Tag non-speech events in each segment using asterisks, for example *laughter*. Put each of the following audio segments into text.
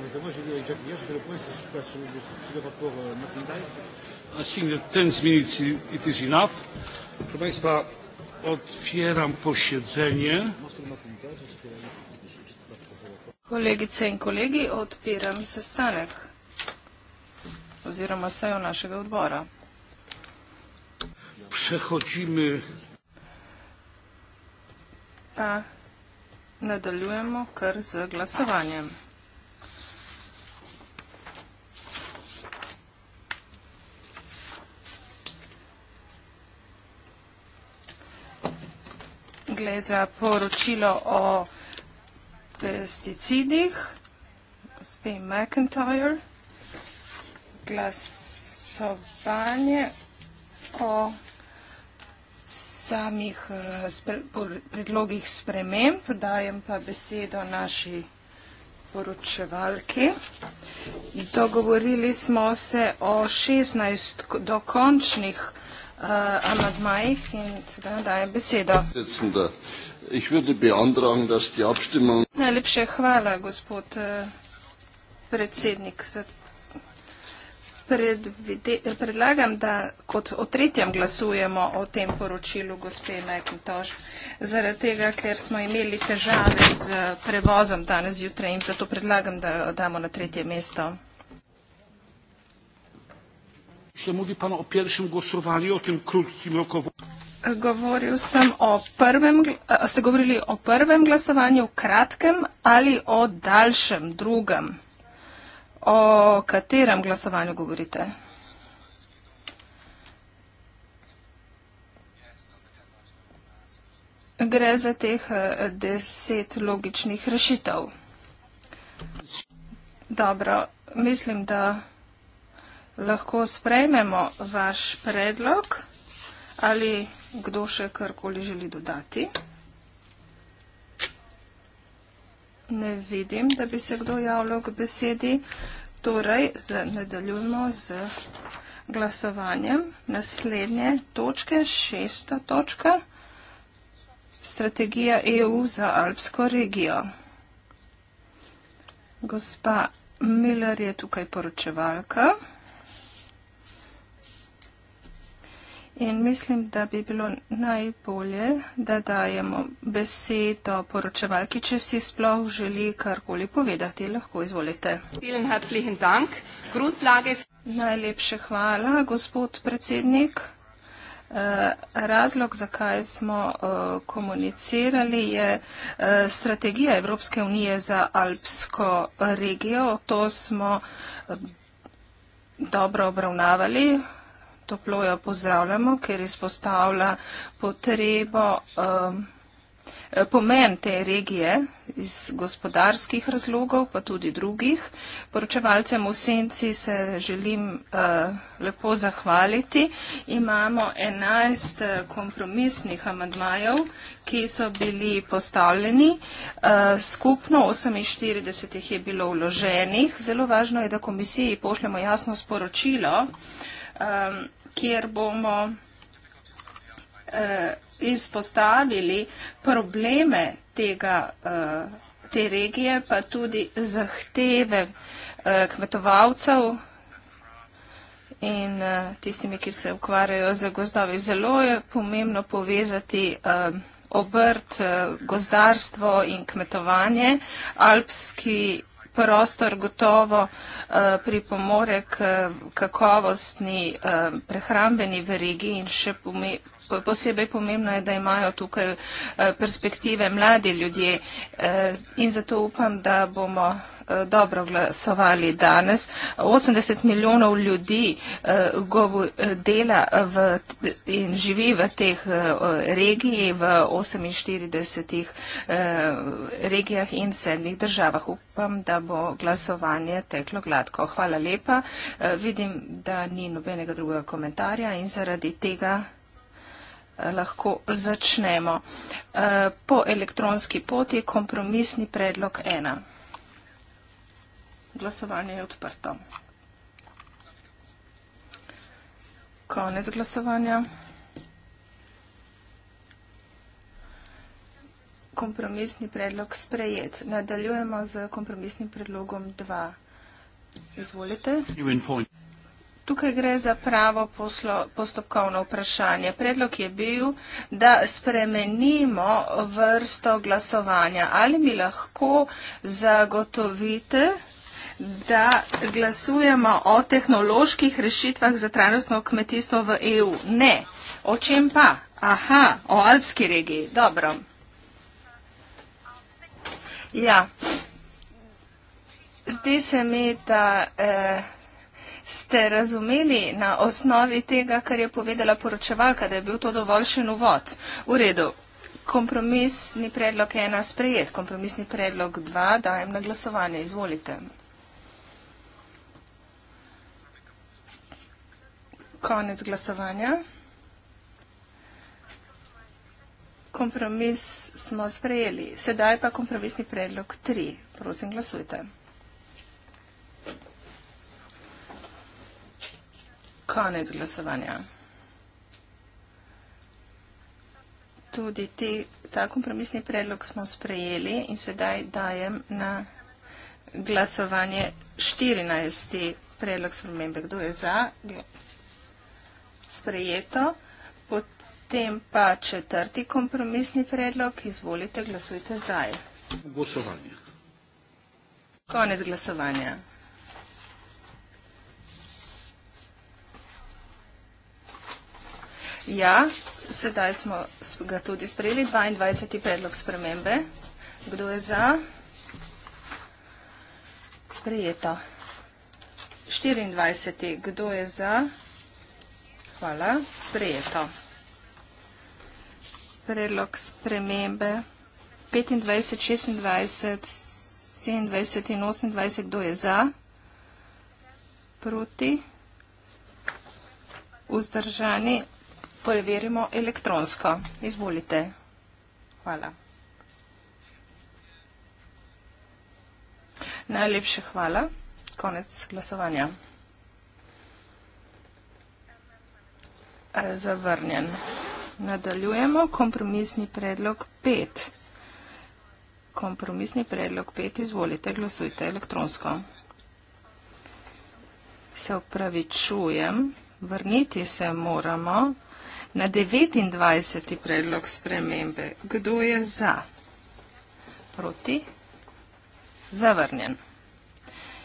mais moi j'ai dit avec Jacques Villard, je fais le point sur le, sur le, sur le rapport euh, McIntyre. I think that 10 minutes it is enough. Proszę Państwa, otwieram posiedzenie. Kolegice in kolegi, odpiram sestanek oziroma sejo našega odbora. Prehodimo. Nadaljujemo kar z glasovanjem. gre za poročilo o pesticidih. Gospe McIntyre, glasovanje o samih eh, spre, predlogih sprememb, dajem pa besedo naši poročevalki. Dogovorili smo se o 16 dokončnih Eh, amandmajih in sedaj dajem besedo. Najlepše hvala, gospod eh, predsednik. Predlagam, da kot o tretjem glasujemo o tem poročilu gospe Mekintoš, zaradi tega, ker smo imeli težave z prevozom danes jutraj in zato predlagam, da damo na tretje mesto że mówi Pan o pierwszym głosowaniu, o tym krótkim rokowo. Govoril sem o prvem, ste govorili o prvem glasovanju, kratkem ali o daljšem, drugem? O katerem glasovanju govorite? Gre za teh eh, deset logičnih rešitev. Dobro, mislim, da lahko sprejmemo vaš predlog ali kdo še karkoli želi dodati. Ne vidim, da bi se kdo javljal k besedi. Torej, nadaljujemo z glasovanjem naslednje točke, šesta točka, strategija EU za Alpsko regijo. Gospa Miller je tukaj poročevalka. In mislim, da bi bilo najbolje, da dajemo besedo poročevalki, če si sploh želi karkoli povedati, lahko izvolite. Najlepše hvala, gospod predsednik. Eh, razlog, zakaj smo eh, komunicirali, je eh, strategija Evropske unije za Alpsko regijo. To smo dobro obravnavali toplo jo pozdravljamo, ker izpostavlja potrebo, um, pomen te regije iz gospodarskih razlogov, pa tudi drugih. Poročevalcem v senci se želim uh, lepo zahvaliti. Imamo 11 uh, kompromisnih amadmajev, ki so bili postavljeni. Uh, skupno 48 je bilo vloženih. Zelo važno je, da komisiji pošljamo jasno sporočilo, da je to, kjer bomo eh, izpostavili probleme tega, eh, te regije, pa tudi zahteve eh, kmetovalcev in eh, tistimi, ki se ukvarjajo z gozdovi. Zelo je pomembno povezati. Eh, obrt, eh, gozdarstvo in kmetovanje. Alpski prostor gotovo eh, pripomore k kakovostni eh, prehrambeni verigi in še posebej pomembno je, da imajo tukaj eh, perspektive mladi ljudje in zato upam, da bomo Eh, dobro glasovali danes. 80 milijonov ljudi eh, eh, dela v, in živi v teh regiji, v 48 regijah in sedmih državah. Upam, da bo glasovanje teklo gladko. Hvala lepa. Vidim, da ni nobenega drugega komentarja in zaradi tega lahko začnemo. Po elektronski poti kompromisni predlog ena. Glasovanje je odprto. Konec glasovanja. Kompromisni predlog sprejet. Nadaljujemo z kompromisnim predlogom 2. Izvolite. Tukaj gre za pravo poslo, postopkovno vprašanje. Predlog je bil, da spremenimo vrsto glasovanja. Ali mi lahko zagotovite? da glasujemo o tehnoloških rešitvah za trajnostno kmetijstvo v EU. Ne. O čem pa? Aha, o alpski regiji. Dobro. Ja. Zdi se mi, da eh, ste razumeli na osnovi tega, kar je povedala poročevalka, da je bil to dovoljšen uvod. V redu. Kompromisni predlog ena sprejet, kompromisni predlog dva dajem na glasovanje. Izvolite. konec glasovanja. Kompromis smo sprejeli. Sedaj pa kompromisni predlog 3. Prosim, glasujte. Konec glasovanja. Tudi te, ta kompromisni predlog smo sprejeli in sedaj dajem na glasovanje 14. predlog spremembe. Kdo je za? sprejeto. Potem pa četrti kompromisni predlog. Izvolite, glasujte zdaj. Glasovanje. Konec glasovanja. Ja, sedaj smo ga tudi sprejeli. 22. predlog spremembe. Kdo je za? Sprejeto. 24. Kdo je za? Hvala. Sprejeto. Predlog spremembe 25, 26, 27 in 28, kdo je za? Proti? Vzdržani? Preverimo elektronsko. Izvolite. Hvala. Najlepše hvala. Konec glasovanja. Eh, zavrnjen. Nadaljujemo. Kompromisni predlog 5. Kompromisni predlog 5. Izvolite, glasujte elektronsko. Se upravičujem. Vrniti se moramo na 29. predlog spremembe. Kdo je za? Proti? Zavrnjen.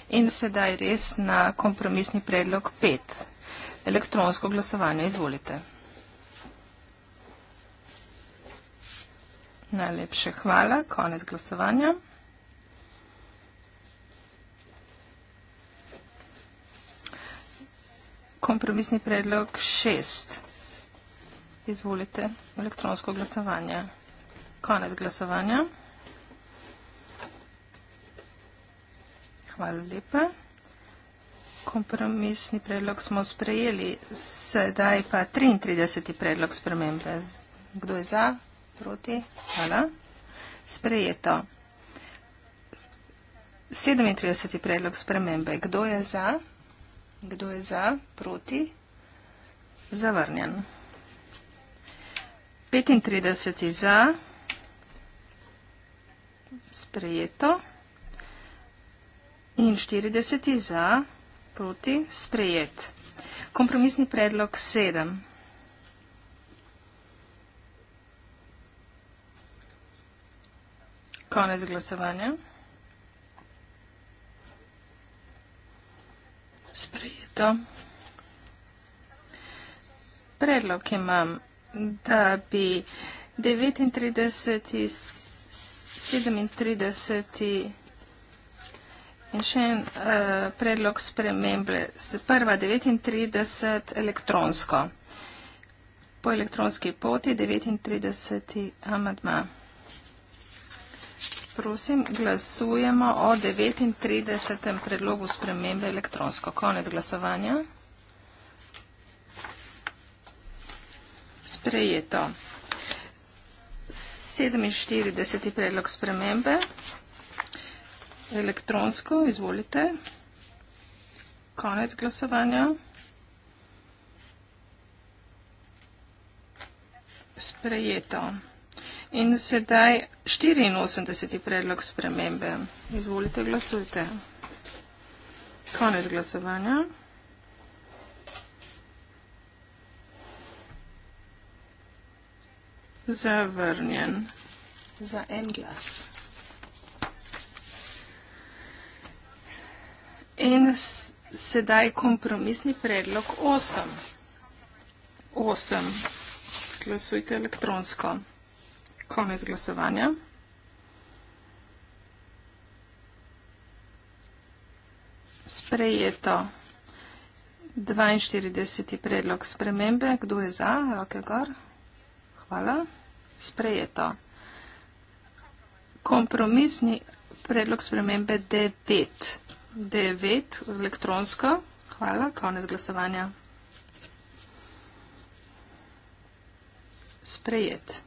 In sedaj res na kompromisni predlog 5 elektronsko glasovanje. Izvolite. Najlepše hvala. Konec glasovanja. Kompromisni predlog šest. Izvolite. Elektronsko glasovanje. Konec glasovanja. Hvala lepa kompromisni predlog smo sprejeli, sedaj pa 33. predlog spremembe. Kdo je za? Proti? Hvala. Sprejeto. 37. predlog spremembe. Kdo je za? Kdo je za? Proti? Zavrnjen. 35. za. Sprejeto. In 40. za. Sprejeto proti sprejet. Kompromisni predlog sedem. Konec glasovanja. Sprejeto. Predlog imam, da bi 39. 37. In še en uh, predlog spremembe. Prva 39 elektronsko. Po elektronski poti 39. amadma. Prosim, glasujemo o 39. predlogu spremembe elektronsko. Konec glasovanja. Sprejeto. 47. predlog spremembe elektronsko, izvolite. Konec glasovanja. Sprejeto. In sedaj 84. predlog spremembe. Izvolite, glasujte. Konec glasovanja. Zavrnjen. Za en glas. In sedaj kompromisni predlog 8. 8. Glasujte elektronsko. Konec glasovanja. Sprejeto. 42. predlog spremembe. Kdo je za? Roke gor. Hvala. Sprejeto. Kompromisni predlog spremembe 9 devet elektronsko. Hvala, konec glasovanja. Sprejet.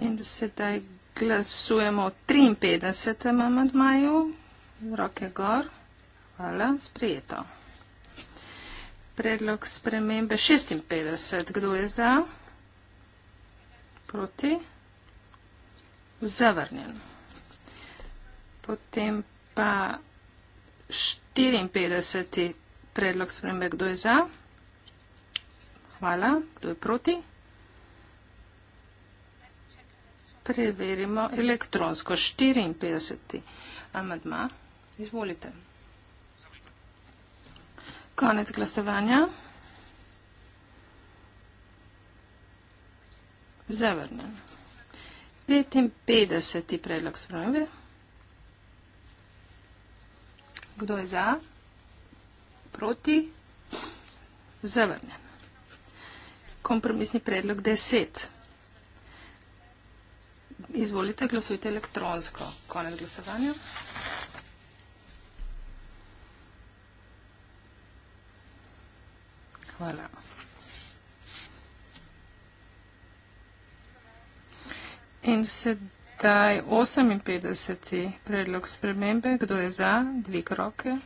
In da sedaj glasujemo o 53. amantmaju. Roke gor. Hvala, sprejeto. Predlog spremembe 56. Kdo je za? Proti? Zavrnjen. Potem pa 54. predlog spremembe, kdo je za? Hvala. Kdo je proti? Preverimo elektronsko. 54. amadma. Izvolite. Konec glasovanja. Zavrnjen. 55. predlog spremembe. Kdo je za? Proti? Zavrnjen. Kompromisni predlog 10. Izvolite, glasujte elektronsko. Konec glasovanja. Hvala. In sedaj taj 58. predlog spremembe. Kdo je za? Dvig roke.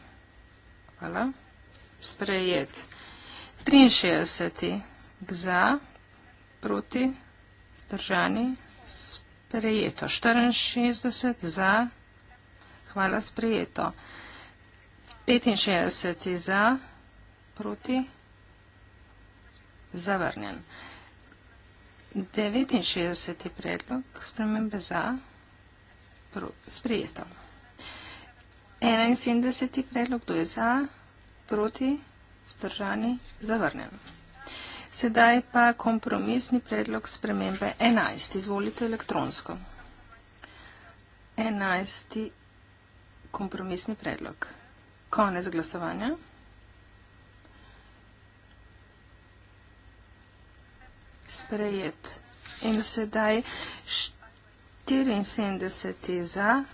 Hvala. Sprejet. 63. Za. Proti. Zdržani. Sprejeto. 64. Za. Hvala. Sprejeto. 65. Za. Proti. Zavrnjen. 69. predlog spremembe za sprejeto. 71. predlog, kdo je za, proti, stržani, zavrnen. Sedaj pa kompromisni predlog spremembe 11. Izvolite elektronsko. 11. kompromisni predlog. Konec glasovanja. sprejet. In sedaj 74 je za,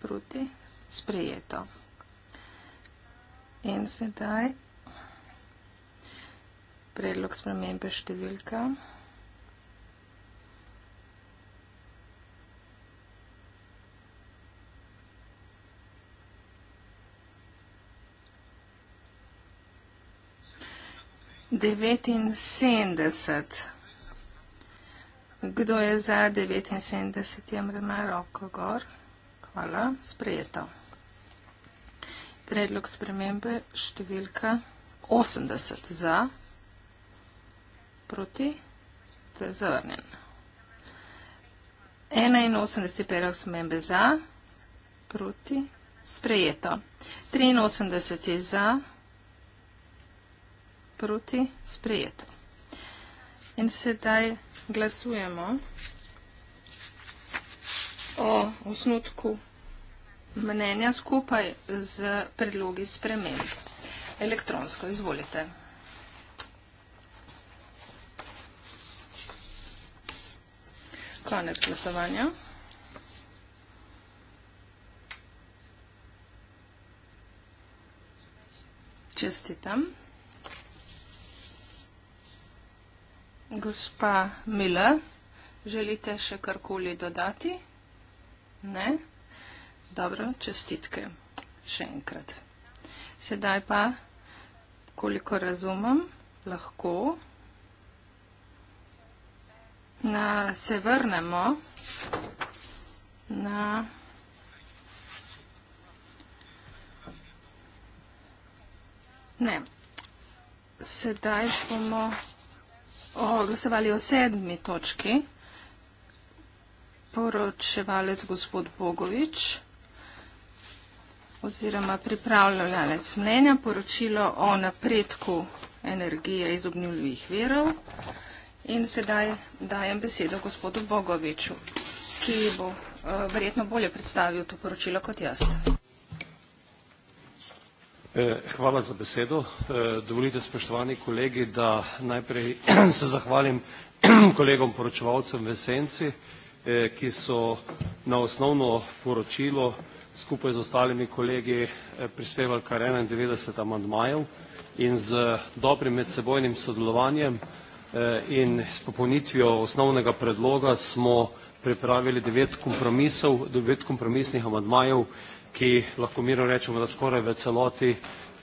proti, sprejeto. In sedaj predlog spremembe številka. 79. Kdo je za 79, je mrema roko gor. Hvala, sprejeto. Predlog spremembe številka 80 za, proti, to je zavrnjen. 81 predlog spremembe za, proti, sprejeto. 83 je za, proti, sprejeto proti sprejeto. In sedaj glasujemo o osnutku mnenja skupaj z predlogi sprememb. Elektronsko, izvolite. Konec glasovanja. Čestitam. Gospa Mila, želite še karkoli dodati? Ne? Dobro, čestitke še enkrat. Sedaj pa, koliko razumem, lahko na, se vrnemo na Ne. Sedaj smo o, glasovali o sedmi točki. Poročevalec gospod Bogovič oziroma pripravljalec mnenja, poročilo o napredku energije iz obnovljivih verov. In sedaj dajem besedo gospodu Bogoviču, ki bo uh, verjetno bolje predstavil to poročilo kot jaz. Eh, hvala za besedo. Eh, dovolite, spoštovani kolegi, da najprej *clears throat* se zahvalim *clears throat* kolegom poročevalcem v senci, eh, ki so na osnovno poročilo skupaj z ostalimi kolegi prispevali kar 91 amandmajev in z dobrim medsebojnim sodelovanjem in s popolnitvijo osnovnega predloga smo pripravili devet kompromisov, devet kompromisnih amandmajev, ki lahko miro rečemo, da skoraj v celoti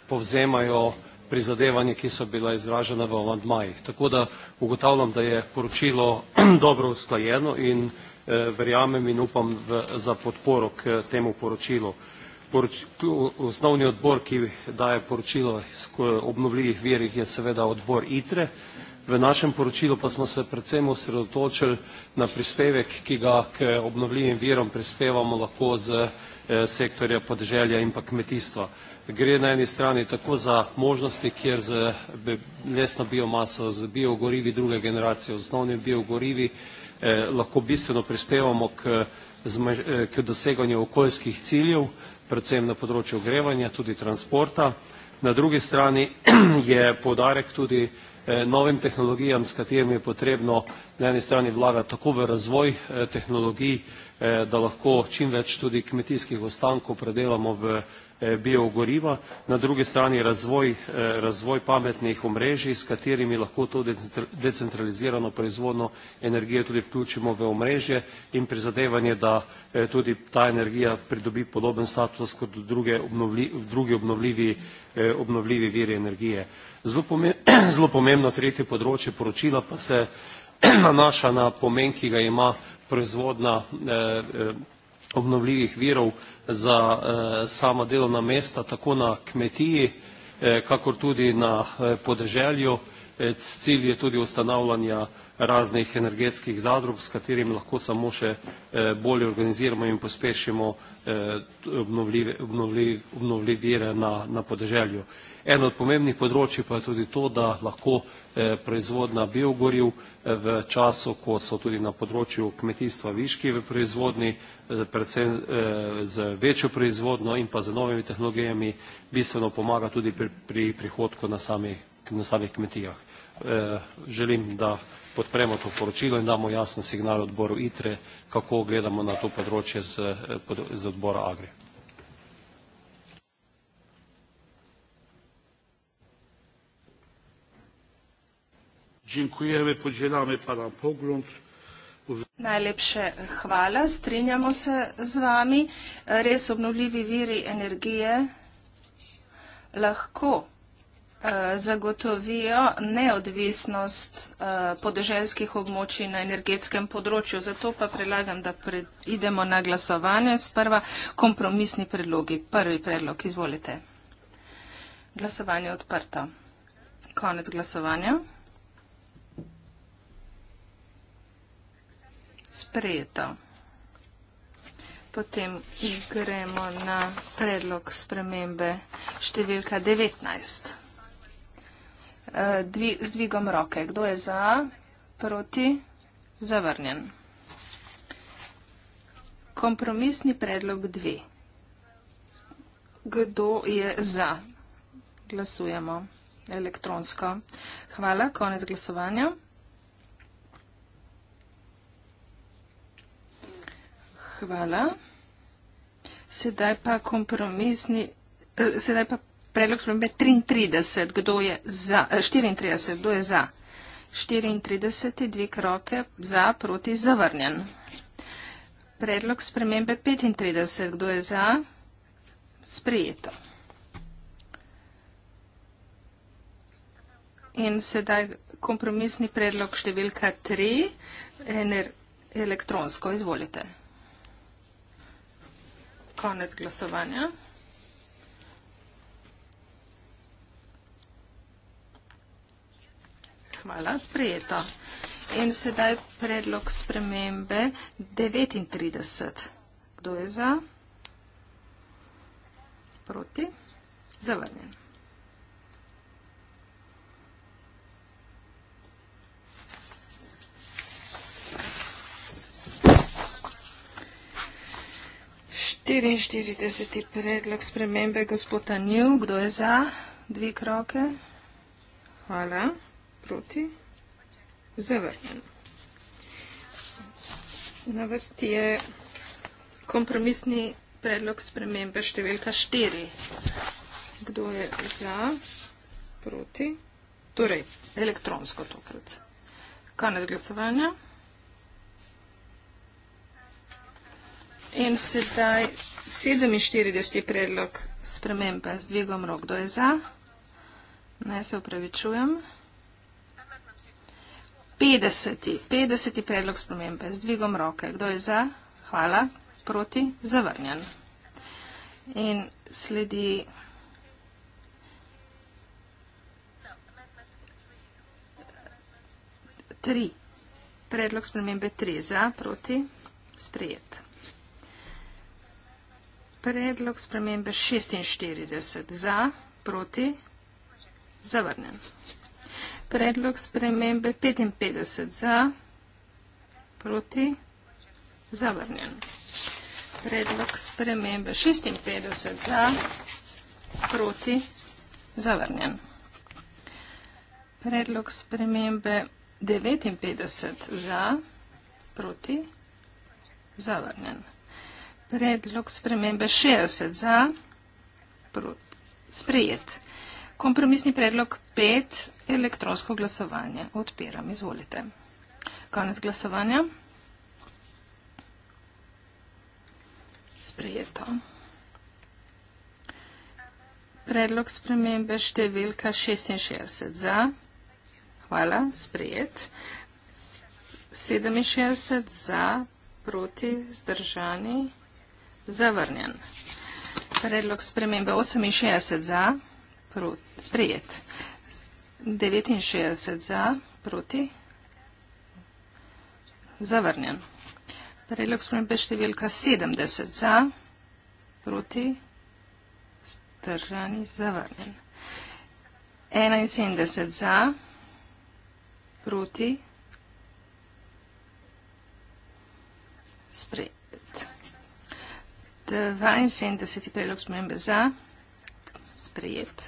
povzemajo prizadevanje, ki so bila izražena v amandmajih. Tako da ugotavljam, da je poročilo *clears throat* dobro usklajeno in eh, verjamem in upam v, za podporo k temu poročilu. Poroč, osnovni odbor, ki daje poročilo obnovljivih virih, je seveda odbor ITRE. Eh, V našem poročilu pa smo se predvsem osredotočili na prispevek, ki ga k obnovljivim virom prispevamo lahko z eh, sektorja podeželja in pa kmetijstva. Gre na eni strani tako za možnosti, kjer z lesno biomaso, z biogorivi druge generacije, osnovnim biogorivi eh, lahko bistveno prispevamo k, eh, k doseganju okoljskih ciljev, predvsem na področju ogrevanja, tudi transporta. Na drugi strani *clears throat* je poudarek tudi Eh, novim tehnologijam, s katerim je potrebno na eni strani vlagati tako v razvoj eh, tehnologij, eh, da lahko čim več tudi kmetijskih ostankov predelamo v biogoriva, na drugi strani razvoj, razvoj pametnih omrežij, s katerimi lahko to decentralizirano proizvodno energijo tudi vključimo v omrežje in prizadevanje, da tudi ta energija pridobi podoben status kot druge obnovljivi, drugi obnovljivi, obnovljivi viri energije. *clears throat* Zelo pomembno tretje področje poročila pa se *clears throat* nanaša na pomen, ki ga ima proizvodna eh, eh, obnovljivih virov za eh, sama delovna mesta, tako na kmetiji, kakor tudi na podeželju. Cilj je tudi ustanavljanja raznih energetskih zadrug, s katerimi lahko samo še bolje organiziramo in pospešimo Eh, obnovljivi vire na, na podeželju. Eno od pomembnih področji pa je tudi to, da lahko eh, proizvodna biogoriv eh, v času, ko so tudi na področju kmetijstva viški v proizvodni, predvsem z večjo proizvodno in pa z novimi tehnologijami, bistveno pomaga tudi pri, pri prihodku na, sami, na samih kmetijah. Želim, da podpremo to poročilo in damo jasen signal odboru ITRE, kako gledamo na to področje z, eh, z odbora AGRI. Dziękujemy, podzielamy Pana pogląd. Najlepše hvala, strinjamo se z vami. Res obnovljivi viri energije lahko Eh, zagotovijo neodvisnost eh, podeželskih območij na energetskem področju. Zato pa predlagam, da idemo na glasovanje. Sprva kompromisni predlogi. Prvi predlog, izvolite. Glasovanje odprto. Konec glasovanja. Sprejeto. Potem gremo na predlog spremembe številka 19 z dvigom roke. Kdo je za, proti, zavrnjen. Kompromisni predlog dve. Kdo je za? Glasujemo elektronsko. Hvala, konec glasovanja. Hvala. Sedaj pa kompromisni, eh, sedaj pa Predlog spremembe 33, kdo je za, 34, eh, kdo je za. 34, dve roke za, proti, zavrnjen. Predlog spremembe 35, kdo je za, sprejeto. In sedaj kompromisni predlog številka 3, ener, elektronsko, izvolite. Konec glasovanja. Hvala, sprejeto. In sedaj predlog spremembe 39. Kdo je za? Proti? Zavrnjen. Štiriinštirideseti predlog spremembe gospoda Njiv. Kdo je za? Dvi kroke. Hvala proti, zavrnjeno. Na vrsti je kompromisni predlog spremembe številka 4. Kdo je za, proti, torej elektronsko tokrat. Konec glasovanja. In sedaj 47. predlog spremembe z dvigom rok. Kdo je za? Naj se upravičujem. 50. 50. predlog spremembe z dvigom roke. Kdo je za? Hvala. Proti? Zavrnjen. In sledi. Tri. Predlog spremembe tri za, proti, sprejet. Predlog spremembe 46 za, proti, zavrnen predlog spremembe 55 za, proti, zavrnjen. Predlog spremembe 56 za, proti, zavrnjen. Predlog spremembe 59 za, proti, zavrnjen. Predlog spremembe 60 za, proti, sprejet. Kompromisni predlog 5 za, Elektronsko glasovanje odpiram. Izvolite. Konec glasovanja. Sprejeto. Predlog spremembe številka 66 za. Hvala. Sprejet. 67 za. Proti. Zdržani. Zavrnjen. Predlog spremembe 68 za. Sprejet. 69 za, proti. Zavrnjen. Predlog spremembe številka 70 za, proti. Zdržani, zavrnjen. 71 za, proti. Sprejet. 72 predlog spremembe za, sprejet.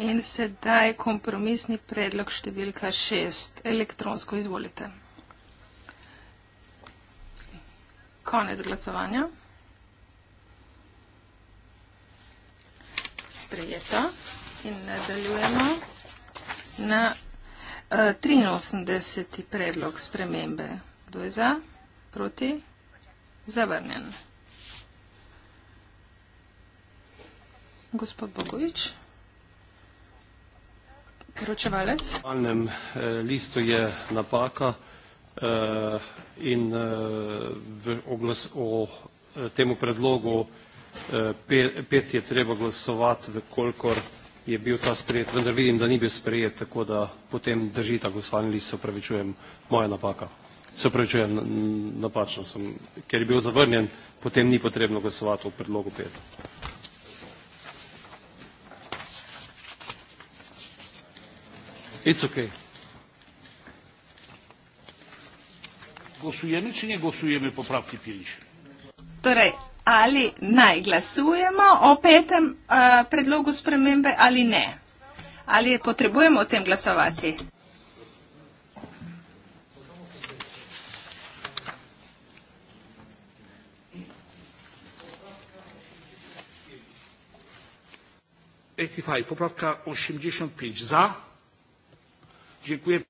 In sedaj kompromisni predlog številka šest. Elektronsko izvolite. Konec glasovanja. Sprejeto. In nadaljujemo na uh, eh, 83. predlog spremembe. Kdo je za? Proti? Zavrnjen. Gospod Bogovič poročevalec. V aktualnem eh, listu je napaka eh, in eh, v oglas o temu predlogu pet je treba glasovati, vkolikor je bil ta sprejet, vendar vidim, da ni bil sprejet, tako da potem drži ta glasovalni list, se upravičujem, moja napaka. Se upravičujem, napačno sem. Ker je bil zavrnjen, potem ni potrebno glasovati v predlogu pet. It's okay. Glasujemy, czy nie głosujemy poprawki 5? Torej, ali naj glasujemo o petem uh, predlogu spremembe ali ne? Ali potrebujemo o tem glasovati? Ekipaj, popravka 85 za. Dziękuję.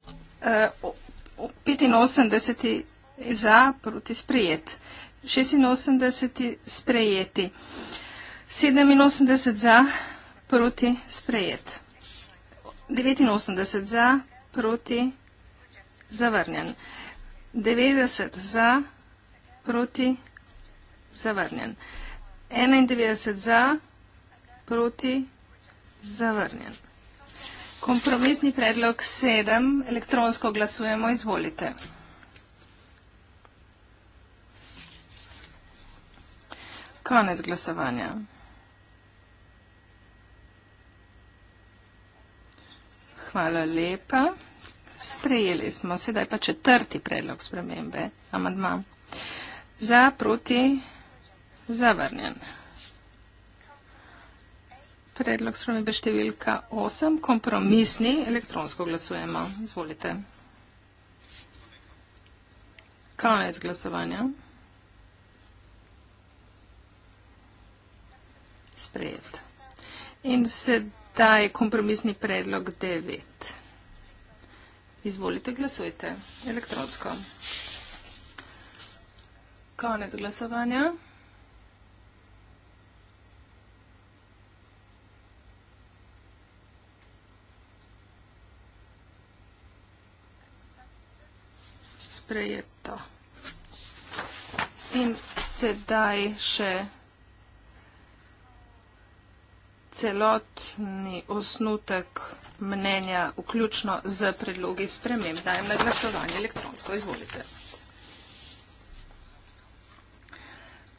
85 za, proti sprejet. 86 sprejeti. 87 za, proti sprejet. 89 za, proti zavrnjen. 90 za, proti zavrnjen. 91 za, proti zavrnjen. Kompromisni predlog sedem, elektronsko glasujemo, izvolite. Konec glasovanja. Hvala lepa. Sprejeli smo, sedaj pa četrti predlog spremembe, amadma. Za, proti, zavrnjen. Zavrnjen predlog spremembe številka 8, kompromisni, elektronsko glasujemo. Izvolite. Konec glasovanja. Sprejet. In sedaj kompromisni predlog 9. Izvolite, glasujte elektronsko. Konec glasovanja. sprejeto. In sedaj še celotni osnutek mnenja, vključno z predlogi sprememb. Dajem na glasovanje elektronsko. Izvolite.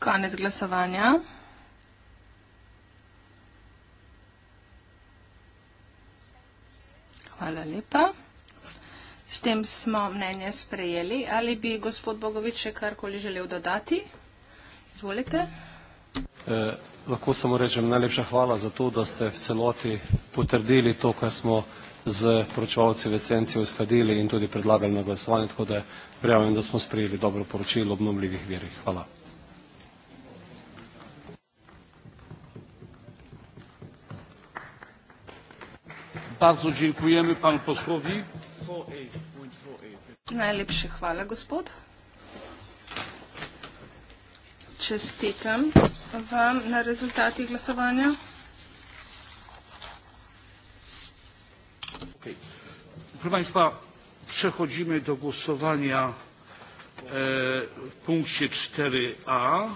Konec glasovanja. Hvala lepa. S tem smo mnenje sprejeli. Ali bi gospod Bogovič še karkoli želel dodati? Izvolite. Eh, lahko samo rečem najlepša hvala za to, da ste v celoti potrdili to, kar smo z poročevalci v esenci uskladili in tudi predlagali na glasovanje, tako da verjamem, da smo sprejeli dobro poročilo obnovljivih virih. Hvala. Bardzo dziękujemy panu posłowi. Najlepše hvala, gospod. Čestitam vam na rezultatih glasovanja. Okay. Proszę Państwa, przechodzimy do głosowania e, w punkcie 4a.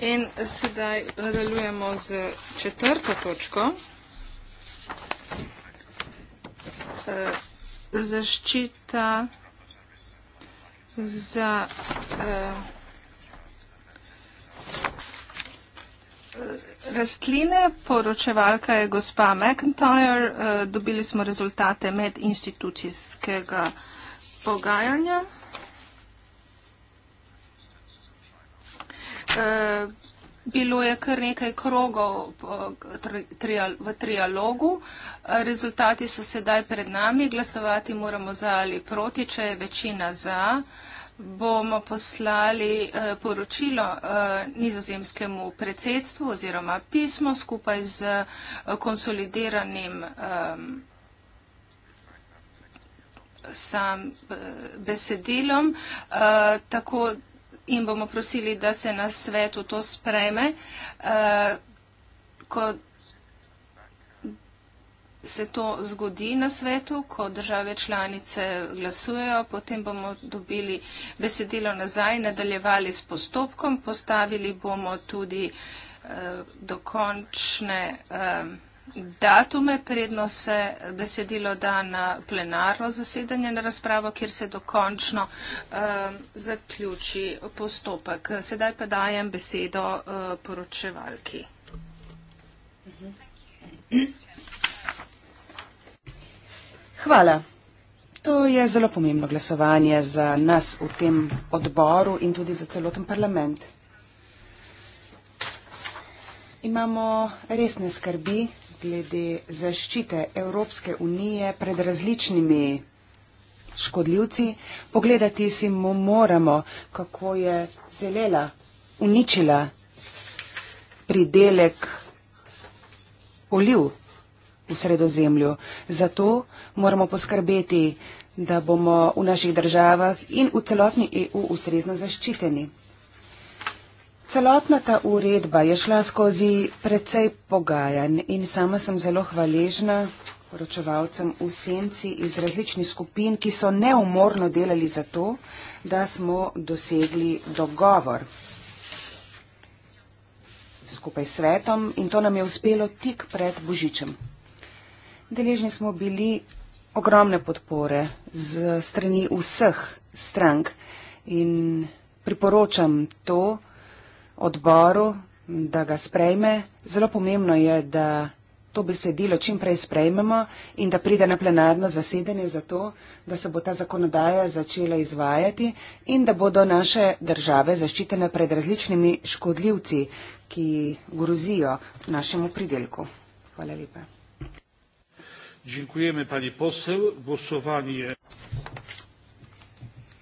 In sedaj nadaljujemo z četrto točko. E, zaščita za, uh, rastline. Poročevalka je gospa McIntyre. Uh, dobili smo rezultate medinstitucijskega pogajanja. Uh, bilo je kar nekaj krogov v trialogu. Rezultati so sedaj pred nami. Glasovati moramo za ali proti, če je večina za bomo poslali eh, poročilo eh, nizozemskemu predsedstvu oziroma pismo skupaj z eh, konsolideranim eh, sam, eh, besedilom. Eh, tako, in bomo prosili, da se na svetu to spreme. Eh, se to zgodi na svetu, ko države članice glasujejo, potem bomo dobili besedilo nazaj, nadaljevali s postopkom, postavili bomo tudi eh, dokončne eh, datume, predno se besedilo da na plenarno zasedanje na razpravo, kjer se dokončno eh, zaključi postopek. Sedaj pa dajem besedo eh, poročevalki. Mhm. Hvala. To je zelo pomembno glasovanje za nas v tem odboru in tudi za celoten parlament. Imamo resne skrbi glede zaščite Evropske unije pred različnimi škodljivci. Pogledati si mu moramo, kako je zelela, uničila pridelek oliv v sredozemlju. Zato moramo poskrbeti, da bomo v naših državah in v celotni EU ustrezno zaščiteni. Celotna ta uredba je šla skozi precej pogajanj in sama sem zelo hvaležna poročevalcem v senci iz različnih skupin, ki so neumorno delali za to, da smo dosegli dogovor skupaj s svetom in to nam je uspelo tik pred Božičem. Deležni smo bili ogromne podpore z strani vseh strank in priporočam to odboru, da ga sprejme. Zelo pomembno je, da to besedilo čim prej sprejmemo in da pride na plenarno zasedanje za to, da se bo ta zakonodaja začela izvajati in da bodo naše države zaščitene pred različnimi škodljivci, ki grozijo našemu pridelku. Hvala lepa. Dziękujemy pani poseł. Głosowanie.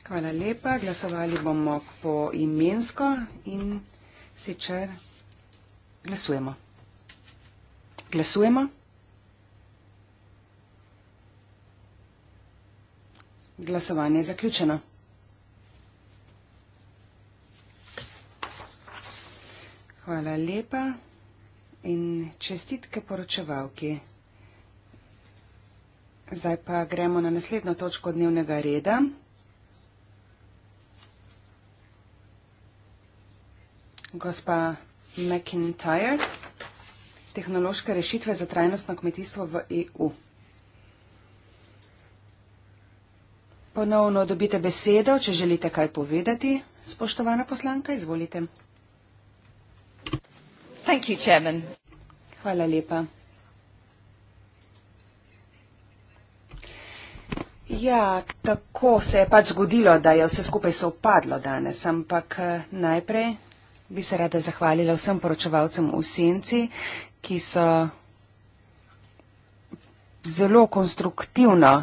Hvala lepa. Glasovali bomo po imensko in sicer glasujemo. Glasujemo. Glasovanje je zaključeno. Hvala lepa in čestitke poročevalki. Zdaj pa gremo na naslednjo točko dnevnega reda. Gospa McIntyre, tehnološke rešitve za trajnostno kmetijstvo v EU. Ponovno dobite besedo, če želite kaj povedati. Spoštovana poslanka, izvolite. Hvala lepa. Ja, tako se je pač zgodilo, da je vse skupaj sopadlo danes, ampak eh, najprej bi se rada zahvalila vsem poročevalcem v Senci, ki so zelo konstruktivno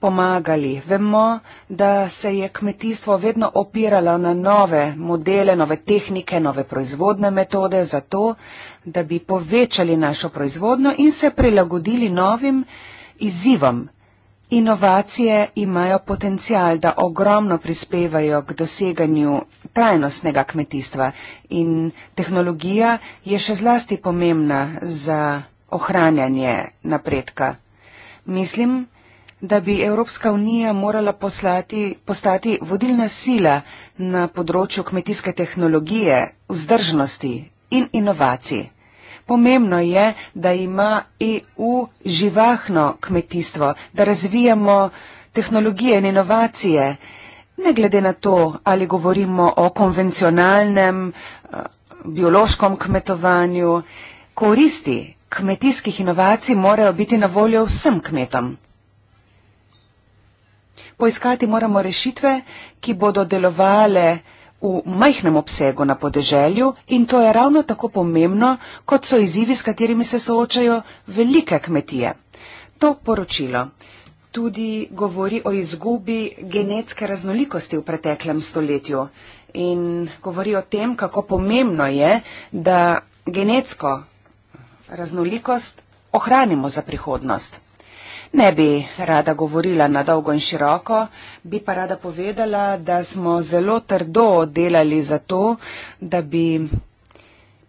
pomagali. Vemo, da se je kmetijstvo vedno opiralo na nove modele, nove tehnike, nove proizvodne metode, zato da bi povečali našo proizvodno in se prilagodili novim izzivom. Inovacije imajo potencial, da ogromno prispevajo k doseganju trajnostnega kmetijstva in tehnologija je še zlasti pomembna za ohranjanje napredka. Mislim, da bi Evropska unija morala poslati, postati vodilna sila na področju kmetijske tehnologije, vzdržnosti in inovacij pomembno je, da ima EU živahno kmetijstvo, da razvijamo tehnologije in inovacije, ne glede na to, ali govorimo o konvencionalnem eh, biološkem kmetovanju. Koristi kmetijskih inovacij morajo biti na voljo vsem kmetom. Poiskati moramo rešitve, ki bodo delovale v majhnem obsegu na podeželju in to je ravno tako pomembno, kot so izzivi, s katerimi se soočajo velike kmetije. To poročilo tudi govori o izgubi genetske raznolikosti v preteklem stoletju in govori o tem, kako pomembno je, da genetsko raznolikost ohranimo za prihodnost. Ne bi rada govorila na dolgo in široko, bi pa rada povedala, da smo zelo trdo delali za to, da bi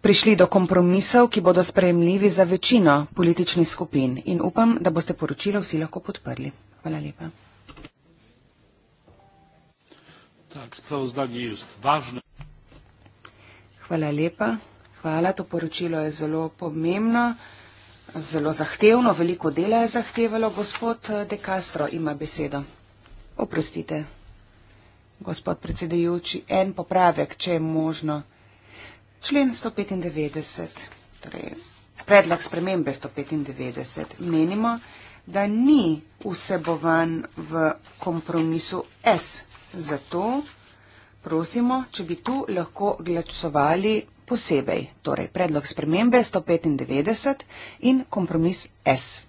prišli do kompromisov, ki bodo sprejemljivi za večino političnih skupin. In upam, da boste poročilo vsi lahko podprli. Hvala lepa. Tak, Hvala lepa. Hvala, to poročilo je zelo pomembno zelo zahtevno, veliko dela je zahtevalo. Gospod eh, De Castro ima besedo. Oprostite, gospod predsedajoči, en popravek, če je možno. Člen 195, torej predlog spremembe 195, menimo, da ni vseboven v kompromisu S. Zato prosimo, če bi tu lahko glasovali posebej, torej predlog spremembe 195 in kompromis S.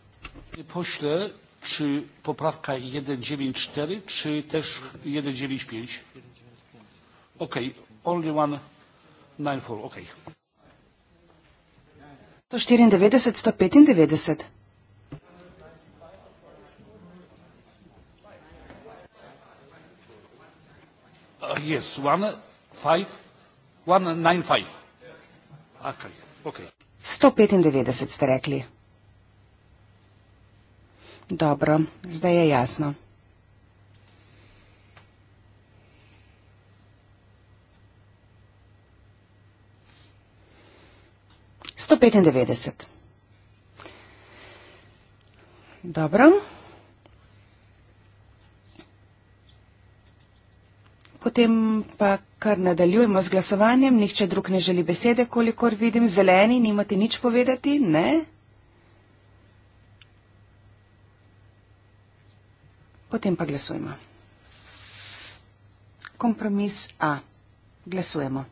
Pošle, či popravka 194, či tež 195? Ok, only one, nine four, ok. 194, 195. Uh, yes, one, five, one, nine, five. Akali. Okay. 195 ste rekli. Dobro, zdaj je jasno. Sto petindevetdeset. Dobro. potem pa kar nadaljujemo z glasovanjem. Nihče drug ne želi besede, kolikor vidim. Zeleni, nimate nič povedati, ne? Potem pa glasujemo. Kompromis A. Glasujemo.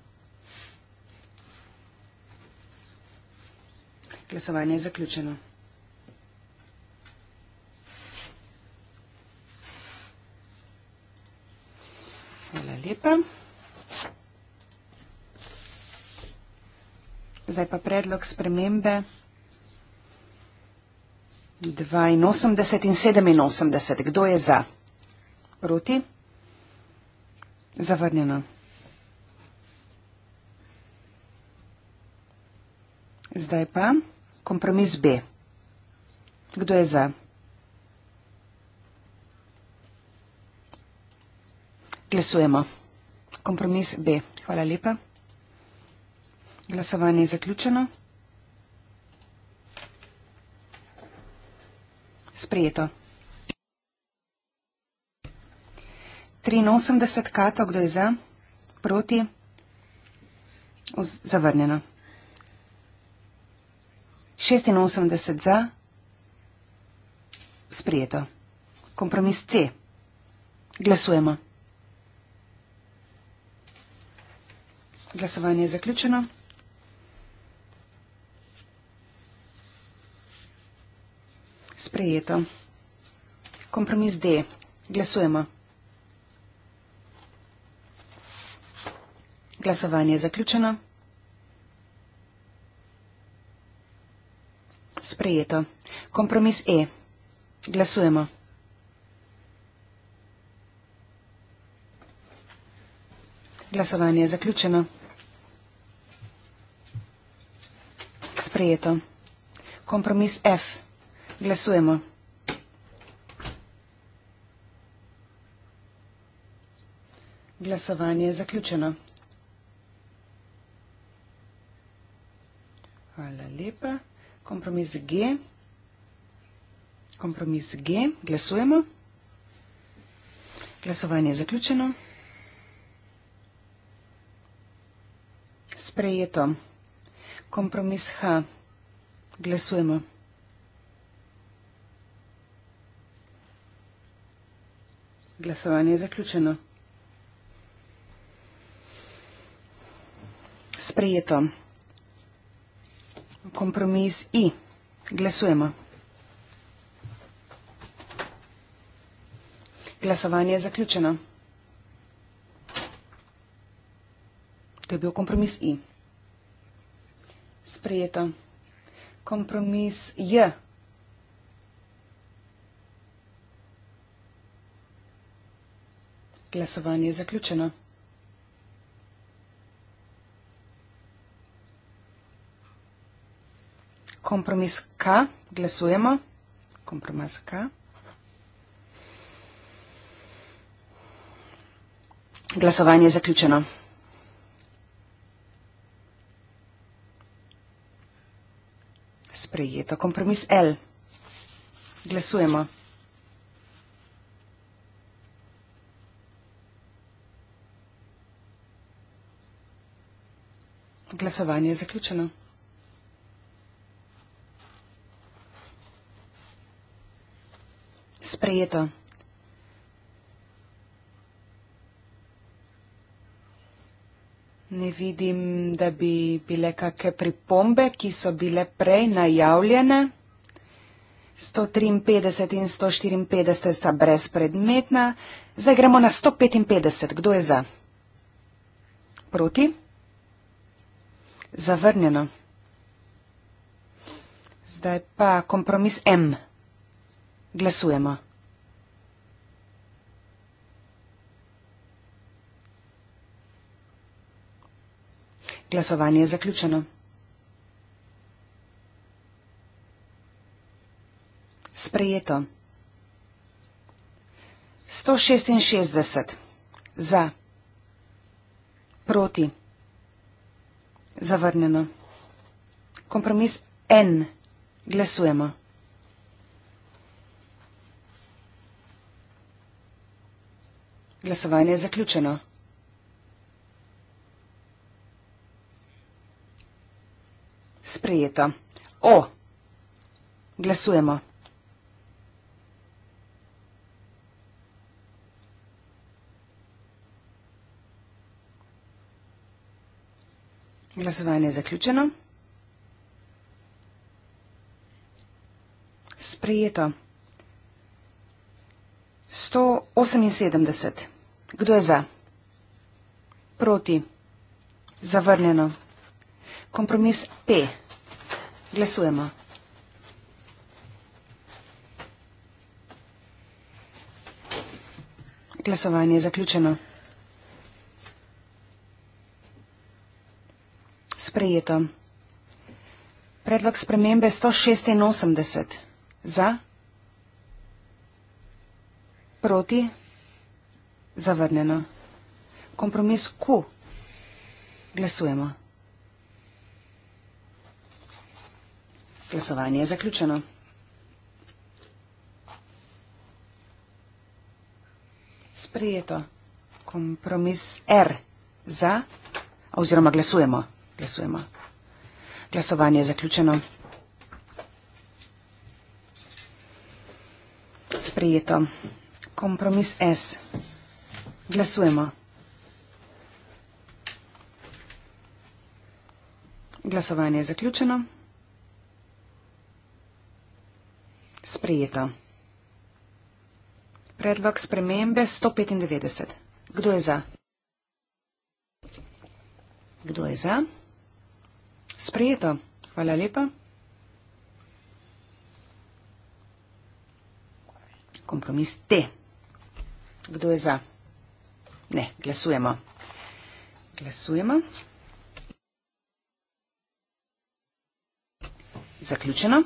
Glasovanje je zaključeno. lepa. Zdaj pa predlog spremembe 82 in 87. Kdo je za? Proti? Zavrnjeno. Zdaj pa kompromis B. Kdo je za? Glasujemo. Kompromis B. Hvala lepa. Glasovanje je zaključeno. Sprejeto. 83 kato, kdo je za, proti, zavrnjeno. 86 za, sprejeto. Kompromis C. Glasujemo. Glasovanje je zaključeno. Sprejeto. Kompromis D. Glasujemo. Glasovanje je zaključeno. Sprejeto. Kompromis E. Glasujemo. Glasovanje je zaključeno. sprejeto. Kompromis F. Glasujemo. Glasovanje je zaključeno. Hvala lepa. Kompromis G. Kompromis G. Glasujemo. Glasovanje je zaključeno. Sprejeto. Kompromis H. Glasujemo. Glasovanje je zaključeno. Sprejeto. Kompromis I. Glasujemo. Glasovanje je zaključeno. To je bil kompromis I sprejeto. Kompromis je. Glasovanje je zaključeno. Kompromis K, glasujemo. Kompromis K. Glasovanje je zaključeno. sprejeto. Kompromis L. Glasujemo. Glasovanje je zaključeno. Sprejeto. Ne vidim, da bi bile kakšne pripombe, ki so bile prej najavljene. 153 in 154 sta brezpredmetna. Zdaj gremo na 155. Kdo je za? Proti? Zavrnjeno. Zdaj pa kompromis M. Glasujemo. Glasovanje je zaključeno. Sprejeto. 166 za, proti, zavrnjeno. Kompromis N. Glasujemo. Glasovanje je zaključeno. Sprejeto. O. Glasujemo. Glasovanje je zaključeno. Sprejeto. 178. Kdo je za? Proti. Zavrnjeno. Kompromis P. Glasujemo. Glasovanje je zaključeno. Sprejeto. Predlog spremembe 186. Za? Proti? Zavrnjeno. Kompromis Q. Glasujemo. Glasovanje je zaključeno. Sprijeto. Kompromis R za, oziroma glasujemo. glasujemo. Glasovanje je zaključeno. Sprijeto. Kompromis S. Glasujemo. Glasovanje je zaključeno. sprejeta. Predlog spremembe 195. Kdo je za? Kdo je za? Sprejeto. Hvala lepa. Kompromis T. Kdo je za? Ne, glasujemo. Glasujemo. Zaključeno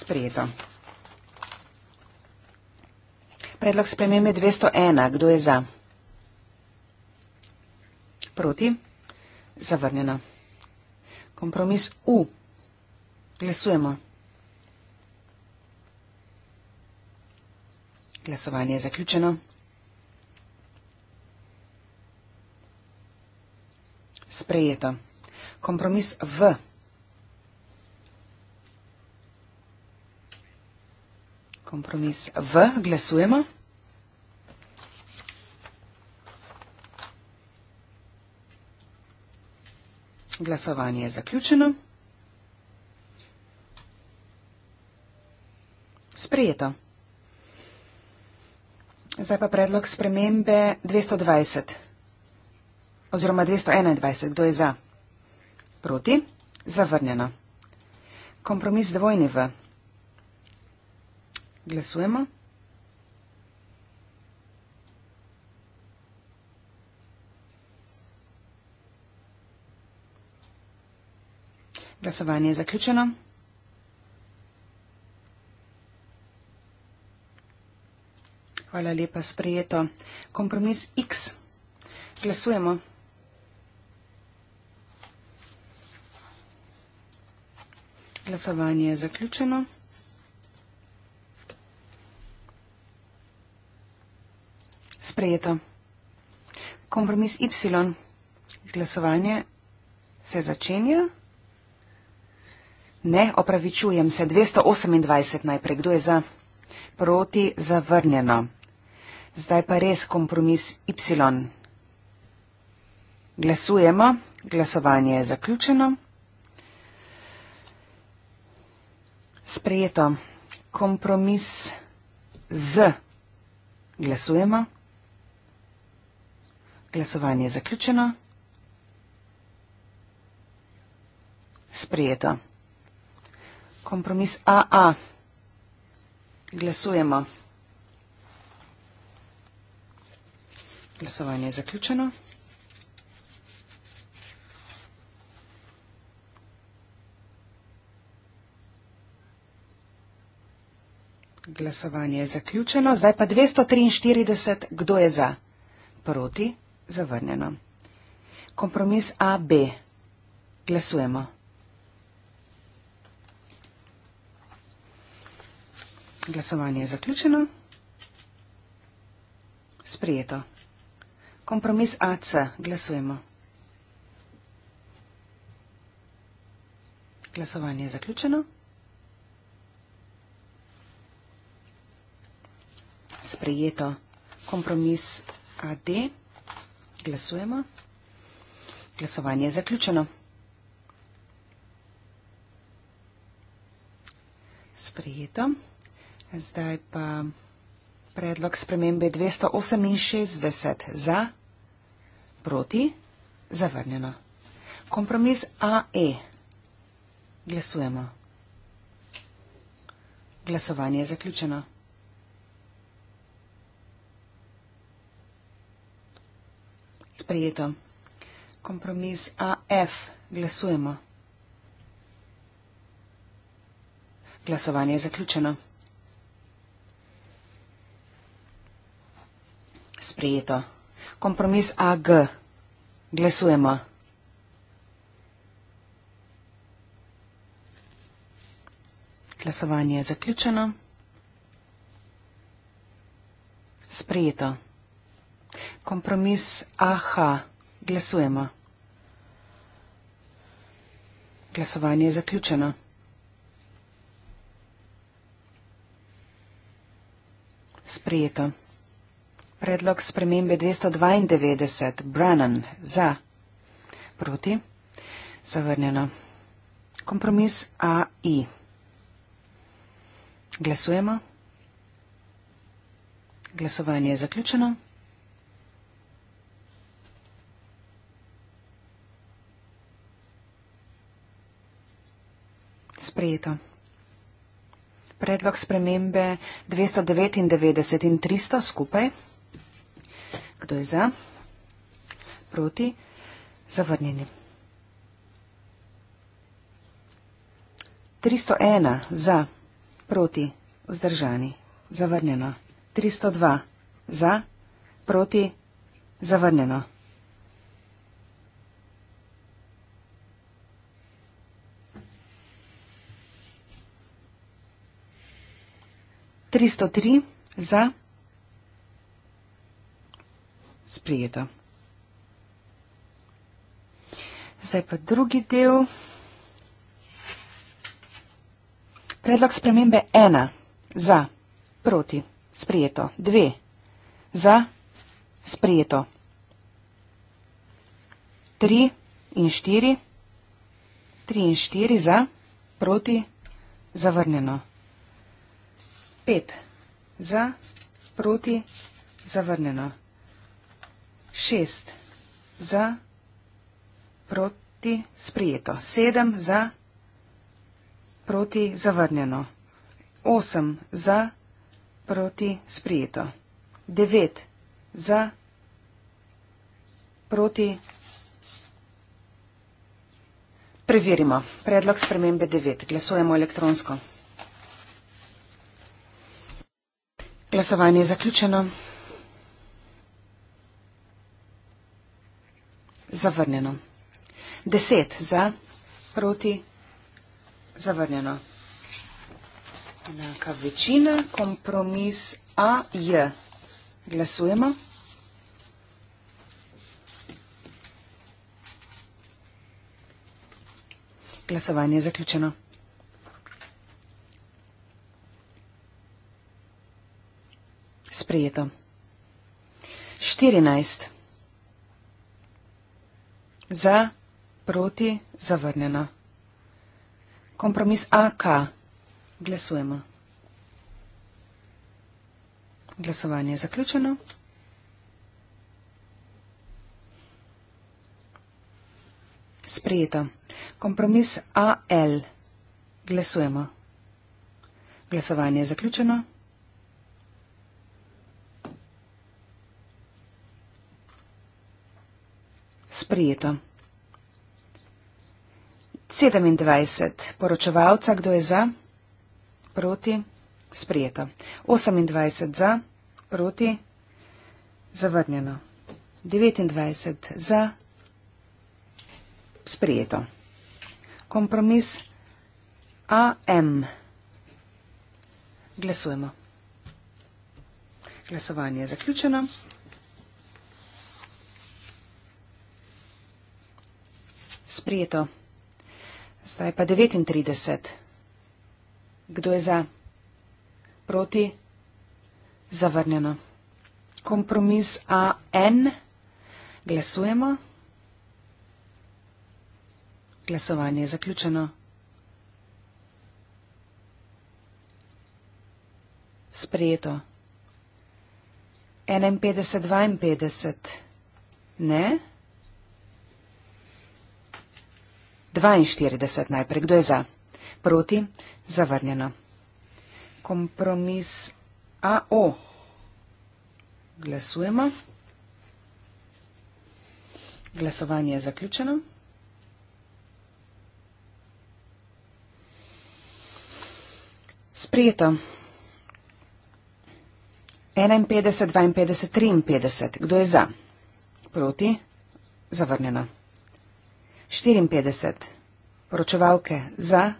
sprejeto. Predlog spremembe 201. Kdo je za? Proti? Zavrnjeno. Kompromis U. Glasujemo. Glasovanje je zaključeno. Sprejeto. Kompromis V. kompromis v, glasujemo. Glasovanje je zaključeno. Sprejeto. Zdaj pa predlog spremembe 220 oziroma 221. Kdo je za? Proti? Zavrnjeno. Kompromis dvojni v. Glasujemo. Glasovanje je zaključeno. Hvala lepa, sprejeto. Kompromis X. Glasujemo. Glasovanje je zaključeno. sprejeto. Kompromis Y. Glasovanje se začenja. Ne, opravičujem se. 228 najprej. Kdo je za? Proti zavrnjeno. Zdaj pa res kompromis Y. Glasujemo. Glasovanje je zaključeno. Sprejeto. Kompromis Z. Glasujemo. Glasovanje je zaključeno. Sprijeto. Kompromis AA. Glasujemo. Glasovanje je zaključeno. Glasovanje je zaključeno. Zdaj pa 243. Kdo je za? Proti? zavrnjeno. Kompromis AB. Glasujemo. Glasovanje je zaključeno. Sprijeto. Kompromis AC. Glasujemo. Glasovanje je zaključeno. Sprijeto. Kompromis AD. Glasujemo. Glasujemo. Glasovanje je zaključeno. Sprejeto. Zdaj pa predlog spremembe 268 za, proti, zavrnjeno. Kompromis AE. Glasujemo. Glasovanje je zaključeno. sprejeto. Kompromis AF. Glasujemo. Glasovanje je zaključeno. Sprejeto. Kompromis AG. Glasujemo. Glasovanje je zaključeno. Sprejeto kompromis AHA. Glasujemo. Glasovanje je zaključeno. Sprijeto. Predlog spremembe 292. Brannan za. Proti. Zavrnjeno. Kompromis AI. Glasujemo. Glasovanje je zaključeno. sprejeto. Predlog spremembe 299 in 300 skupaj. Kdo je za? Proti? Zavrnjeni. 301 za, proti, vzdržani, zavrnjeno. 302 za, proti, zavrnjeno. 303 za sprijeto. Zdaj pa drugi del. Predlog spremembe 1 za proti sprijeto. 2 za sprijeto. 3 in 4. 3 in 4 za proti zavrnjeno. 5. Za, proti, zavrnjeno. 6. Za, proti, sprijeto. 7. Za, proti, zavrnjeno. 8. Za, proti, sprijeto. 9. Za, proti, preverimo. Predlog spremembe 9. Glasujemo elektronsko. Glasovanje je zaključeno. Zavrnjeno. Deset za, proti, zavrnjeno. Enaka večina, kompromis A, J. Glasujemo. Glasovanje je zaključeno. sprejeto. 14. Za, proti, zavrnjeno. Kompromis AK. Glasujemo. Glasovanje je zaključeno. Sprejeto. Kompromis AL. Glasujemo. Glasovanje je zaključeno. sprijeto. 27. Poročevalca, kdo je za? Proti. Sprijeto. 28. Za. Proti. Zavrnjeno. 29. Za. Sprijeto. Kompromis AM. Glasujemo. Glasovanje je zaključeno. Sprijeto. Zdaj pa 39. Kdo je za? Proti? Zavrnjeno. Kompromis AN. Glasujemo. Glasovanje je zaključeno. Sprijeto. 51-52. Ne. 51-52. 42 najprej. Kdo je za? Proti? Zavrnjeno. Kompromis AO. Glasujemo. Glasovanje je zaključeno. Sprijeto. 51, 52, 53. Kdo je za? Proti? Zavrnjeno. 54. Poročevalke za,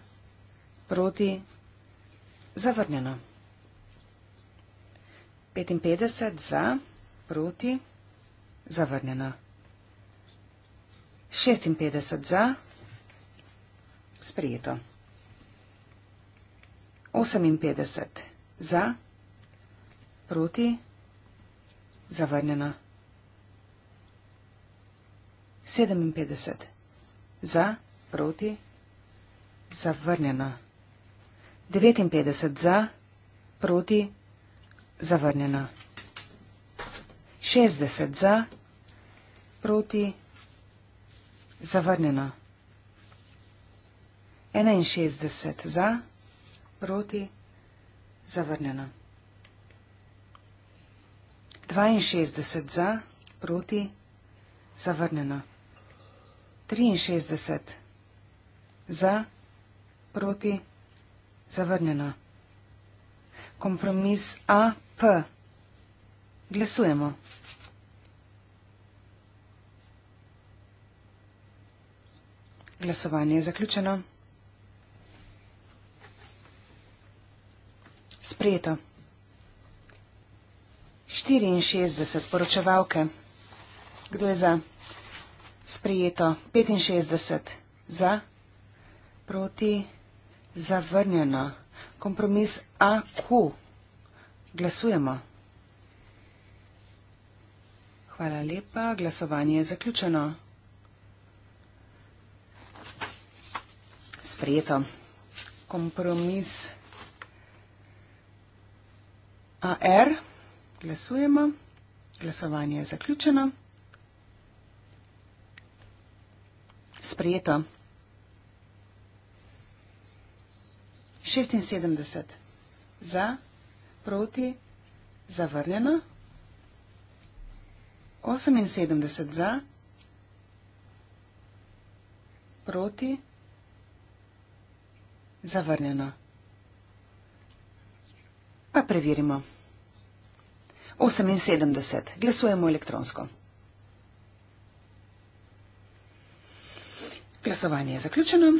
proti, zavrnjeno. 55 za, proti, zavrnjeno. 56 za, sprijeto. 58 za, proti, zavrnjeno. 57 za, sprijeto za, proti, zavrnjeno. 59 za, proti, zavrnjeno. 60 za, proti, zavrnjeno. 61 za, proti, zavrnjeno. 62 za, proti, zavrnjeno. 63 za, proti, zavrnjeno. Kompromis AP. Glasujemo. Glasovanje je zaključeno. Sprejeto. 64 poročevalke. Kdo je za? 64 sprejeto 65 za, proti zavrnjeno. Kompromis AQ. Glasujemo. Hvala lepa. Glasovanje je zaključeno. Sprejeto. Kompromis AR. Glasujemo. Glasovanje je zaključeno. sprejeto. 76 za, proti, zavrnjeno. 78 za, proti, zavrnjeno. Pa preverimo. 78. Glasujemo elektronsko. Glasovanje je zaključeno.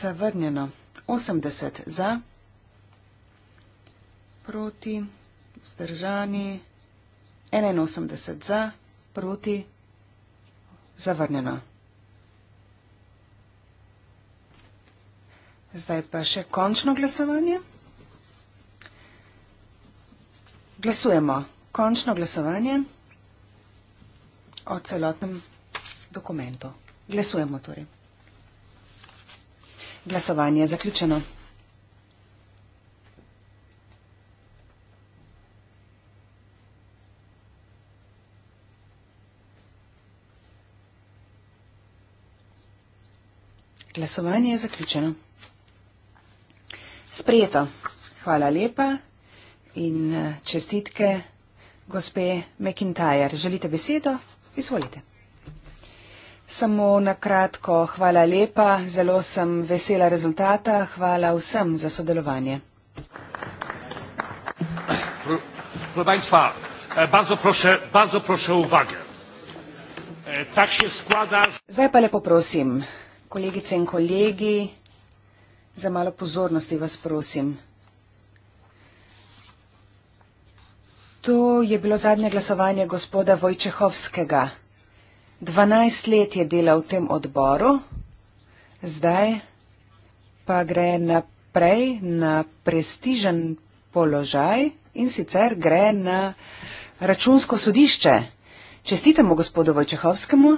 Zavrnjeno 80 za, proti, vzdržani 81 za, proti, zavrnjeno. Zdaj pa še končno glasovanje. Glasujemo končno glasovanje o celotnem dokumentu. Glasujemo torej. Glasovanje je zaključeno. Glasovanje je zaključeno. Sprejeto. Hvala lepa in eh, čestitke gospe McIntyre. Želite besedo? Izvolite. Samo na kratko, hvala lepa, zelo sem vesela rezultata, hvala vsem za sodelovanje. Proszę Państwa, e, bardzo proszę, bardzo proszę uwagę. E, tak się składa. Zajpale poprosim, kolegice i kolegi, za malo pozorności was prosim. To je bilo zadnje glasovanje gospoda Vojčehovskega. 12 let je delal v tem odboru, zdaj pa gre naprej na prestižen položaj in sicer gre na računsko sodišče. Čestitamo gospodu Vojčehovskemu,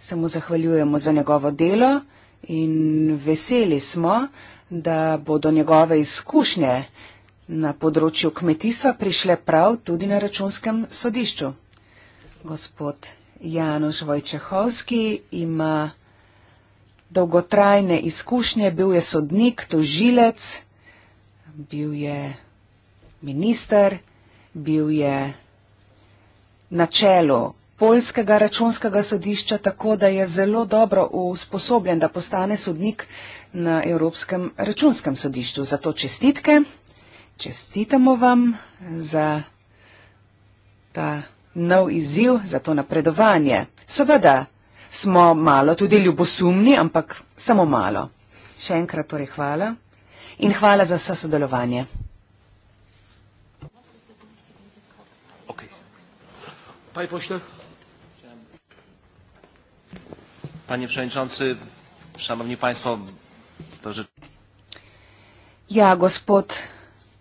se mu zahvaljujemo za njegovo delo in veseli smo, da bodo njegove izkušnje na področju kmetijstva prišle prav tudi na računskem sodišču. Gospod Janoš Vojčehovski ima dolgotrajne izkušnje, bil je sodnik, tožilec, bil je minister, bil je na čelu polskega računskega sodišča, tako da je zelo dobro usposobljen, da postane sodnik na Evropskem računskem sodišču. Zato čestitke čestitamo vam za ta nov izziv, za to napredovanje. Seveda smo malo tudi ljubosumni, ampak samo malo. Še enkrat torej hvala in hvala za vse sodelovanje. Okay. Panie predsedujoči, šanovni państwo, to že. Ja, gospod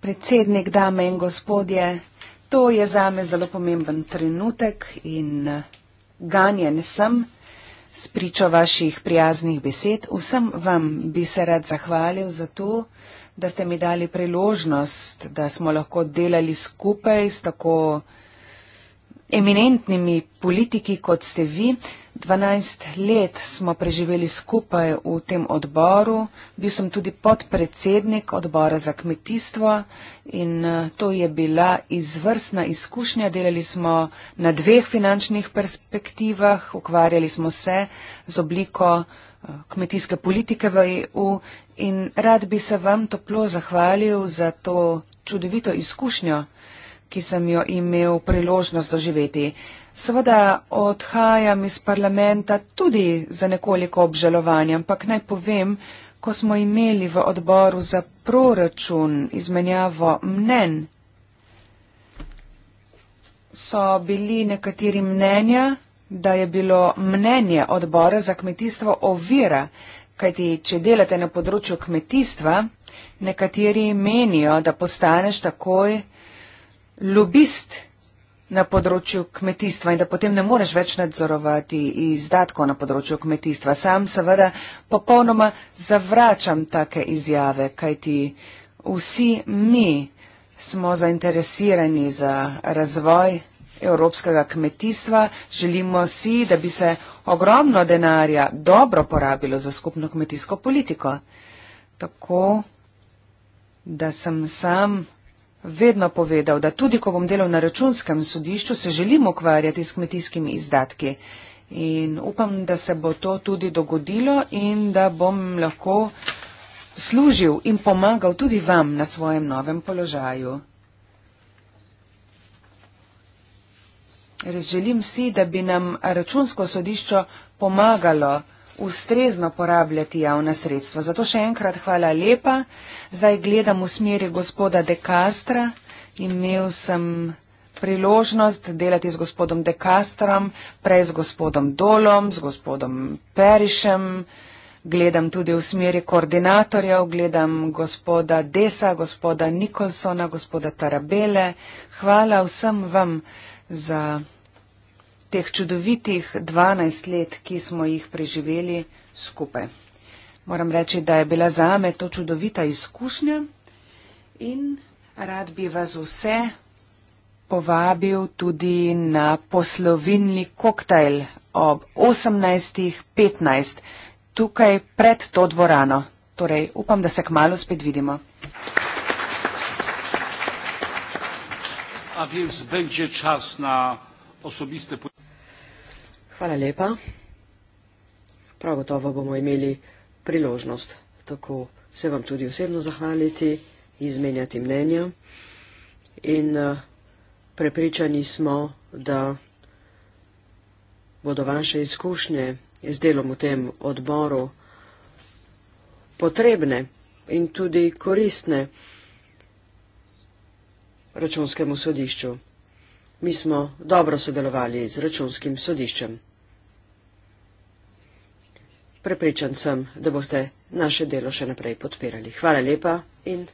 predsednik, dame in gospodje, to je za me zelo pomemben trenutek in ganjen sem s pričo vaših prijaznih besed. Vsem vam bi se rad zahvalil za to, da ste mi dali priložnost, da smo lahko delali skupaj s tako eminentnimi politiki, kot ste vi. 12 let smo preživeli skupaj v tem odboru. Bil sem tudi podpredsednik odbora za kmetijstvo in eh, to je bila izvrstna izkušnja. Delali smo na dveh finančnih perspektivah, ukvarjali smo se z obliko eh, kmetijske politike v EU in rad bi se vam toplo zahvalil za to čudovito izkušnjo, ki sem jo imel priložnost doživeti. Seveda odhajam iz parlamenta tudi za nekoliko obžalovanja, ampak naj povem, ko smo imeli v odboru za proračun izmenjavo mnen, so bili nekateri mnenja, da je bilo mnenje odbora za kmetijstvo ovira, kajti če delate na področju kmetijstva, nekateri menijo, da postaneš takoj lobist na področju kmetijstva in da potem ne moreš več nadzorovati izdatkov na področju kmetijstva. Sam seveda popolnoma zavračam take izjave, kajti vsi mi smo zainteresirani za razvoj evropskega kmetijstva, želimo si, da bi se ogromno denarja dobro porabilo za skupno kmetijsko politiko. Tako, da sem sam vedno povedal, da tudi ko bom delal na računskem sodišču, se želim ukvarjati s kmetijskimi izdatki. In upam, da se bo to tudi dogodilo in da bom lahko služil in pomagal tudi vam na svojem novem položaju. Res želim si, da bi nam računsko sodišče pomagalo ustrezno porabljati javna sredstva. Zato še enkrat hvala lepa. Zdaj gledam v smeri gospoda De Castra. Imel sem priložnost delati z gospodom De Castrom, prej z gospodom Dolom, z gospodom Perišem. Gledam tudi v smeri koordinatorjev, gledam gospoda Desa, gospoda Nikolsona, gospoda Tarabele. Hvala vsem vam za teh čudovitih 12 let, ki smo jih preživeli skupaj. Moram reči, da je bila zame to čudovita izkušnja in rad bi vas vse povabil tudi na poslovilni koktajl ob 18.15 tukaj pred to dvorano. Torej, upam, da se kmalo spet vidimo. A więc będzie czas na osobiste Hvala lepa. Prav gotovo bomo imeli priložnost tako se vam tudi osebno zahvaliti, izmenjati mnenja in eh, prepričani smo, da bodo vaše izkušnje z delom v tem odboru potrebne in tudi koristne računskemu sodišču. Mi smo dobro sodelovali z računskim sodiščem prepričan sem, da boste naše delo še naprej podpirali. Hvala lepa in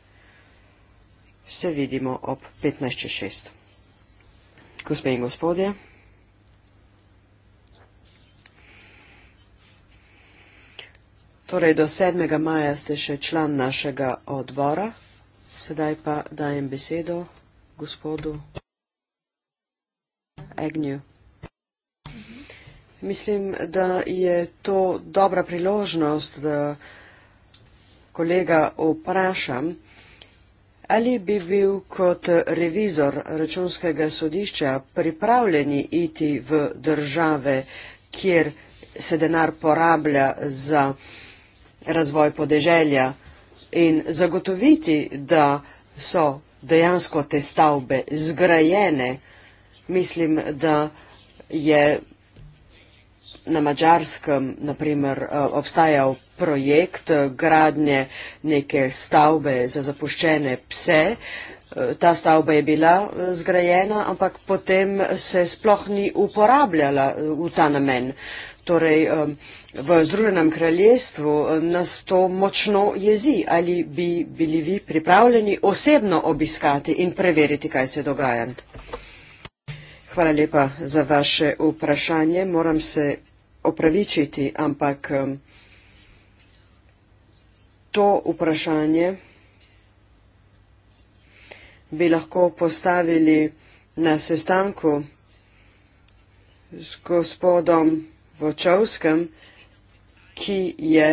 se vidimo ob 15.6. Gospe in gospodje, torej do 7. maja ste še član našega odbora, sedaj pa dajem besedo gospodu Agnew. Mislim, da je to dobra priložnost, da kolega vprašam, ali bi bil kot revizor računskega sodišča pripravljeni iti v države, kjer se denar porablja za razvoj podeželja in zagotoviti, da so dejansko te stavbe zgrajene. Mislim, da je na Mačarskem, naprimer, eh, obstajal projekt eh, gradnje neke stavbe za zapuščene pse. Eh, ta stavba je bila zgrajena, ampak potem se sploh ni uporabljala v ta namen. Torej, v Združenem kraljestvu nas to močno jezi. Ali bi bili vi pripravljeni osebno obiskati in preveriti, kaj se dogaja? Hvala lepa za vaše vprašanje. Moram se opravičiti, ampak to vprašanje bi lahko postavili na sestanku z gospodom Vočovskem, ki je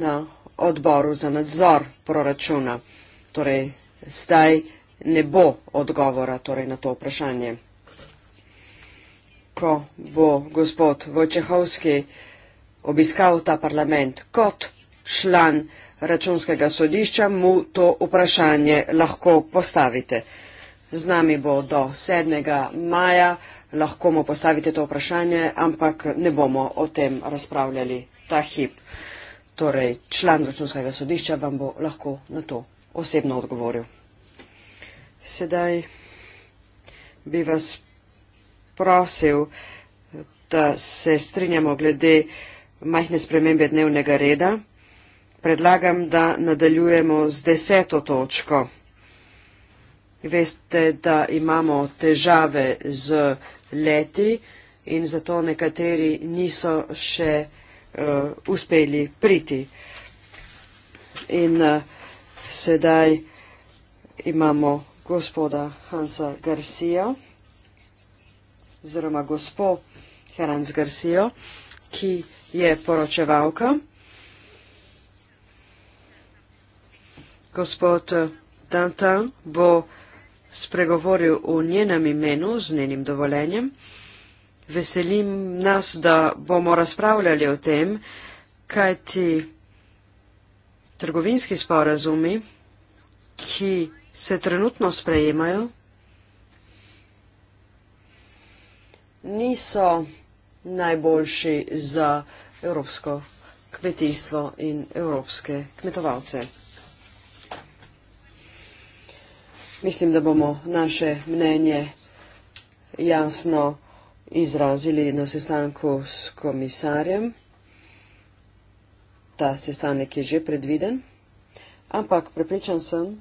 na odboru za nadzor proračuna. Torej, zdaj ne bo odgovora torej, na to vprašanje ko bo gospod Vojčehovski obiskal ta parlament kot član računskega sodišča, mu to vprašanje lahko postavite. Z nami bo do 7. maja, lahko mu postavite to vprašanje, ampak ne bomo o tem razpravljali ta hip. Torej, član računskega sodišča vam bo lahko na to osebno odgovoril. Sedaj bi vas prosil, da se strinjamo glede majhne spremembe dnevnega reda. Predlagam, da nadaljujemo z deseto točko. Veste, da imamo težave z leti in zato nekateri niso še uh, uspeli priti. In uh, sedaj imamo gospoda Hansa Garcia oziroma gospo Herans Garcijo, ki je poročevalka. Gospod Dantan bo spregovoril v njenem imenu z njenim dovoljenjem. Veselim nas, da bomo razpravljali o tem, kaj ti trgovinski sporazumi, ki se trenutno sprejemajo, niso najboljši za evropsko kmetijstvo in evropske kmetovalce. Mislim, da bomo naše mnenje jasno izrazili na sestanku s komisarjem. Ta sestanek je že predviden, ampak prepričan sem,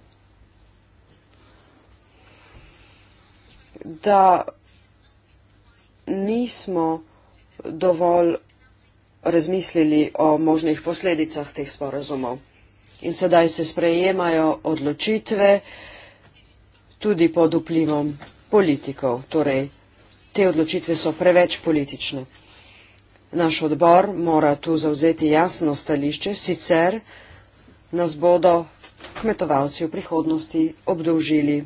da nismo dovolj razmislili o možnih posledicah teh sporazumov. In sedaj se sprejemajo odločitve tudi pod vplivom politikov. Torej, te odločitve so preveč politične. Naš odbor mora tu zauzeti jasno stališče, sicer nas bodo kmetovalci v prihodnosti obdolžili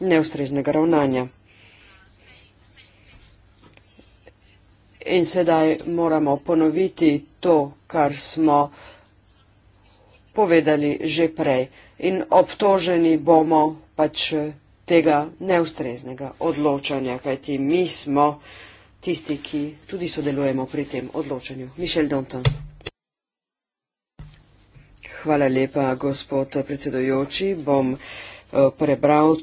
neustreznega ravnanja. In sedaj moramo ponoviti to, kar smo povedali že prej. In obtoženi bomo pač tega neustreznega odločanja, kajti mi smo tisti, ki tudi sodelujemo pri tem odločanju. Mišel Donton. Hvala lepa, gospod predsedojoči. Bom eh, prebral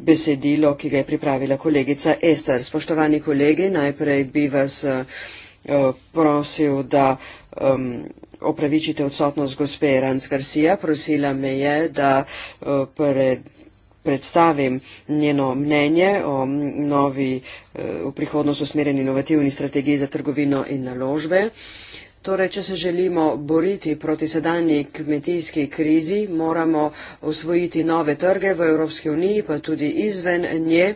besedilo, ki ga je pripravila kolegica Ester. Spoštovani kolegi, najprej bi vas uh, prosil, da um, opravičite odsotnost gospe Rans Garcia. Prosila me je, da uh, eh, pred predstavim njeno mnenje o novi, eh, v prihodnost usmerjeni inovativni strategiji za trgovino in naložbe. Uh, Torej, če se želimo boriti proti sedanji kmetijski krizi, moramo osvojiti nove trge v Evropski uniji, pa tudi izven nje.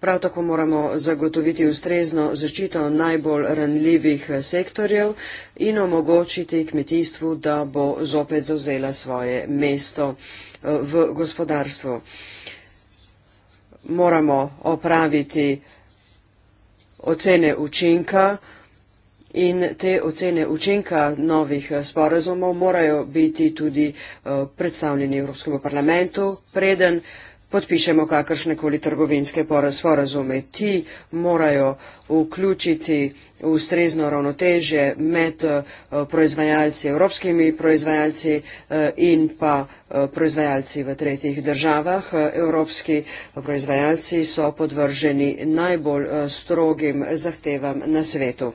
Prav tako moramo zagotoviti ustrezno zaščito najbolj ranljivih sektorjev in omogočiti kmetijstvu, da bo zopet zauzela svoje mesto eh, v gospodarstvu. Moramo opraviti ocene učinka, In te ocene učinka novih eh, sporazumov morajo biti tudi eh, predstavljeni Evropskemu parlamentu, preden podpišemo kakršnekoli trgovinske sporazume. Ti morajo vključiti ustrezno ravnoteže med eh, proizvajalci, evropskimi proizvajalci in pa proizvajalci v tretjih državah. Evropski proizvajalci so podvrženi najbolj strogim zahtevam na svetu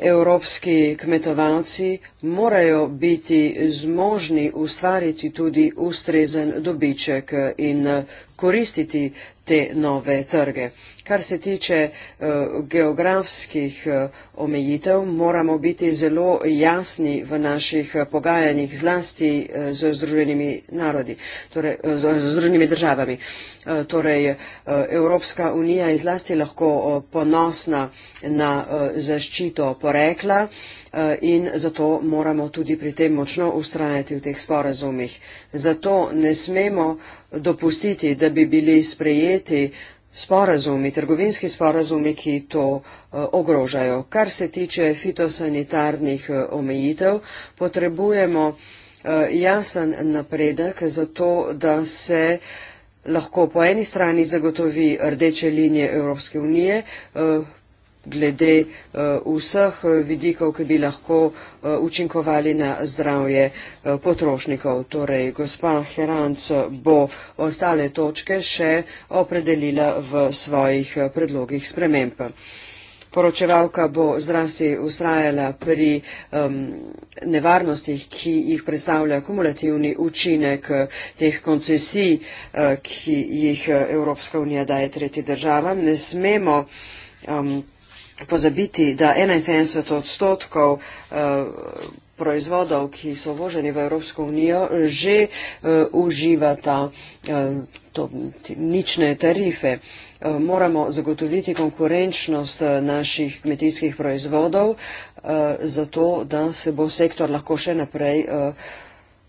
evropski kmetovalci morajo biti zmožni ustvariti tudi ustrezen dobiček in eh, koristiti te nove trge. Kar se tiče eh, geografskih eh, omejitev, moramo biti zelo jasni v naših pogajanjih zlasti z združenimi, narodi, torej, z združenimi državami. Torej, Evropska unija je zlasti lahko ponosna na zaščito porekla in zato moramo tudi pri tem močno ustrajati v teh sporazumih. Zato ne smemo dopustiti, da bi bili sprejeti sporazumi, trgovinski sporazumi, ki to eh, ogrožajo. Kar se tiče fitosanitarnih eh, omejitev, potrebujemo eh, jasen napredek za to, da se lahko po eni strani zagotovi rdeče linije Evropske unije, glede eh, vseh eh, vidikov, ki bi lahko eh, učinkovali na zdravje potrošnikov. Torej, gospa Heranc bo ostale točke še opredelila v svojih predlogih sprememb. Poročevalka bo zdravstvi ustrajala pri um, nevarnostih, ki jih predstavlja kumulativni učinek teh koncesij, uh, ki jih Evropska unija daje tretji državam. Ne smemo um, pozabiti, da 71 odstotkov eh, proizvodov, ki so voženi v Evropsko unijo, že eh, uživata eh, to, nične tarife. Moramo zagotoviti konkurenčnost naših kmetijskih proizvodov, zato da se bo sektor lahko še naprej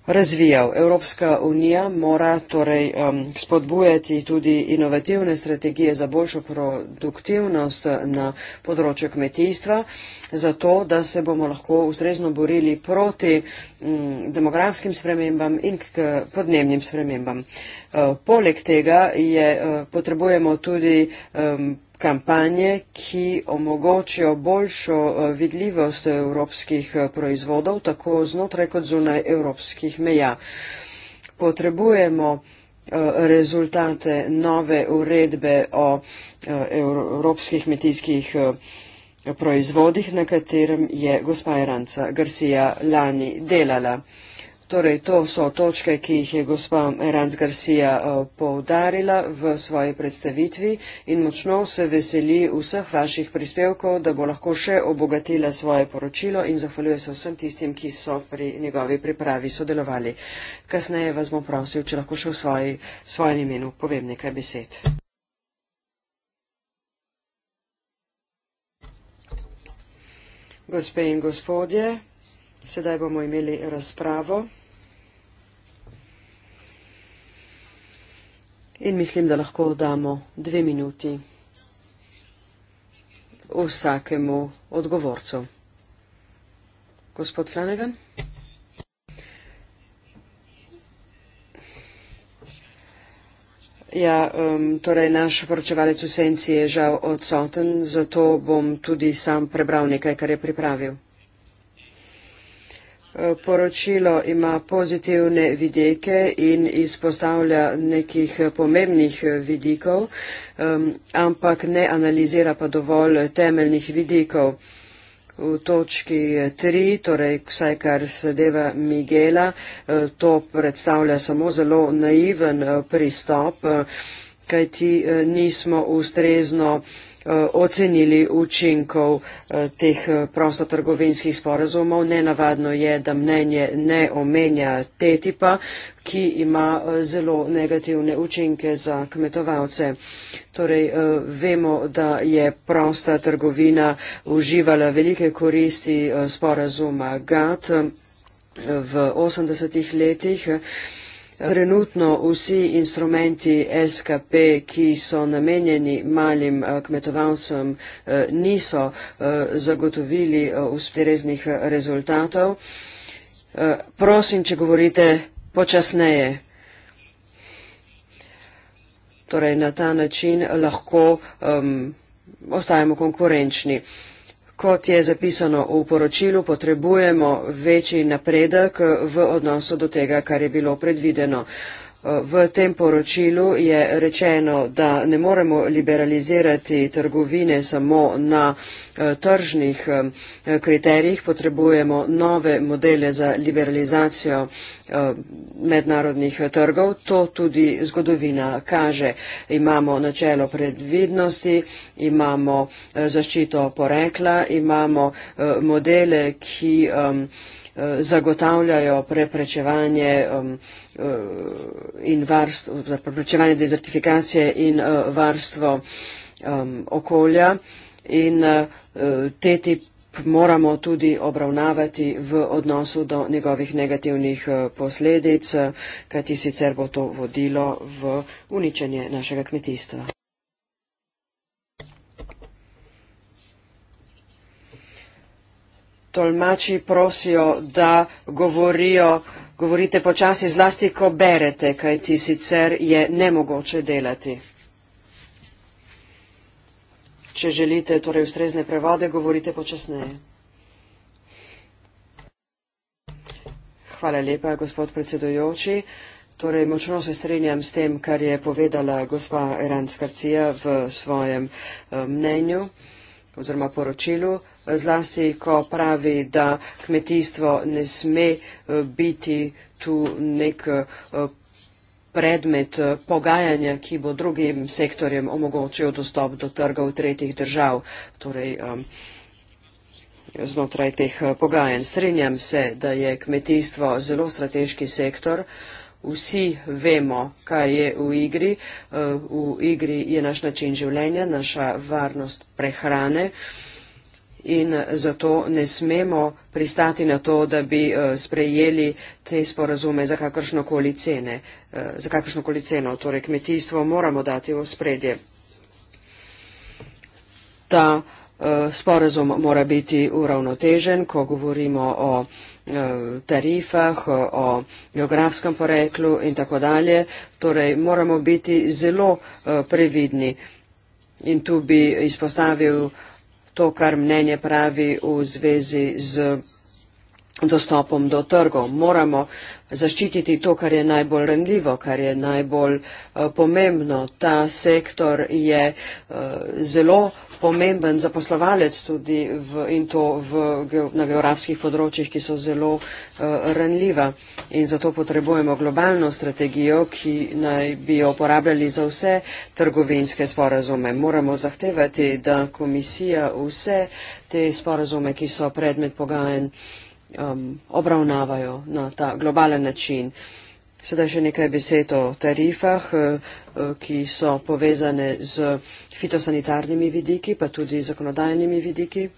razvijal. Evropska unija mora torej um, spodbujati tudi inovativne strategije za boljšo produktivnost na področju kmetijstva, zato da se bomo lahko ustrezno borili proti um, demografskim spremembam in k podnebnim spremembam. Uh, poleg tega je, uh, potrebujemo tudi um, kampanje, ki omogočijo boljšo eh, vidljivost evropskih eh, proizvodov, tako znotraj kot zunaj evropskih meja. Potrebujemo eh, rezultate nove uredbe o evropskih metijskih proizvodih, na katerem je gospa Iranca Garcia lani delala. Torej, to so točke, ki jih je gospa Eranc Garcia eh, poudarila v svoji predstavitvi in močno se veseli vseh vaših prispevkov, da bo lahko še obogatila svoje poročilo in zahvaljuje se vsem tistim, ki so pri njegovi pripravi sodelovali. Kasneje vas bom prosil, če lahko še v, svoji, v svojem imenu povem nekaj besed. Gospe in gospodje, sedaj bomo imeli razpravo. In mislim, da lahko damo dve minuti vsakemu odgovorcu. Gospod Flanagan. Ja, um, torej naš poročevalec v senci je žal odsoten, zato bom tudi sam prebral nekaj, kar je pripravil. Eh, poročilo ima pozitivne vidike in izpostavlja nekih eh, pomembnih eh, vidikov, ampak ne analizira pa dovolj temeljnih vidikov. V točki 3, torej vsaj kar sedeva Migela, to predstavlja samo zelo naiven pristop, kajti nismo ustrezno Eh, ocenili učinkov eh, teh eh, prostotrgovinskih sporazumov. Nenavadno je, da mnenje ne omenja TTIP-a, ki ima zelo negativne učinke za kmetovalce. Torej, vemo, da je prosta trgovina uživala velike koristi sporazuma GATT v 80-ih letih. Trenutno vsi instrumenti SKP, ki so namenjeni malim eh, kmetovalcem, eh, niso eh, zagotovili ustreznih rezultatov. Prosim, če govorite počasneje. Torej, na ta način lahko um, ostajamo konkurenčni. Uh, Kot je zapisano v poročilu, potrebujemo večji napredek v odnosu do tega, kar je bilo predvideno. V tem poročilu je rečeno, da ne moremo liberalizirati trgovine samo na eh, tržnih eh, kriterijih, potrebujemo nove modele za liberalizacijo eh, mednarodnih trgov. To tudi zgodovina kaže. Imamo načelo predvidnosti, imamo zaščito porekla, imamo modele, ki zagotavljajo preprečevanje, um, uh, varstvo, torej preprečevanje dezertifikacije in uh, varstvo um, okolja. In uh, te tip moramo tudi obravnavati v odnosu do njegovih negativnih uh, posledic, kajti sicer bo to vodilo v uničenje našega kmetijstva. tolmači prosijo, da govorijo, govorite počasi zlasti, ko berete, kaj ti sicer je nemogoče delati. Če želite torej ustrezne prevode, govorite počasneje. Hvala lepa, gospod predsedujoči. Torej, močno se strinjam s tem, kar je povedala gospa Eranskarcija v svojem eh, mnenju oziroma poročilu zlasti, ko pravi, da kmetijstvo ne sme eh, biti tu nek eh, predmet eh, pogajanja, ki bo drugim sektorjem omogočil dostop do trgov tretjih držav. Torej, znotraj teh pogajanj. Strinjam se, da je kmetijstvo zelo strateški sektor. Vsi vemo, kaj je v igri. V igri je naš način življenja, naša varnost prehrane in zato ne smemo pristati na to, da bi eh, sprejeli te sporazume za kakršnokoli, cene, eh, za kakršnokoli ceno. Torej, kmetijstvo moramo dati v spredje. Ta eh, sporazum mora biti uravnotežen, ko govorimo o tarifah, o geografskem poreklu in tako dalje. Torej, moramo biti zelo previdni. In tu bi izpostavil uh, to, kar mnenje pravi v zvezi z dostopom do trgov. Moramo zaščititi to, kar je najbolj rendljivo, kar je najbolj uh, pomembno. Ta sektor je uh, zelo pomemben zaposlovalec tudi v, in to v, na geografskih področjih, ki so zelo uh, ranljiva. In zato potrebujemo globalno strategijo, ki naj bi jo uporabljali za vse trgovinske sporazume. Moramo zahtevati, da komisija vse te sporazume, ki so predmet pogajanj, um, obravnavajo na ta globalen način. Sedaj še nekaj besed o tarifah, eh, eh, ki so povezane z fitosanitarnimi vidiki, pa tudi zakonodajnimi vidiki.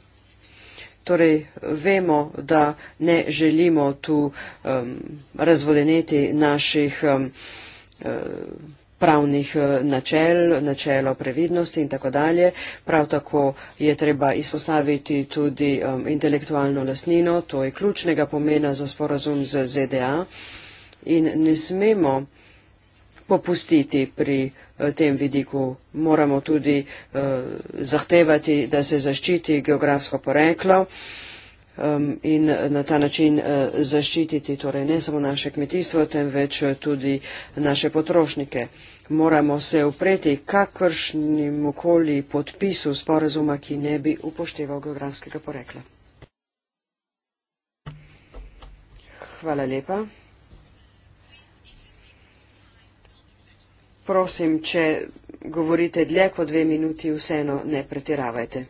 Torej, vemo, da ne želimo tu um, razvodeneti naših um, pravnih načel, načelo previdnosti in tako dalje. Prav tako je treba izpostaviti tudi um, intelektualno lasnino, to je ključnega pomena za sporazum z ZDA. Um, in ne smemo popustiti pri eh, tem vidiku. Moramo tudi uh, zahtevati, da se zaščiti geografsko poreklo um, in na ta način uh, zaščititi torej ne samo naše kmetijstvo, temveč tudi naše potrošnike. Moramo se upreti kakršnim okoli podpisu sporazuma, ki ne bi upošteval geografskega porekla. Hvala lepa. prosim, če govorite dlje kot dve minuti, vseeno ne pretiravajte.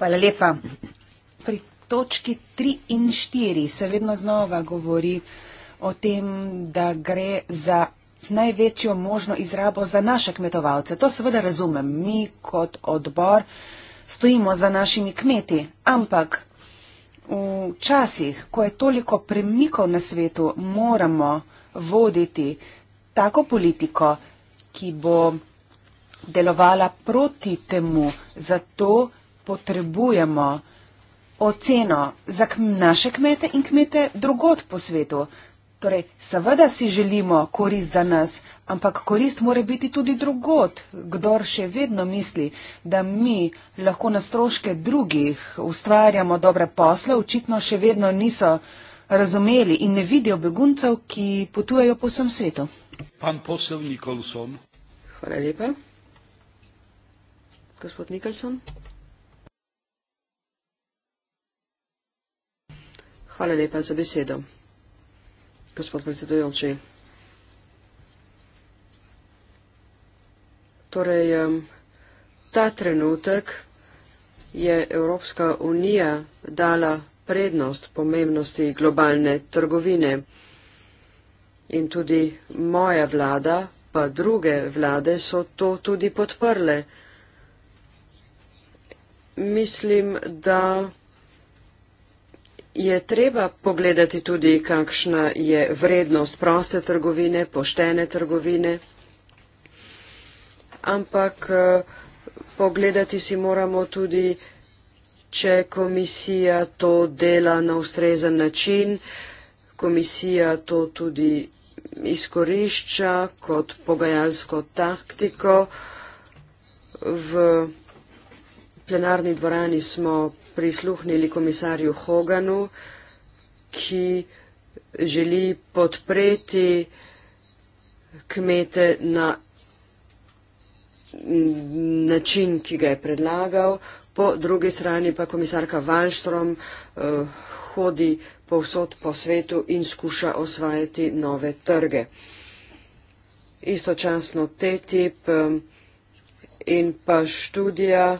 Hvala lepa. Pri točki 3 in 4 se vedno znova govori o tem, da gre za največjo možno izrabo za naše kmetovalce. To seveda razumem. Mi kot odbor stojimo za našimi kmeti, ampak v časih, ko je toliko premikov na svetu, moramo voditi tako politiko, ki bo delovala proti temu. Zato potrebujemo oceno za naše kmete in kmete drugot po svetu. Torej, seveda si želimo korist za nas, ampak korist more biti tudi drugot. Kdor še vedno misli, da mi lahko na stroške drugih ustvarjamo dobre posle, očitno še vedno niso razumeli in ne vidijo beguncev, ki potujejo po vsem svetu. Pan posel Nikolson. Hvala lepa. Gospod Nikolson. Hvala lepa za besedo gospod predsedujoči. Torej, ta trenutek je Evropska unija dala prednost pomembnosti globalne trgovine in tudi moja vlada, pa druge vlade so to tudi podprle. Mislim, da je treba pogledati tudi, kakšna je vrednost proste trgovine, poštene trgovine, ampak eh, pogledati si moramo tudi, če komisija to dela na ustrezen način, komisija to tudi izkorišča kot pogajalsko taktiko v plenarni dvorani smo prisluhnili komisarju Hoganu, ki želi podpreti kmete na način, ki ga je predlagal. Po drugi strani pa komisarka Valštrom uh, eh, hodi povsod po svetu in skuša osvajati nove trge. Istočasno TTIP um, in pa študija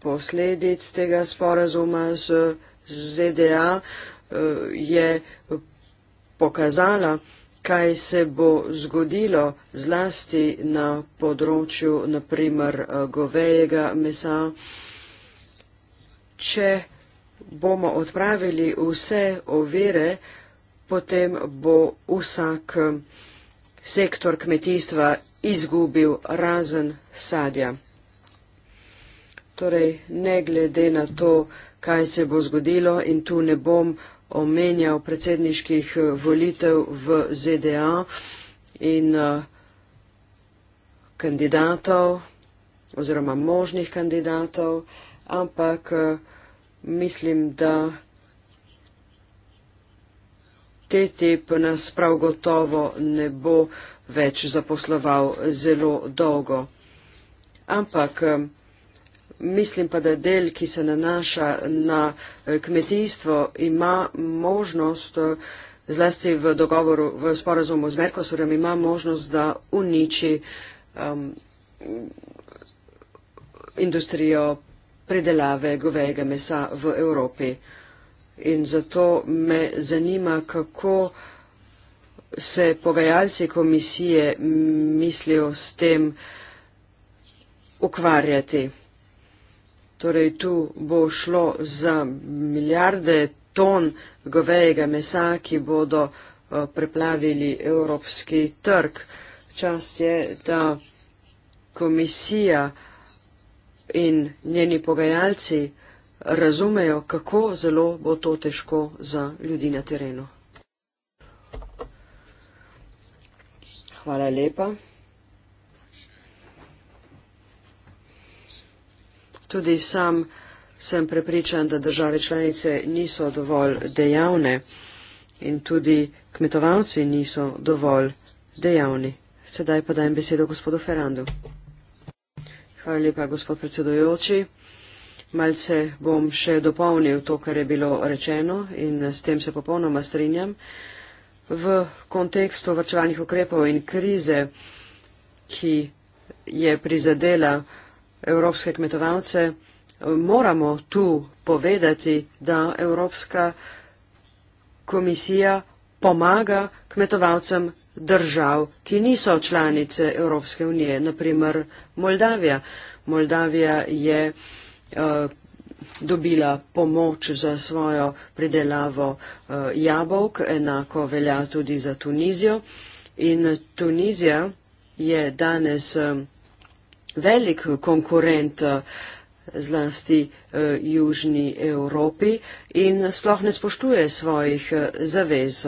posledic tega sporazuma z ZDA eh, je pokazala, kaj se bo zgodilo zlasti na področju, naprimer, eh, govejega mesa. Če bomo odpravili vse ovire, potem bo vsak eh, sektor kmetijstva izgubil razen sadja. Torej, ne glede na to, kaj se bo zgodilo in tu ne bom omenjal predsedniških eh, volitev v ZDA in eh, kandidatov oziroma možnih kandidatov, ampak eh, mislim, da TTIP nas prav gotovo ne bo več zaposloval zelo dolgo. Ampak Mislim pa, da del, ki se nanaša na eh, kmetijstvo, ima možnost, eh, zlasti v dogovoru, v sporazumu z Merkosurjem, ima možnost, da uniči um, industrijo predelave govejega mesa v Evropi. In zato me zanima, kako se pogajalci komisije mislijo s tem ukvarjati. Torej, tu bo šlo za milijarde ton govejega mesa, ki bodo eh, preplavili evropski trg. Čas je, da komisija in njeni pogajalci razumejo, kako zelo bo to težko za ljudi na terenu. Hvala lepa. Tudi sam sem prepričan, da države članice niso dovolj dejavne in tudi kmetovalci niso dovolj dejavni. Sedaj pa dajem besedo gospodu Ferrandu. Hvala lepa, gospod predsedujoči. Malce bom še dopolnil to, kar je bilo rečeno in s tem se popolnoma strinjam. V kontekstu vrčevalnih ukrepov in krize, ki je prizadela evropske kmetovalce, moramo tu povedati, da Evropska komisija pomaga kmetovalcem držav, ki niso članice Evropske unije, naprimer Moldavija. Moldavija je eh, dobila pomoč za svojo pridelavo eh, jabolk, enako velja tudi za Tunizijo. In Tunizija je danes eh, velik konkurent eh, zlasti eh, Južni Evropi in sploh ne spoštuje svojih eh, zavez.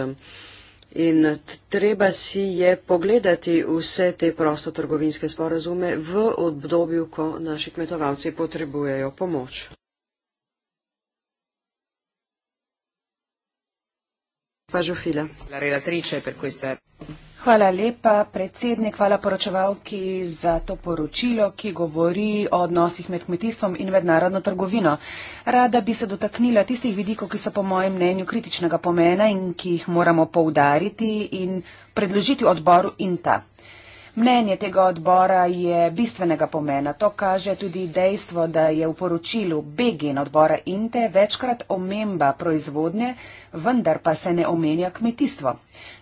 In treba si je pogledati vse te prostotrgovinske sporazume v obdobju, ko naši kmetovalci potrebujejo pomoč. Pa Žofila. La relatrice per questa... Hvala lepa, predsednik, hvala poročevalki za to poročilo, ki govori o odnosih med kmetijstvom in mednarodno trgovino. Rada bi se dotaknila tistih vidikov, ki so po mojem mnenju kritičnega pomena in ki jih moramo poudariti in predložiti odboru INTA. Mnenje tega odbora je bistvenega pomena. To kaže tudi dejstvo, da je v poročilu Begin odbora Inte večkrat omemba proizvodnje, vendar pa se ne omenja kmetijstvo.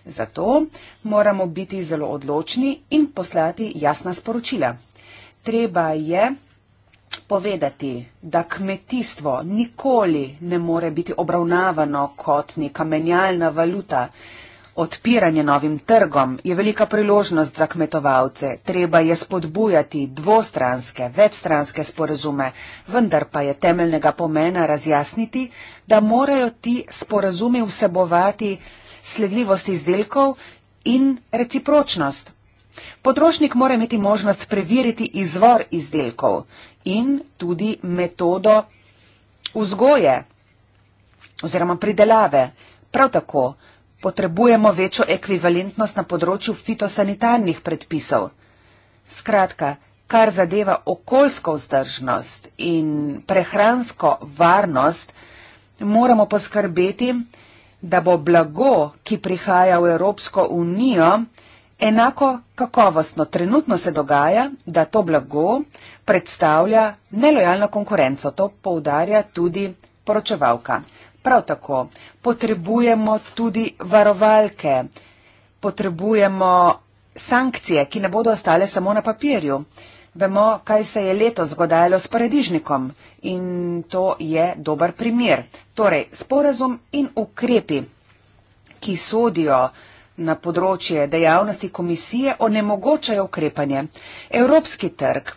Zato moramo biti zelo odločni in poslati jasna sporočila. Treba je povedati, da kmetijstvo nikoli ne more biti obravnavano kot neka menjalna valuta. Odpiranje novim trgom je velika priložnost za kmetovalce, treba je spodbujati dvostranske, večstranske sporazume, vendar pa je temeljnega pomena razjasniti, da morajo ti sporazumi vsebovati sledljivost izdelkov in recipročnost. Potrošnik mora imeti možnost preveriti izvor izdelkov in tudi metodo vzgoje oziroma pridelave. Prav tako, Potrebujemo večjo ekvivalentnost na področju fitosanitarnih predpisov. Skratka, kar zadeva okoljsko vzdržnost in prehransko varnost, moramo poskrbeti, da bo blago, ki prihaja v Evropsko unijo, enako kakovostno. Trenutno se dogaja, da to blago predstavlja nelojalno konkurenco. To poudarja tudi poročevalka. Prav tako potrebujemo tudi varovalke, potrebujemo sankcije, ki ne bodo ostale samo na papirju. Vemo, kaj se je letos zgodajalo s paradižnikom in to je dober primer. Torej, sporazum in ukrepi, ki sodijo na področje dejavnosti komisije, onemogočajo ukrepanje. Evropski trg.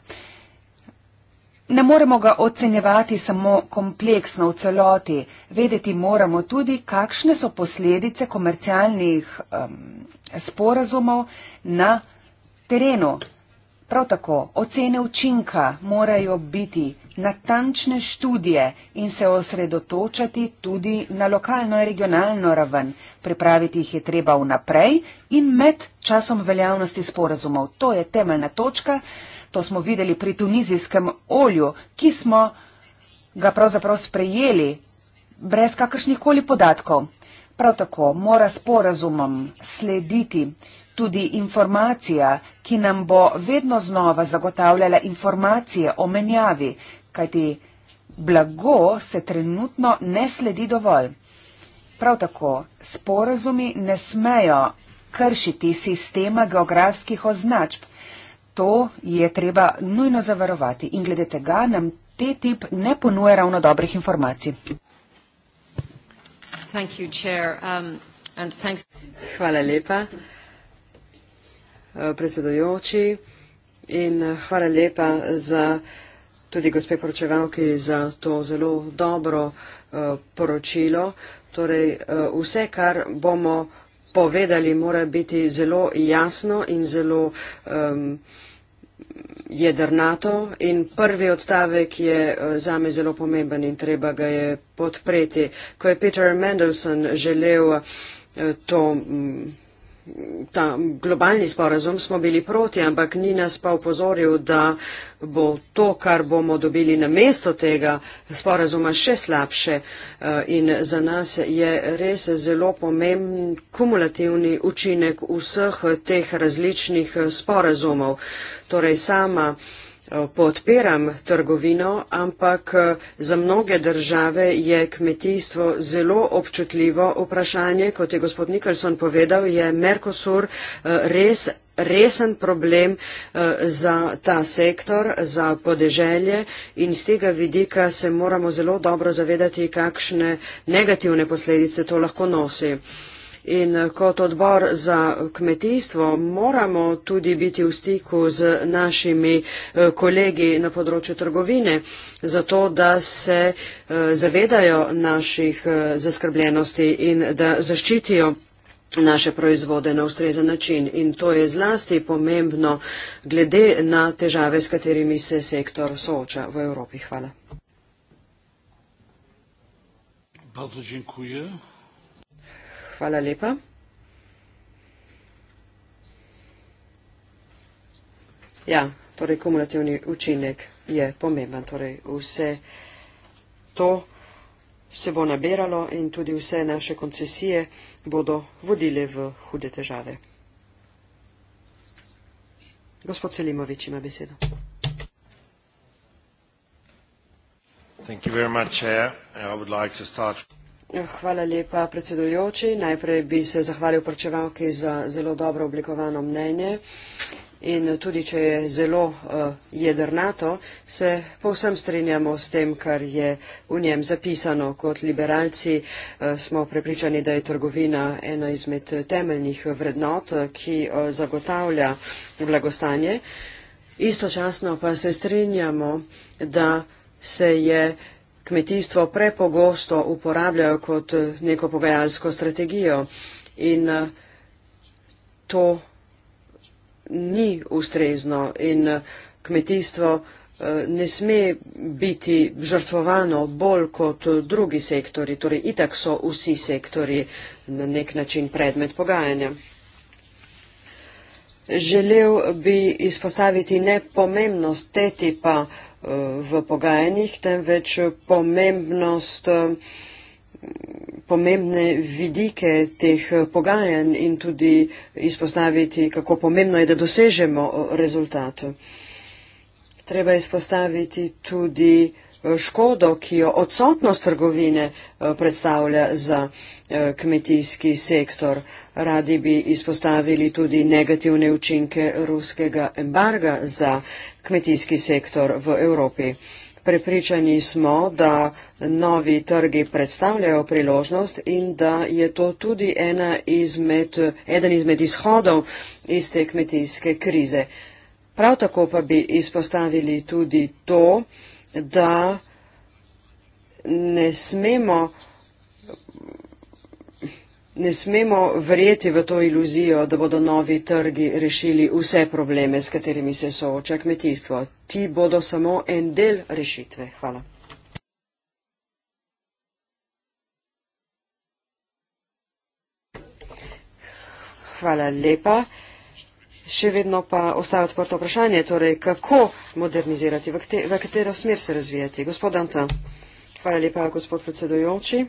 Ne moremo ga ocenjevati samo kompleksno v celoti. Vedeti moramo tudi, kakšne so posledice komercialnih um, sporazumov na terenu. Prav tako, ocene učinka morajo biti natančne študije in se osredotočati tudi na lokalno in regionalno raven. Pripraviti jih je treba vnaprej in med časom veljavnosti sporazumov. To je temeljna točka. To smo videli pri tunizijskem olju, ki smo ga pravzaprav sprejeli brez kakršnih koli podatkov. Prav tako mora sporazumom slediti tudi informacija, ki nam bo vedno znova zagotavljala informacije o menjavi, kajti blago se trenutno ne sledi dovolj. Prav tako sporazumi ne smejo kršiti sistema geografskih označb, to je treba nujno zavarovati in glede tega nam te tip ne ponuje ravno dobrih informacij. You, um, thanks... Hvala lepa, uh, predsedojoči, in uh, hvala lepa za tudi gospe poročevalki za to zelo dobro uh, poročilo. Torej, uh, vse, kar bomo uh, povedali, mora biti zelo jasno in zelo um, jedrnato. In prvi odstavek je uh, zame zelo pomemben in treba ga je podpreti. Ko je Peter Mendelssohn želel uh, to. Um, ta globalni sporazum smo bili proti, ampak ni nas pa upozoril, da bo to, kar bomo dobili na mesto tega sporazuma, še slabše. Eh, in za nas je res zelo pomemben kumulativni učinek vseh teh različnih eh, sporazumov. Torej sama Eh, podpiram trgovino, ampak eh, za mnoge države je kmetijstvo zelo občutljivo vprašanje. Kot je gospod Nikolson povedal, je Mercosur eh, res resen problem za ta sektor, za podeželje in z tega vidika se moramo zelo dobro zavedati, kakšne negativne posledice to lahko nosi. In eh, kot odbor za kmetijstvo moramo tudi biti v stiku z našimi eh, kolegi na področju trgovine, zato da se eh, zavedajo naših zaskrbljenosti in da zaščitijo naše proizvode na ustrezen način. In to je zlasti pomembno glede na težave, s katerimi se sektor sooča v Evropi. Hvala. Bardzo dziękuję. Hvala lepa. Ja, torej kumulativni učinek je pomemben. Torej vse to se bo nabiralo in tudi vse naše koncesije bodo vodile v hude težave. Gospod Selimovič ima besedo. Thank you very much, Chair. I would like to start. Hvala lepa, predsedujoči. Najprej bi se zahvalil poročevalki za zelo dobro oblikovano mnenje. In tudi, če je zelo uh, jedrnato, se povsem strinjamo s tem, kar je v njem zapisano. Kot liberalci uh, smo prepričani, da je trgovina ena izmed temeljnih vrednot, ki uh, zagotavlja blagostanje. Istočasno pa se strinjamo, da se je uh, kmetijstvo prepogosto uporabljajo kot eh, neko pogajalsko strategijo in eh, to ni ustrezno in eh, kmetijstvo ne sme biti žrtvovano bolj kot drugi sektori, torej itak so vsi sektori na nek način predmet pogajanja. Želel bi izpostaviti nepomembnost te tipa uh, v pogajanjih, temveč pomembnost, pomembne vidike teh pogajanj in tudi izpostaviti, kako pomembno je, da dosežemo rezultat. Treba izpostaviti tudi eh, škodo, ki jo odsotnost trgovine eh, predstavlja za eh, kmetijski sektor. Radi bi izpostavili tudi negativne učinke ruskega embarga za kmetijski sektor v Evropi. Prepričani smo, da novi trgi predstavljajo priložnost in da je to tudi ena izmed, eden izmed izhodov iz te kmetijske krize. Prav tako pa bi izpostavili tudi to, da ne smemo Ne smemo verjeti v to iluzijo, da bodo novi trgi rešili vse probleme, s katerimi se sooča kmetijstvo. Ti bodo samo en del rešitve. Hvala. Hvala lepa. Še vedno pa ostaja odprto vprašanje, torej kako modernizirati, v katero smer se razvijati. Gospod Anta. Hvala lepa, gospod predsedujoči.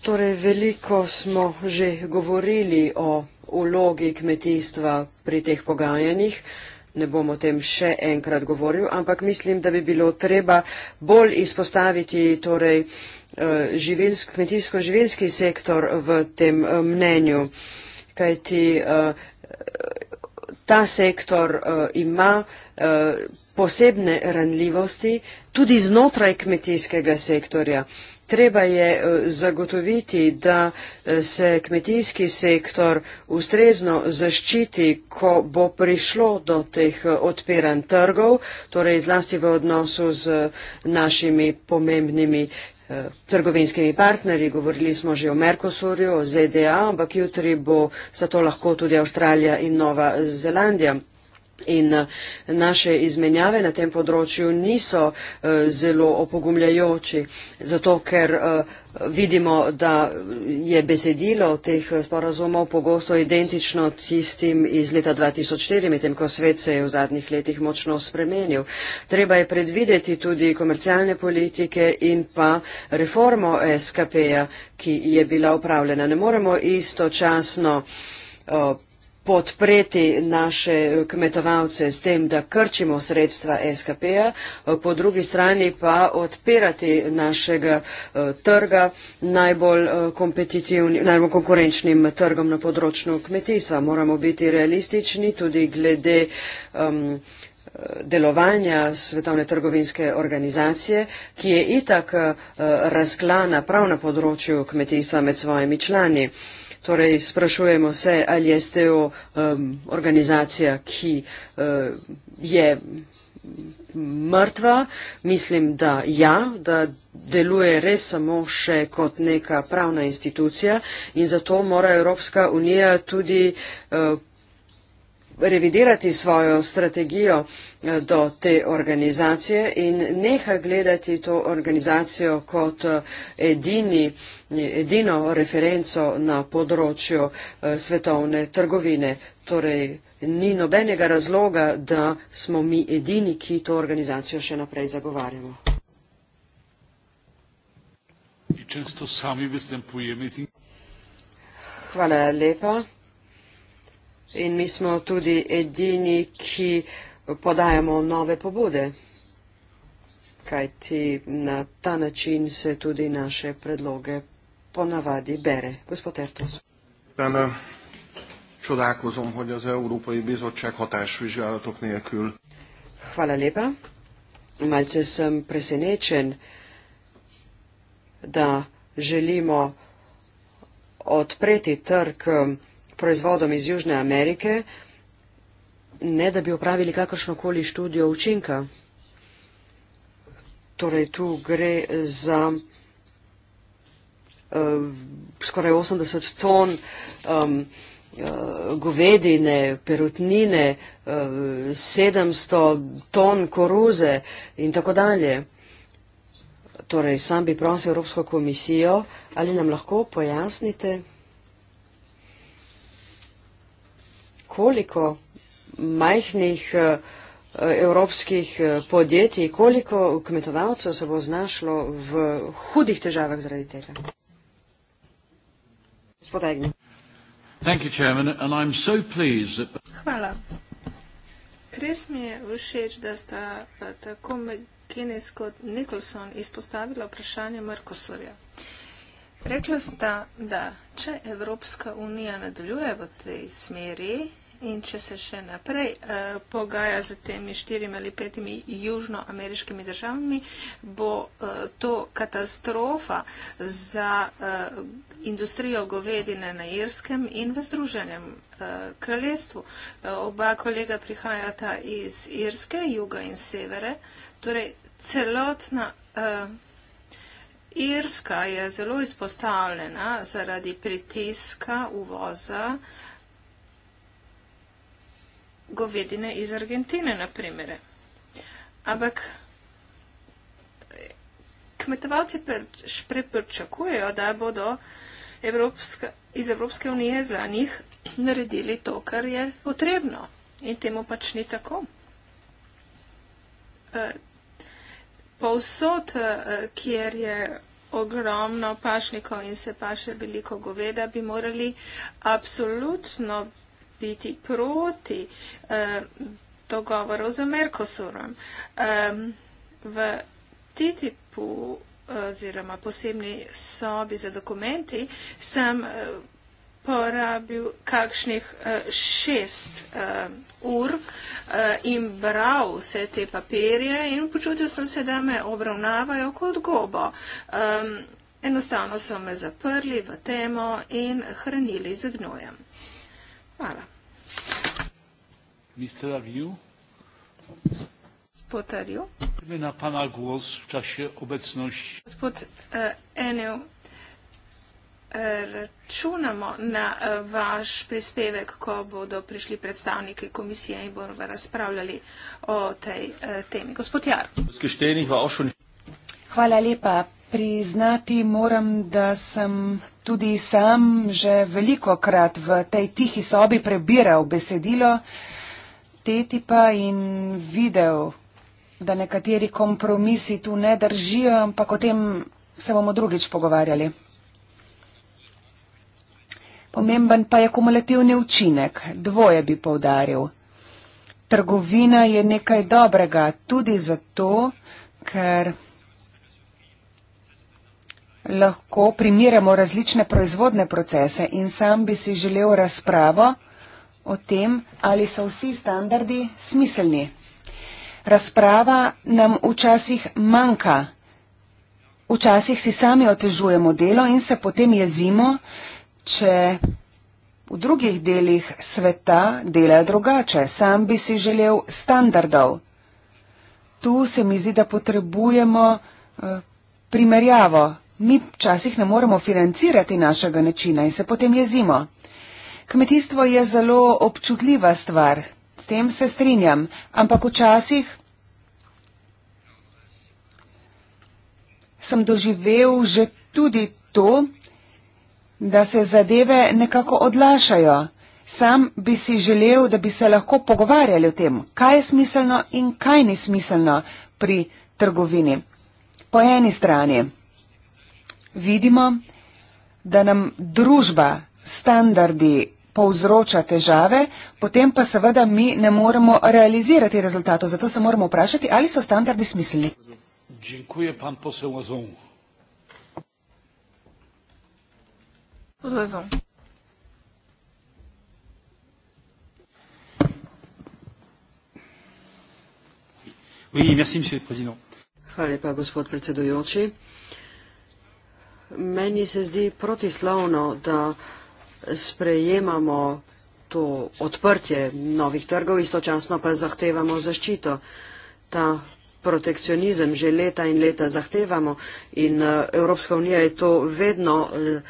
Torej, veliko smo že govorili o vlogi kmetijstva pri teh pogajanjih. Ne bom o tem še enkrat govoril, ampak mislim, da bi bilo treba bolj izpostaviti torej, eh, živilsk, kmetijsko-živilski sektor v tem eh, mnenju. Kajti eh, ta sektor ima posebne ranljivosti tudi znotraj kmetijskega sektorja. Treba je eh, zagotoviti, da eh, se kmetijski sektor ustrezno zaščiti, ko bo prišlo do teh eh, odpiran trgov, torej zlasti v odnosu z našimi pomembnimi trgovinskimi partnerji. Govorili smo že o Mercosurju, o ZDA, ampak jutri bo za to lahko tudi Avstralija in Nova Zelandija. In eh, naše izmenjave na tem področju niso eh, zelo opogumljajoči, zato ker eh, vidimo, da je besedilo teh sporazumov pogosto identično tistim iz leta 2004, medtem ko svet se je v zadnjih letih močno spremenil. Treba je predvideti tudi komercialne politike in pa reformo SKP-ja, ki je bila upravljena. Ne moremo istočasno podpreti naše kmetovalce s tem, da krčimo sredstva SKP-ja, po drugi strani pa odpirati našega eh, trga najbolj, eh, najbolj konkurenčnim trgom na področju kmetijstva. Moramo biti realistični tudi glede. Um, delovanja Svetovne trgovinske organizacije, ki je itak eh, razklana prav na področju kmetijstva med svojimi člani. Torej, sprašujemo se, ali je STO um, organizacija, ki uh, je mrtva. Mislim, da ja, da deluje res samo še kot neka pravna institucija in zato mora Evropska unija tudi uh, revidirati svojo strategijo eh, do te organizacije in neha gledati to organizacijo kot eh, edini, edino referenco na področju eh, svetovne trgovine. Torej, ni nobenega razloga, da smo mi edini, ki to organizacijo še naprej zagovarjamo. Hvala lepa. In mi smo tudi edini, ki podajamo nove pobude, kajti na ta način se tudi naše predloge ponavadi bere. Gospod Ertos. Čudakozom, hogy az Európai Bizottság hatásvizsgálatok nélkül. Hvala lepa. Malce sem presenečen, da želimo odpreti trg proizvodom iz Južne Amerike, ne da bi upravili kakršnokoli študijo učinka. Torej, tu gre za uh, skoraj 80 ton um, uh, govedine, perutnine, uh, eh, 700 ton koruze in tako dalje. Torej, sam bi prosil Evropsko komisijo, ali nam lahko pojasnite, koliko majhnih eh, evropskih eh, podjetij, koliko kmetovalcev se bo znašlo v hudih težavah zaradi tega. Gospod Egn. Hvala. Res mi je všeč, da sta eh, tako McGuinness kot Nicholson izpostavila vprašanje Mercosurja. Rekla sta, da če Evropska unija nadaljuje v tej smeri, In če se še naprej eh, pogaja z temi štirimi ali petimi južnoameriškimi državami, bo eh, to katastrofa za eh, industrijo govedine na Irskem in v Združenem eh, kraljestvu. Eh, oba kolega prihajata iz Irske, juga in severe. Torej, celotna eh, Irska je zelo izpostavljena zaradi pritiska uvoza govedine iz Argentine, na primer. Ampak eh, kmetovalci prepričakujejo, da bodo Evropska, iz Evropske unije za njih naredili to, kar je potrebno. In temu pač ni tako. Eh, povsod, eh, kjer je ogromno pašnikov in se paše veliko goveda, bi morali absolutno biti proti eh, dogovoru z Merkosurom. Eh, v TTIP-u oziroma posebni sobi za dokumenti sem eh, porabil kakšnih eh, šest eh, ur in bral vse te papirje in počutil sem se, da me obravnavajo kot gobo. Enostavno so me zaprli v temo in hranili z gnojem. Hvala. Gospod e, Enel, e, računamo na e, vaš prispevek, ko bodo prišli predstavniki komisije in bomo razpravljali o tej temi. Gospod Jar. Hvala lepa. Priznati moram, da sem tudi sam že veliko krat v tej tihi sobi prebiral besedilo TTIP-a in videl, da nekateri kompromisi tu ne držijo, ampak o tem se bomo drugič pogovarjali. Pomemben pa je kumulativni učinek. Dvoje bi povdaril. Trgovina je nekaj dobrega tudi zato, ker lahko primerjamo različne proizvodne procese in sam bi si želel razpravo o tem, ali so vsi standardi smiselni. Razprava nam včasih manjka. Včasih si sami otežujemo delo in se potem jezimo, če v drugih delih sveta delajo drugače. Sam bi si želel standardov. Tu se mi zdi, da potrebujemo eh, primerjavo, Mi včasih ne moremo financirati našega načina in se potem jezimo. Kmetijstvo je zelo občutljiva stvar, s tem se strinjam, ampak včasih sem doživel že tudi to, da se zadeve nekako odlašajo. Sam bi si želel, da bi se lahko pogovarjali o tem, kaj je smiselno in kaj ni smiselno pri trgovini. Po eni strani vidimo, da nam družba, standardi povzroča težave, potem pa seveda mi ne moremo realizirati rezultatov. Zato se moramo vprašati, ali so standardi smiselni. Hvala lepa, gospod predsedujoči. Meni se zdi protislovno, da sprejemamo to odprtje novih trgov, istočasno pa zahtevamo zaščito. Ta protekcionizem že leta in leta zahtevamo in eh, Evropska unija je to vedno eh,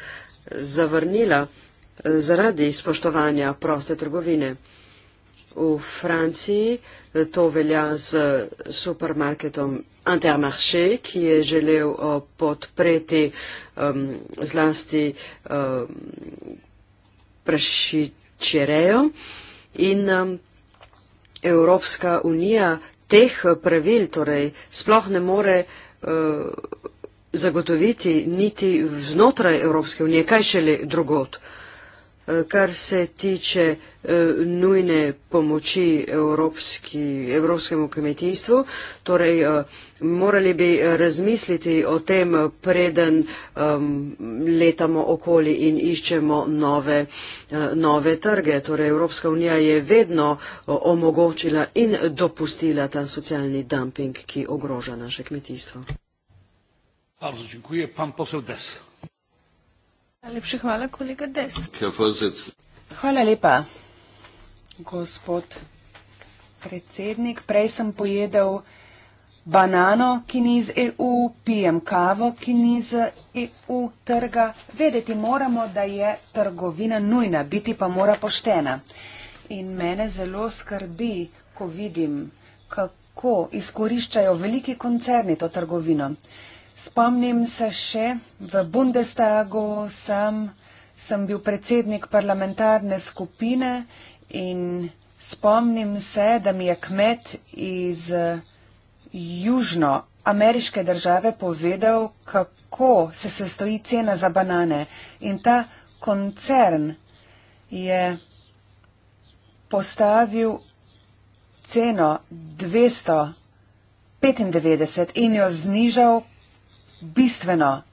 zavrnila eh, zaradi spoštovanja proste trgovine. V Franciji to velja z supermarketom Intermarché, ki je želel eh, podpreti um, zlasti um, prašičerejo. In um, Evropska unija teh pravil torej, sploh ne more uh, zagotoviti niti znotraj Evropske unije, kaj šele drugot. Uh, kar se tiče eh, nujne pomoči evropski, evropskemu kmetijstvu. Torej, eh, morali bi razmisliti o tem, preden letamo okoli in iščemo nove, eh, nove trge. Torej, Evropska unija je vedno omogočila in dopustila ta socialni dumping, ki ogroža naše kmetijstvo. Bardzo dziękuję. Pan poseł Des. Najlepša hvala, kolega Des. Hvala lepa, gospod predsednik. Prej sem pojedel banano, ki ni iz EU, pijem kavo, ki ni iz EU trga. Vedeti moramo, da je trgovina nujna, biti pa mora poštena. In mene zelo skrbi, ko vidim, kako izkoriščajo veliki koncerni to trgovino. Spomnim se še, v Bundestagu sem, sem bil predsednik parlamentarne skupine in spomnim se, da mi je kmet iz južnoameriške države povedal, kako se sestoji cena za banane. In ta koncern je postavil ceno 295 in jo znižal bistveno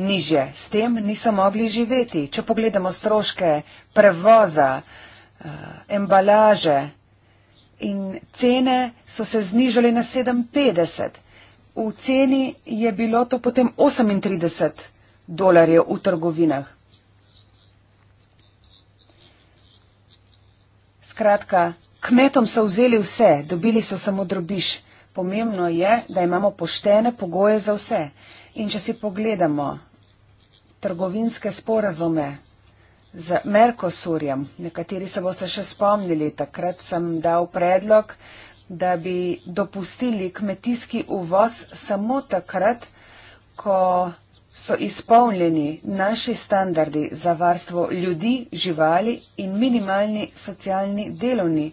niže. S tem niso mogli živeti. Če pogledamo stroške prevoza, eh, embalaže in cene so se znižali na 57. V ceni je bilo to potem 38 dolarjev v trgovinah. Skratka, kmetom so vzeli vse, dobili so samo drobiš. Pomembno je, da imamo poštene pogoje za vse. In če si pogledamo trgovinske sporazume z Merkosurjem, nekateri se boste še spomnili, takrat sem dal predlog, da bi dopustili kmetijski uvoz samo takrat, ko so izpolnjeni naši standardi za varstvo ljudi, živali in minimalni socialni delovni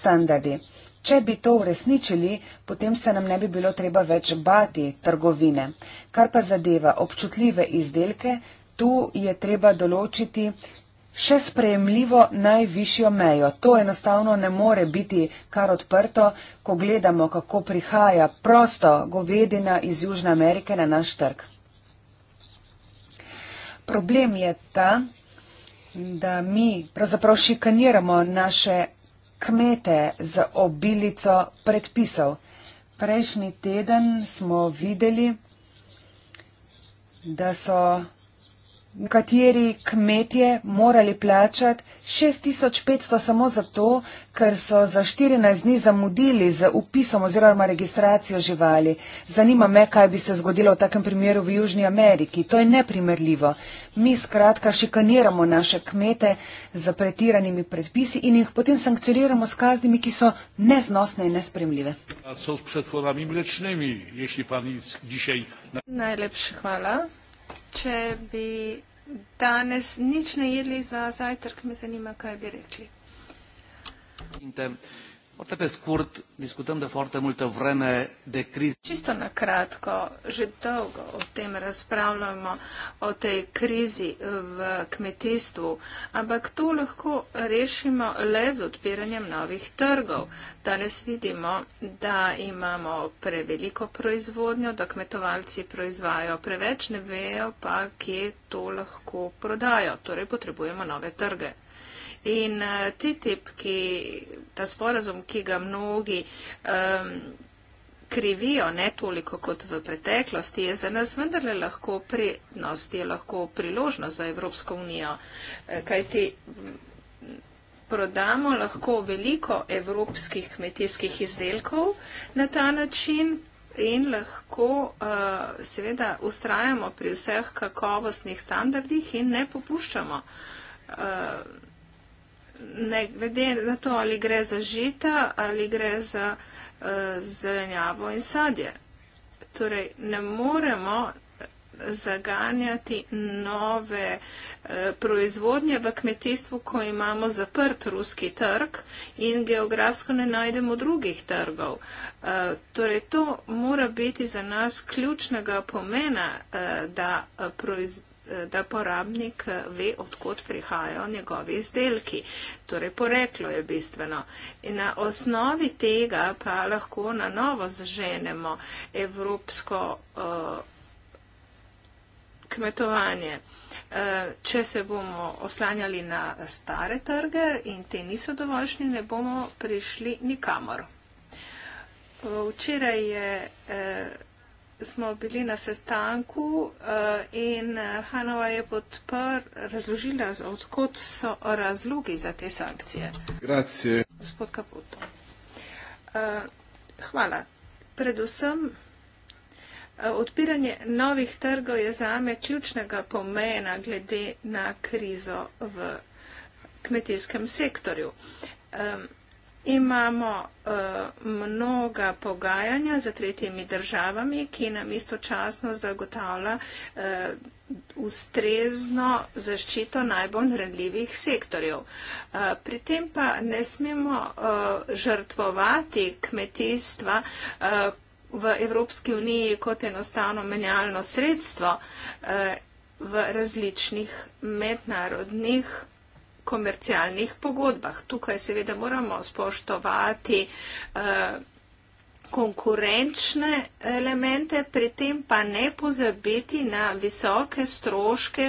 standardi. Če bi to uresničili, potem se nam ne bi bilo treba več bati trgovine. Kar pa zadeva občutljive izdelke, tu je treba določiti še sprejemljivo najvišjo mejo. To enostavno ne more biti kar odprto, ko gledamo, kako prihaja prosto govedina iz Južne Amerike na naš trg. Problem je ta, da mi pravzaprav šikaniramo naše kmete z obilico predpisov. Prejšnji teden smo videli, da so kateri kmetje morali plačati 6500 samo zato, ker so za 14 dni zamudili z upisom oziroma registracijo živali. Zanima me, kaj bi se zgodilo v takem primeru v Južni Ameriki. To je neprimerljivo. Mi skratka šikaniramo naše kmete z pretiranimi predpisi in jih potem sankcioniramo s kaznimi, ki so neznosne in nespremljive. Najlepša hvala če bi danes nič ne jedli za zajtrk, me zanima, kaj bi rekli. In te, Orte pe scurt, discutăm de foarte multă vreme de criză. Čisto na kratko, že dolgo o tem razpravljamo, o tej krizi v kmetijstvu, ampak to lahko rešimo le z odpiranjem novih trgov. Danes vidimo, da imamo preveliko proizvodnjo, da kmetovalci proizvajajo preveč, ne vejo pa, kje to lahko prodajo. Torej potrebujemo nove trge. In uh, TTIP, ki, ta sporazum, ki ga mnogi um, krivijo ne toliko kot v preteklosti, je za nas vendarle lahko prednost, je lahko priložnost za Evropsko unijo. Eh, kajti prodamo lahko veliko evropskih kmetijskih izdelkov na ta način in lahko uh, seveda ustrajamo pri vseh kakovostnih standardih in ne popuščamo. Uh, ne glede na to, ali gre za žita ali gre za uh, zelenjavo in sadje. Torej, ne moremo zaganjati nove e, proizvodnje v kmetijstvu, ko imamo zaprt ruski trg in geografsko ne najdemo drugih trgov. E, torej, to mora biti za nas ključnega pomena, e, da proizvodnje da porabnik eh, ve, odkot prihajajo njegovi izdelki. Torej, poreklo je bistveno. In na osnovi tega pa lahko na novo zaženemo evropsko uh, kmetovanje. Eh, če se bomo oslanjali na stare trge in te niso dovoljšnji, ne bomo prišli nikamor. Včeraj je. Uh, smo bili na sestanku eh, in eh, Hanova je podpr razložila, odkot so razlogi za te sankcije. Grazie. Gospod Kaputo. Eh, hvala. Predvsem odpiranje novih trgov je zame ključnega pomena glede na krizo v kmetijskem sektorju. Hvala imamo uh, mnoga pogajanja z tretjimi državami, ki nam istočasno zagotavlja uh, ustrezno zaščito najbolj ranljivih sektorjev. Uh, pri tem pa ne smemo uh, žrtvovati kmetijstva. Uh, v Evropski uniji kot enostavno menjalno sredstvo eh, v različnih mednarodnih komercialnih pogodbah. Tukaj seveda moramo spoštovati uh, konkurenčne elemente, pri tem pa ne pozabiti na visoke stroške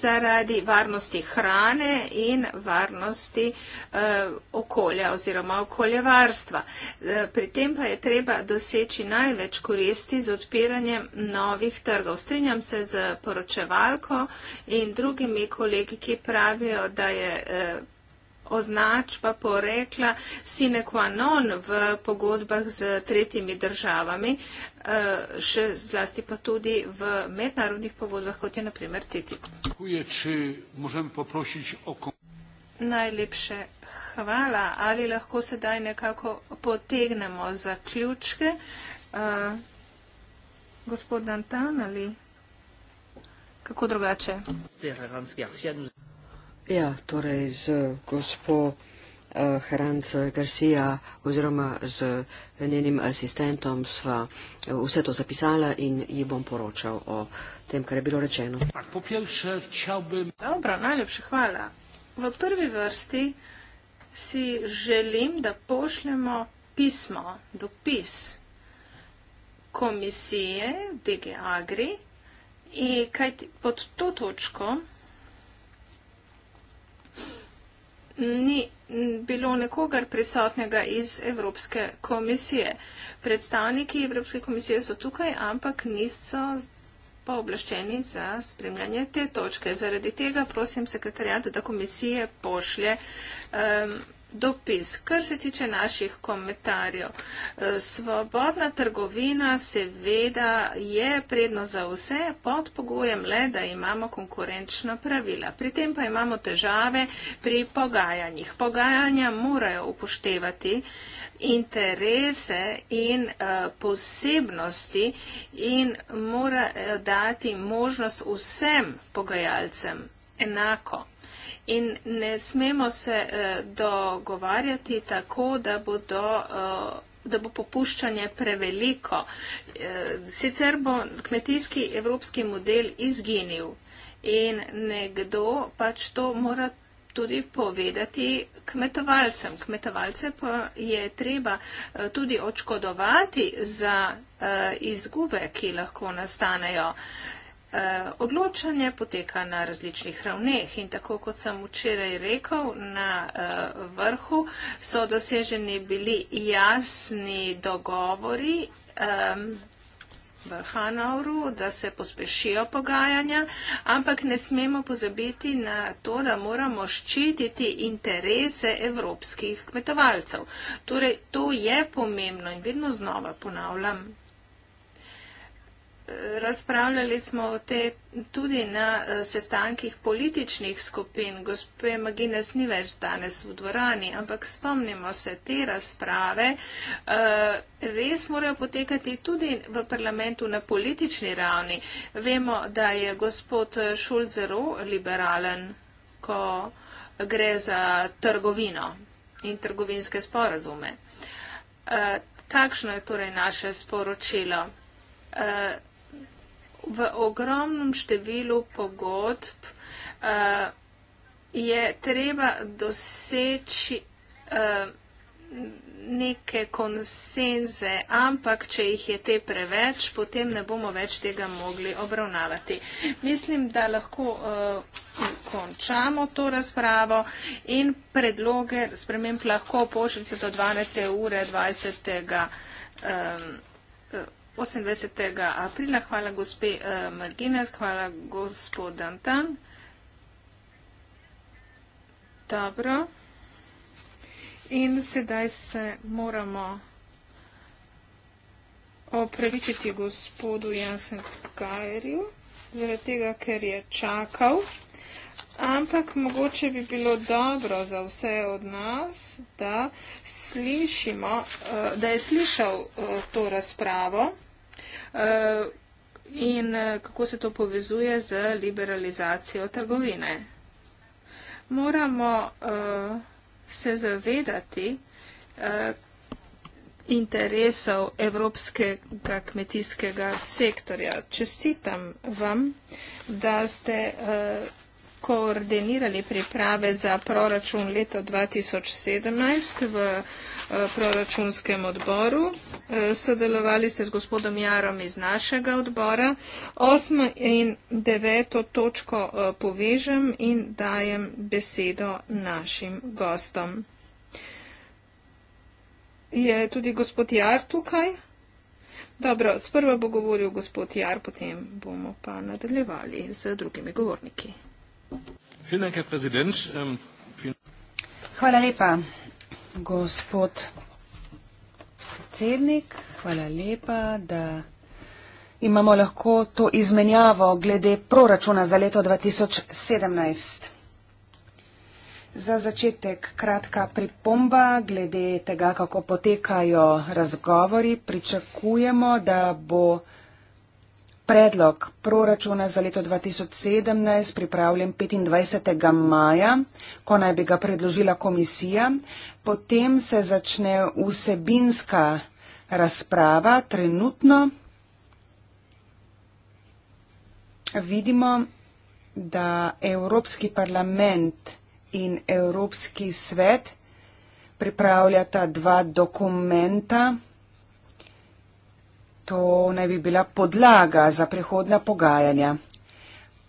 zaradi varnosti hrane in varnosti eh, okolja oziroma okoljevarstva. Eh, pri tem pa je treba doseči največ koristi z odpiranjem novih trgov. Strinjam se z poročevalko in drugimi kolegi, ki pravijo, da je. Eh, označba porekla sine qua non v pogodbah z tretjimi državami, eh, še zlasti pa tudi v mednarodnih pogodbah, kot je naprimer TTIP. Kuje, če možem poprositi o Najlepše hvala. Ali lahko sedaj nekako potegnemo zaključke? Uh, gospod Dantan, ali kako drugače? Ja, torej z gospo uh, eh, Hranc Garcia oziroma z njenim asistentom sva eh, vse to zapisala in ji bom poročal o tem, kar je bilo rečeno. Dobro, najlepša hvala. V prvi vrsti si želim, da pošljemo pismo, dopis komisije DG Agri, kajti pod to točko ni bilo nekogar prisotnega iz Evropske komisije. Predstavniki Evropske komisije so tukaj, ampak niso pa oblaščeni za spremljanje te točke. Zaradi tega prosim sekretarjat, da komisije pošlje um, dopis, kar se tiče naših komentarjev. Eh, svobodna trgovina seveda je predno za vse pod pogojem le, da imamo konkurenčna pravila. Pri tem pa imamo težave pri pogajanjih. Pogajanja morajo upoštevati interese in eh, posebnosti in mora eh, dati možnost vsem pogajalcem enako in ne smemo se eh, dogovarjati tako, da bo, do, eh, da bo popuščanje preveliko. Eh, sicer bo kmetijski evropski model izginil in nekdo pač to mora tudi povedati kmetovalcem. Kmetovalce pa je treba tudi očkodovati za izgube, ki lahko nastanejo. Eh, odločanje poteka na različnih ravneh in tako kot sem včeraj rekel, na eh, vrhu so doseženi bili jasni dogovori ehm, v Hanauru, da se pospešijo pogajanja, ampak ne smemo pozabiti na to, da moramo ščititi interese evropskih kmetovalcev. Torej, to je pomembno in vedno znova ponavljam, razpravljali smo o te tudi na eh, sestankih političnih skupin. Gospe Magines ni več danes v dvorani, ampak spomnimo se, te razprave eh, res morajo potekati tudi v parlamentu na politični ravni. Vemo, da je gospod Šul zelo liberalen, ko gre za trgovino in trgovinske sporazume. Eh, kakšno je torej naše sporočilo? v ogromnem številu pogodb uh, je treba doseči uh, neke konsenze, ampak če jih je te preveč, potem ne bomo več tega mogli obravnavati. Mislim, da lahko uh, končamo to razpravo in predloge sprememb lahko pošljete do 12. ure 20. Um, 28. aprila, hvala gospe uh, Marginez, hvala gospod Antan. Dobro. In sedaj se moramo opravičiti gospodu Jansen Kajerju, zaradi tega, ker je čakal ampak mogoče bi bilo dobro za vse od nas, da slišimo, eh, da je slišal eh, to razpravo eh, in kako se to povezuje z liberalizacijo trgovine. Moramo se zavedati interesov evropskega kmetijskega sektorja. Čestitam vam, da ste koordinirali priprave za proračun leto 2017 v eh, proračunskem odboru. Eh, sodelovali ste z gospodom Jarom iz našega odbora. Osmo in deveto točko eh, povežem in dajem besedo našim gostom. Je tudi gospod Jar tukaj? Dobro, sprva bo govoril gospod Jar, potem bomo pa nadaljevali z drugimi govorniki. Ähm, Hvala lepa, gospod predsednik. Hvala lepa, da imamo lahko to izmenjavo glede proračuna za leto 2017. Za začetek kratka pripomba glede tega, kako potekajo razgovori. Pričakujemo, da bo Predlog proračuna za leto 2017 pripravljen 25. maja, ko naj bi ga predložila komisija. Potem se začne vsebinska razprava trenutno. Vidimo, da Evropski parlament in Evropski svet pripravljata dva dokumenta. To naj bi bila podlaga za prihodna pogajanja.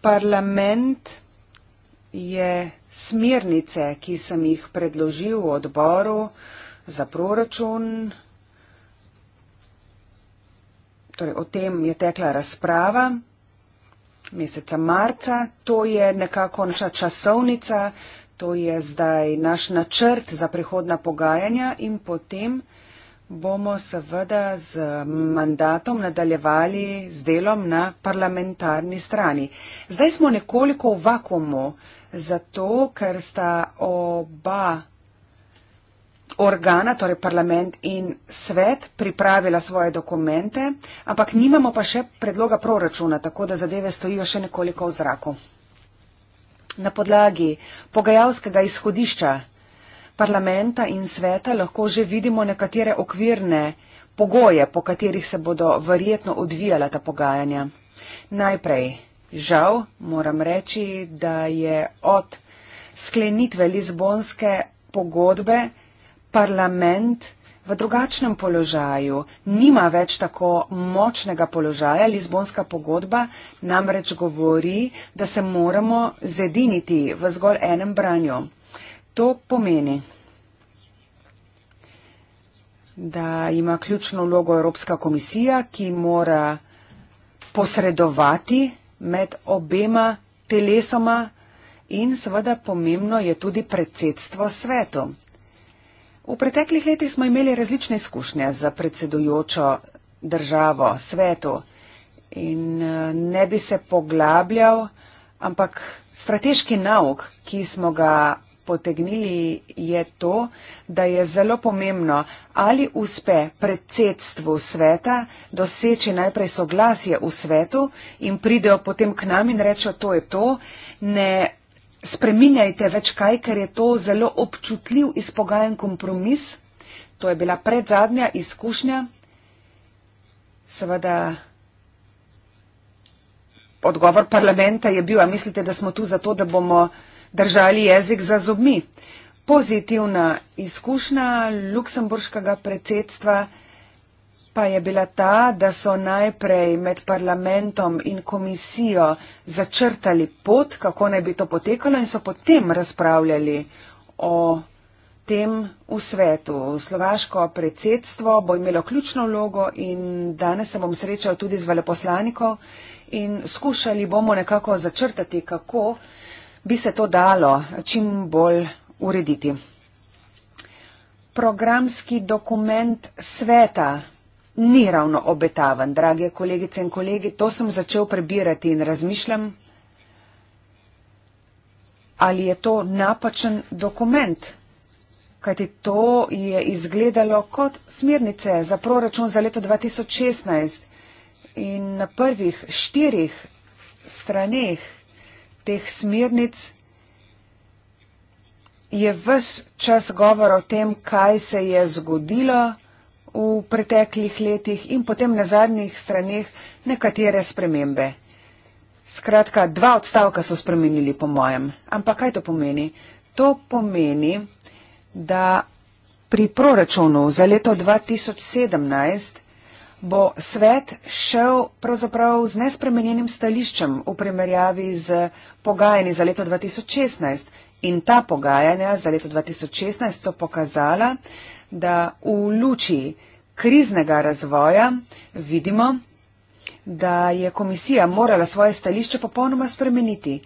Parlament je smernice, ki sem jih predložil v odboru za proračun, torej o tem je tekla razprava meseca marca, to je nekako naša časovnica, to je zdaj naš načrt za prihodna pogajanja in potem bomo seveda z mandatom nadaljevali z delom na parlamentarni strani. Zdaj smo nekoliko v vakumu, zato ker sta oba organa, torej parlament in svet, pripravila svoje dokumente, ampak nimamo pa še predloga proračuna, tako da zadeve stojijo še nekoliko v zraku. Na podlagi pogajalskega izhodišča parlamenta in sveta lahko že vidimo nekatere okvirne pogoje, po katerih se bodo verjetno odvijala ta pogajanja. Najprej, žal, moram reči, da je od sklenitve Lizbonske pogodbe parlament v drugačnem položaju, nima več tako močnega položaja. Lizbonska pogodba namreč govori, da se moramo zediniti v zgolj enem branju. To pomeni, da ima ključno vlogo Evropska komisija, ki mora posredovati med obema telesoma in seveda pomembno je tudi predsedstvo svetu. V preteklih letih smo imeli različne izkušnje za predsedujočo državo, svetu in ne bi se poglabljal, ampak strateški nauk, ki smo ga potegnili, je to, da je zelo pomembno, ali uspe predsedstvu sveta doseči najprej soglasje v svetu in pridejo potem k nam in rečejo, to je to. Ne spreminjajte več kaj, ker je to zelo občutljiv izpogajen kompromis. To je bila predzadnja izkušnja. Seveda. Odgovor parlamenta je bil, a mislite, da smo tu zato, da bomo uh, držali jezik za zobmi. Pozitivna izkušnja luksemburškega predsedstva pa je bila ta, da so najprej med parlamentom in komisijo začrtali pot, kako naj bi to potekalo in so potem razpravljali o tem v svetu. Slovaško predsedstvo bo imelo ključno vlogo in danes se bom srečal tudi z veleposlanikov in skušali bomo nekako začrtati, kako bi se to dalo čim bolj urediti. Programski dokument sveta ni ravno obetaven, drage kolegice in kolegi, to sem začel prebirati in razmišljam, ali je to napačen dokument, kajti to je izgledalo kot smernice za proračun za leto 2016 in na prvih štirih straneh teh smernic je vse čas govor o tem, kaj se je zgodilo v preteklih letih in potem na zadnjih straneh nekatere spremembe. Skratka, dva odstavka so spremenili, po mojem. Ampak kaj to pomeni? To pomeni, da pri proračunu za leto 2017 bo svet šel pravzaprav z nespremenjenim stališčem v primerjavi z pogajanji za leto 2016. In ta pogajanja za leto 2016 so pokazala, da v luči kriznega razvoja vidimo, da je komisija morala svoje stališče popolnoma spremeniti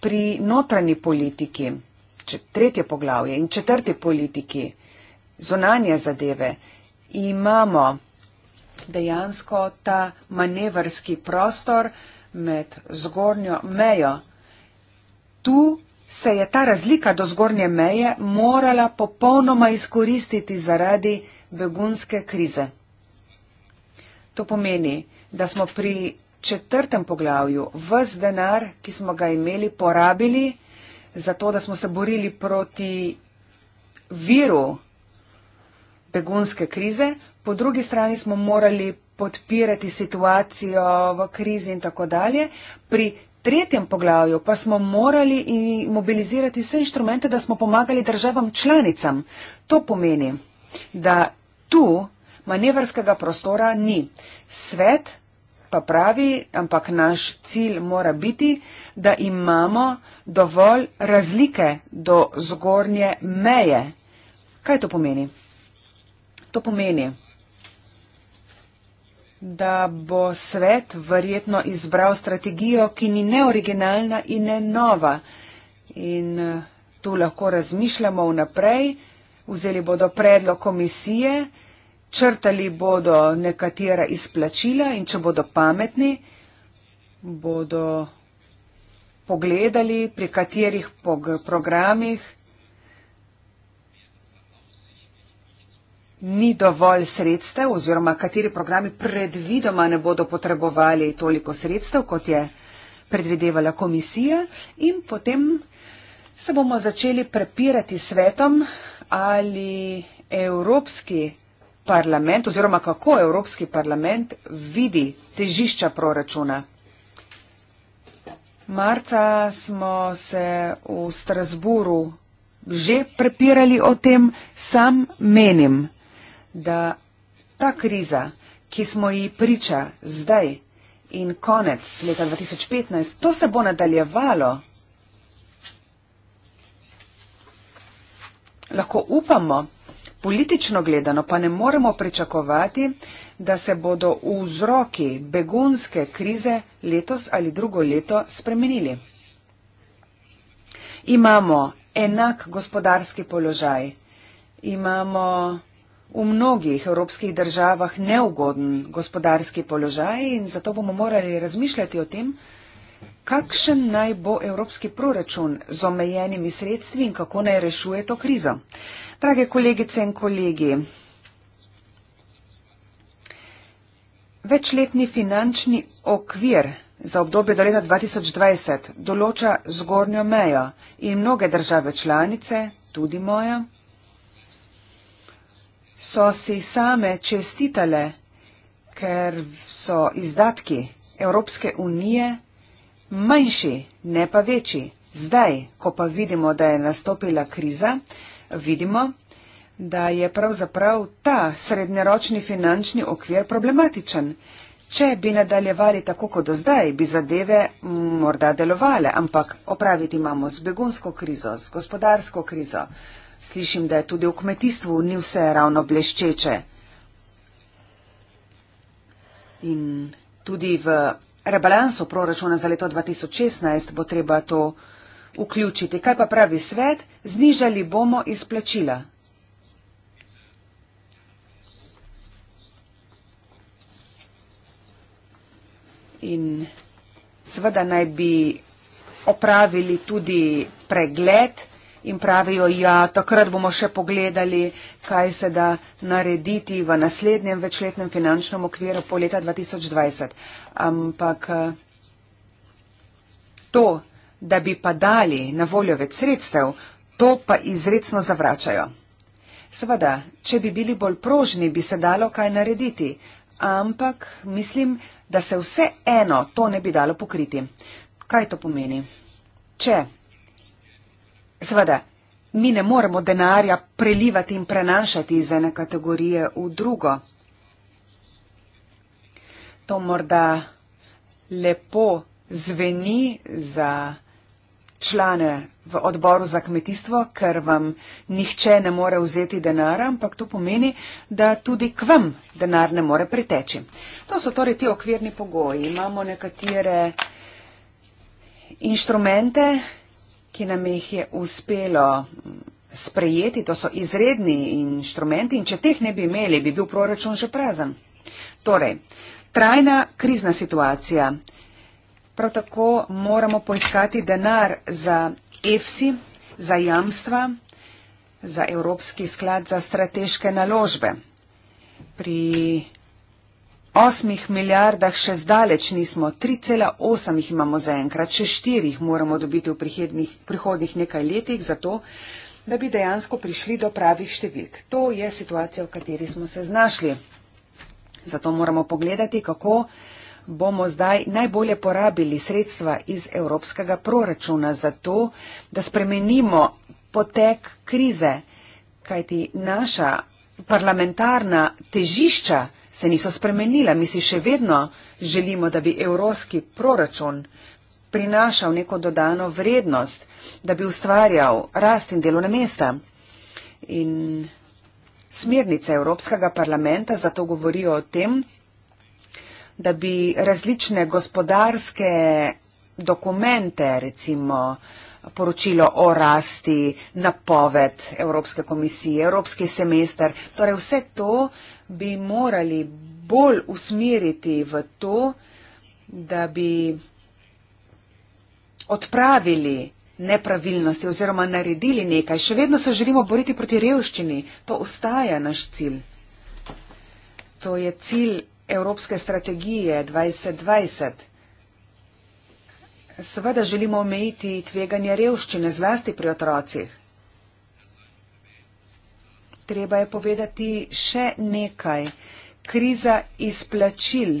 pri notranji politiki, tretje poglavje in četrti politiki, zunanje zadeve. Imamo dejansko ta manevrski prostor med zgornjo mejo. Tu se je ta razlika do zgornje meje morala popolnoma izkoristiti zaradi begunske krize. To pomeni, da smo pri četrtem poglavju vz denar, ki smo ga imeli, porabili za to, da smo se borili proti viru begunske krize, po drugi strani smo morali podpirati situacijo v krizi in tako dalje. Pri tretjem poglavju pa smo morali mobilizirati vse inštrumente, da smo pomagali državam članicam. To pomeni, da tu manevrskega prostora ni. Svet pa pravi, ampak naš cilj mora biti, da imamo dovolj razlike do zgornje meje. Kaj to pomeni? To pomeni, da bo svet verjetno izbral strategijo, ki ni ne originalna in ne nova. In eh, tu lahko razmišljamo vnaprej, vzeli bodo predlog komisije, črtali bodo nekatera izplačila in če bodo pametni, bodo pogledali, pri katerih programih ni dovolj sredstev oziroma kateri programi predvidoma ne bodo potrebovali toliko sredstev, kot je predvidevala komisija in potem se bomo začeli prepirati svetom ali Evropski parlament oziroma kako Evropski parlament vidi težišča proračuna. Marca smo se v Strasburu že prepirali o tem, sam menim, da da ta kriza, ki smo ji priča zdaj in konec leta 2015, to se bo nadaljevalo. Lahko upamo, politično gledano pa ne moremo pričakovati, da se bodo vzroki begunske krize letos ali drugo leto spremenili. Imamo enak gospodarski položaj, imamo v mnogih evropskih državah neugoden gospodarski položaj in zato bomo morali razmišljati o tem, kakšen naj bo evropski proračun z omejenimi sredstvi in kako naj rešuje to krizo. Drage kolegice in kolegi, večletni finančni okvir za obdobje do leta 2020 določa zgornjo mejo in mnoge države članice, tudi moja, so si same čestitele, ker so izdatki Evropske unije manjši, ne pa večji. Zdaj, ko pa vidimo, da je nastopila kriza, vidimo, da je pravzaprav ta srednjeročni finančni okvir problematičen. Če bi nadaljevali tako kot do zdaj, bi zadeve morda delovale, ampak opraviti imamo z begunsko krizo, z gospodarsko krizo, Slišim, da je tudi v kmetijstvu ni vse ravno bleščeče. In tudi v rebalansu proračuna za leto 2016 bo treba to vključiti. Kaj pa pravi svet? Znižali bomo izplačila. In seveda naj bi opravili tudi pregled in pravijo, ja, takrat bomo še pogledali, kaj se da narediti v naslednjem večletnem finančnem okviru po leta 2020. Ampak eh, to, da bi pa dali na voljo več sredstev, to pa izredno zavračajo. Seveda, če bi bili bolj prožni, bi se dalo kaj narediti, ampak mislim, da se vse eno to ne bi dalo pokriti. Kaj to pomeni? Če Seveda, mi ne moremo denarja prelivati in prenašati iz ene kategorije v drugo. To morda lepo zveni za člane v odboru za kmetijstvo, ker vam nihče ne more vzeti denar, ampak to pomeni, da tudi k vam denar ne more priteči. To so torej ti okvirni pogoji. Imamo nekatere inštrumente, ki nam jih je uspelo sprejeti, to so izredni inštrumenti in če teh ne bi imeli, bi bil proračun že prazen. Torej, trajna krizna situacija. Prav tako moramo poiskati denar za EFSI, za jamstva, za Evropski sklad za strateške naložbe. Pri osmih milijardah še zdaleč nismo, 3,8 jih imamo zaenkrat, še štirih moramo dobiti v prihodnih nekaj letih za to, da bi dejansko prišli do pravih številk. To je situacija, v kateri smo se znašli. Zato moramo pogledati, kako bomo zdaj najbolje porabili sredstva iz evropskega proračuna za to, da spremenimo potek krize, kajti naša parlamentarna težišča se niso spremenila. Mi si še vedno želimo, da bi evropski proračun prinašal neko dodano vrednost, da bi ustvarjal rast in delovne mesta. In smernice Evropskega parlamenta zato govorijo o tem, da bi različne gospodarske dokumente, recimo poročilo o rasti, napoved Evropske komisije, Evropski semester, torej vse to uh, bi morali bolj usmeriti v to, da bi odpravili nepravilnosti oziroma naredili nekaj. Še vedno se želimo boriti proti revščini. To ostaja naš cilj. To je cilj Evropske strategije 2020. Seveda želimo omejiti tveganje revščine zlasti pri otrocih treba je povedati še nekaj. Kriza izplačil,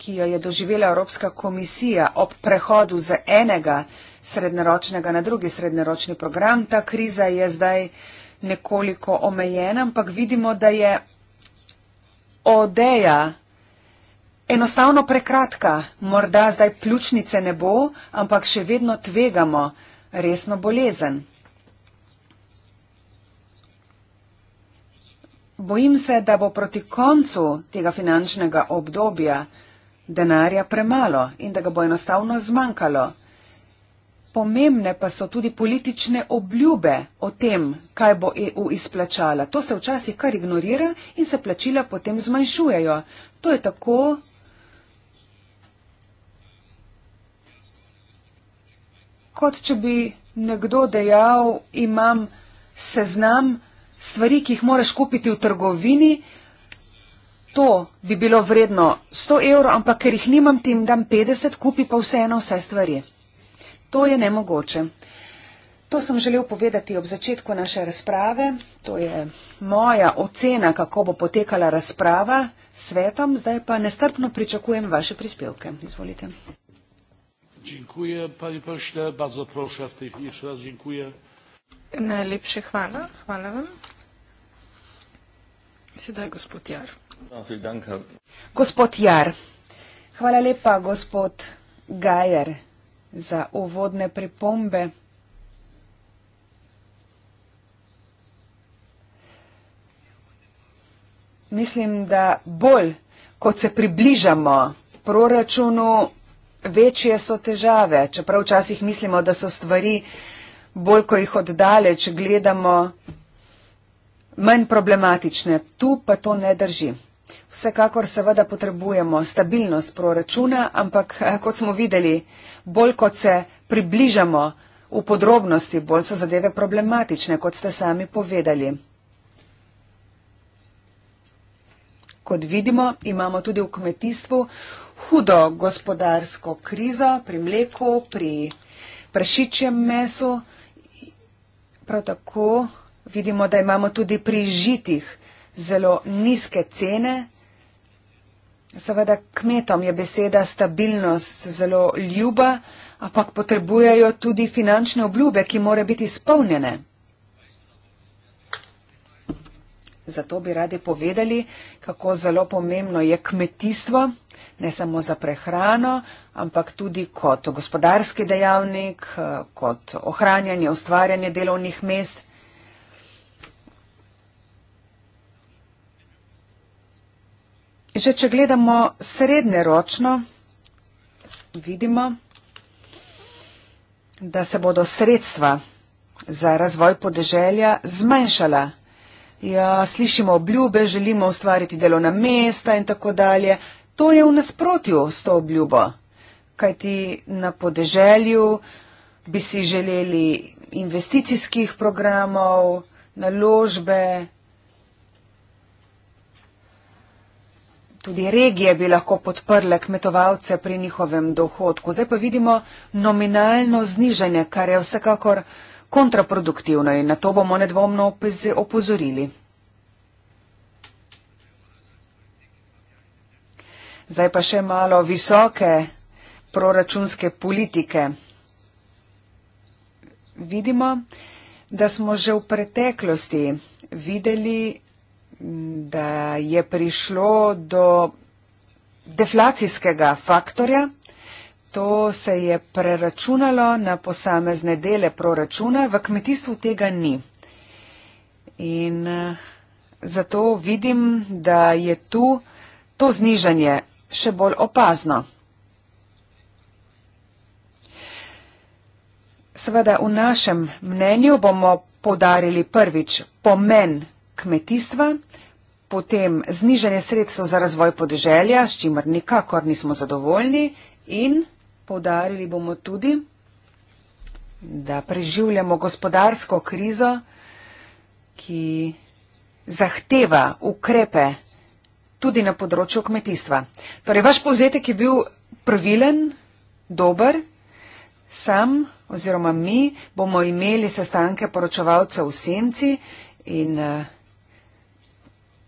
ki jo je doživela Evropska komisija ob prehodu z enega srednjeročnega na drugi srednjeročni program, ta kriza je zdaj nekoliko omejena, ampak vidimo, da je odeja enostavno prekratka. Morda zdaj pljučnice ne bo, ampak še vedno tvegamo resno bolezen. Bojim se, da bo proti koncu tega finančnega obdobja denarja premalo in da ga bo enostavno zmanjkalo. Pomembne pa so tudi politične obljube o tem, kaj bo EU izplačala. To se včasih kar ignorira in se plačila potem zmanjšujejo. To je tako. Kot če bi nekdo dejal, imam seznam stvari, ki jih moraš kupiti v trgovini, to bi bilo vredno 100 evrov, ampak ker jih nimam, ti jim dam 50, kupi pa vseeno vse stvari. To je nemogoče. To sem želel povedati ob začetku naše razprave. To je moja ocena, kako bo potekala razprava s svetom. Zdaj pa nestrpno pričakujem vaše prispevke. Izvolite. Dziękuję, panie pośle, bardzo proszę w tej chwili jeszcze raz dziękuję. Najlepše hvala. Hvala vam. Sedaj gospod Jar. No, gospod Jar, hvala lepa gospod Gajer za uvodne pripombe. Mislim, da bolj, kot se približamo proračunu, večje so težave, čeprav včasih mislimo, da so stvari bolj ko jih oddaleč gledamo, manj problematične. Tu pa to ne drži. Vsekakor seveda potrebujemo stabilnost proračuna, ampak eh, kot smo videli, bolj kot se približamo v podrobnosti, bolj so zadeve problematične, kot ste sami povedali. Kot vidimo, imamo tudi v kmetijstvu hudo gospodarsko krizo pri mleku, pri prešičjem mesu. Prav tako vidimo, da imamo tudi pri žitih zelo nizke cene. Seveda kmetom je beseda stabilnost zelo ljuba, ampak potrebujejo tudi finančne obljube, ki more biti izpolnjene. Zato bi radi povedali, kako zelo pomembno je kmetijstvo ne samo za prehrano, ampak tudi kot gospodarski dejavnik, kot ohranjanje, ustvarjanje delovnih mest. Že če gledamo srednje ročno, vidimo, da se bodo sredstva za razvoj podeželja zmanjšala. Ja, slišimo obljube, želimo ustvariti delovna mesta in tako dalje, To je v nasprotju s to obljubo, kajti na podeželju bi si želeli investicijskih programov, naložbe, tudi regije bi lahko podprle kmetovalce pri njihovem dohodku. Zdaj pa vidimo nominalno znižanje, kar je vsekakor kontraproduktivno in na to bomo nedvomno opozorili. Zdaj pa še malo visoke proračunske politike. Vidimo, da smo že v preteklosti videli, da je prišlo do deflacijskega faktorja. To se je preračunalo na posamezne dele proračuna, v kmetijstvu tega ni. In eh, zato vidim, da je tu to znižanje še bolj opazno. Seveda v našem mnenju bomo podarili prvič pomen kmetijstva, potem znižanje sredstev za razvoj podeželja, s čimer nikakor nismo zadovoljni in podarili bomo tudi, da preživljamo gospodarsko krizo, ki zahteva ukrepe tudi na področju kmetijstva. Torej, vaš povzetek je bil pravilen, dober. Sam oziroma mi bomo imeli sestanke poročevalcev v senci in uh,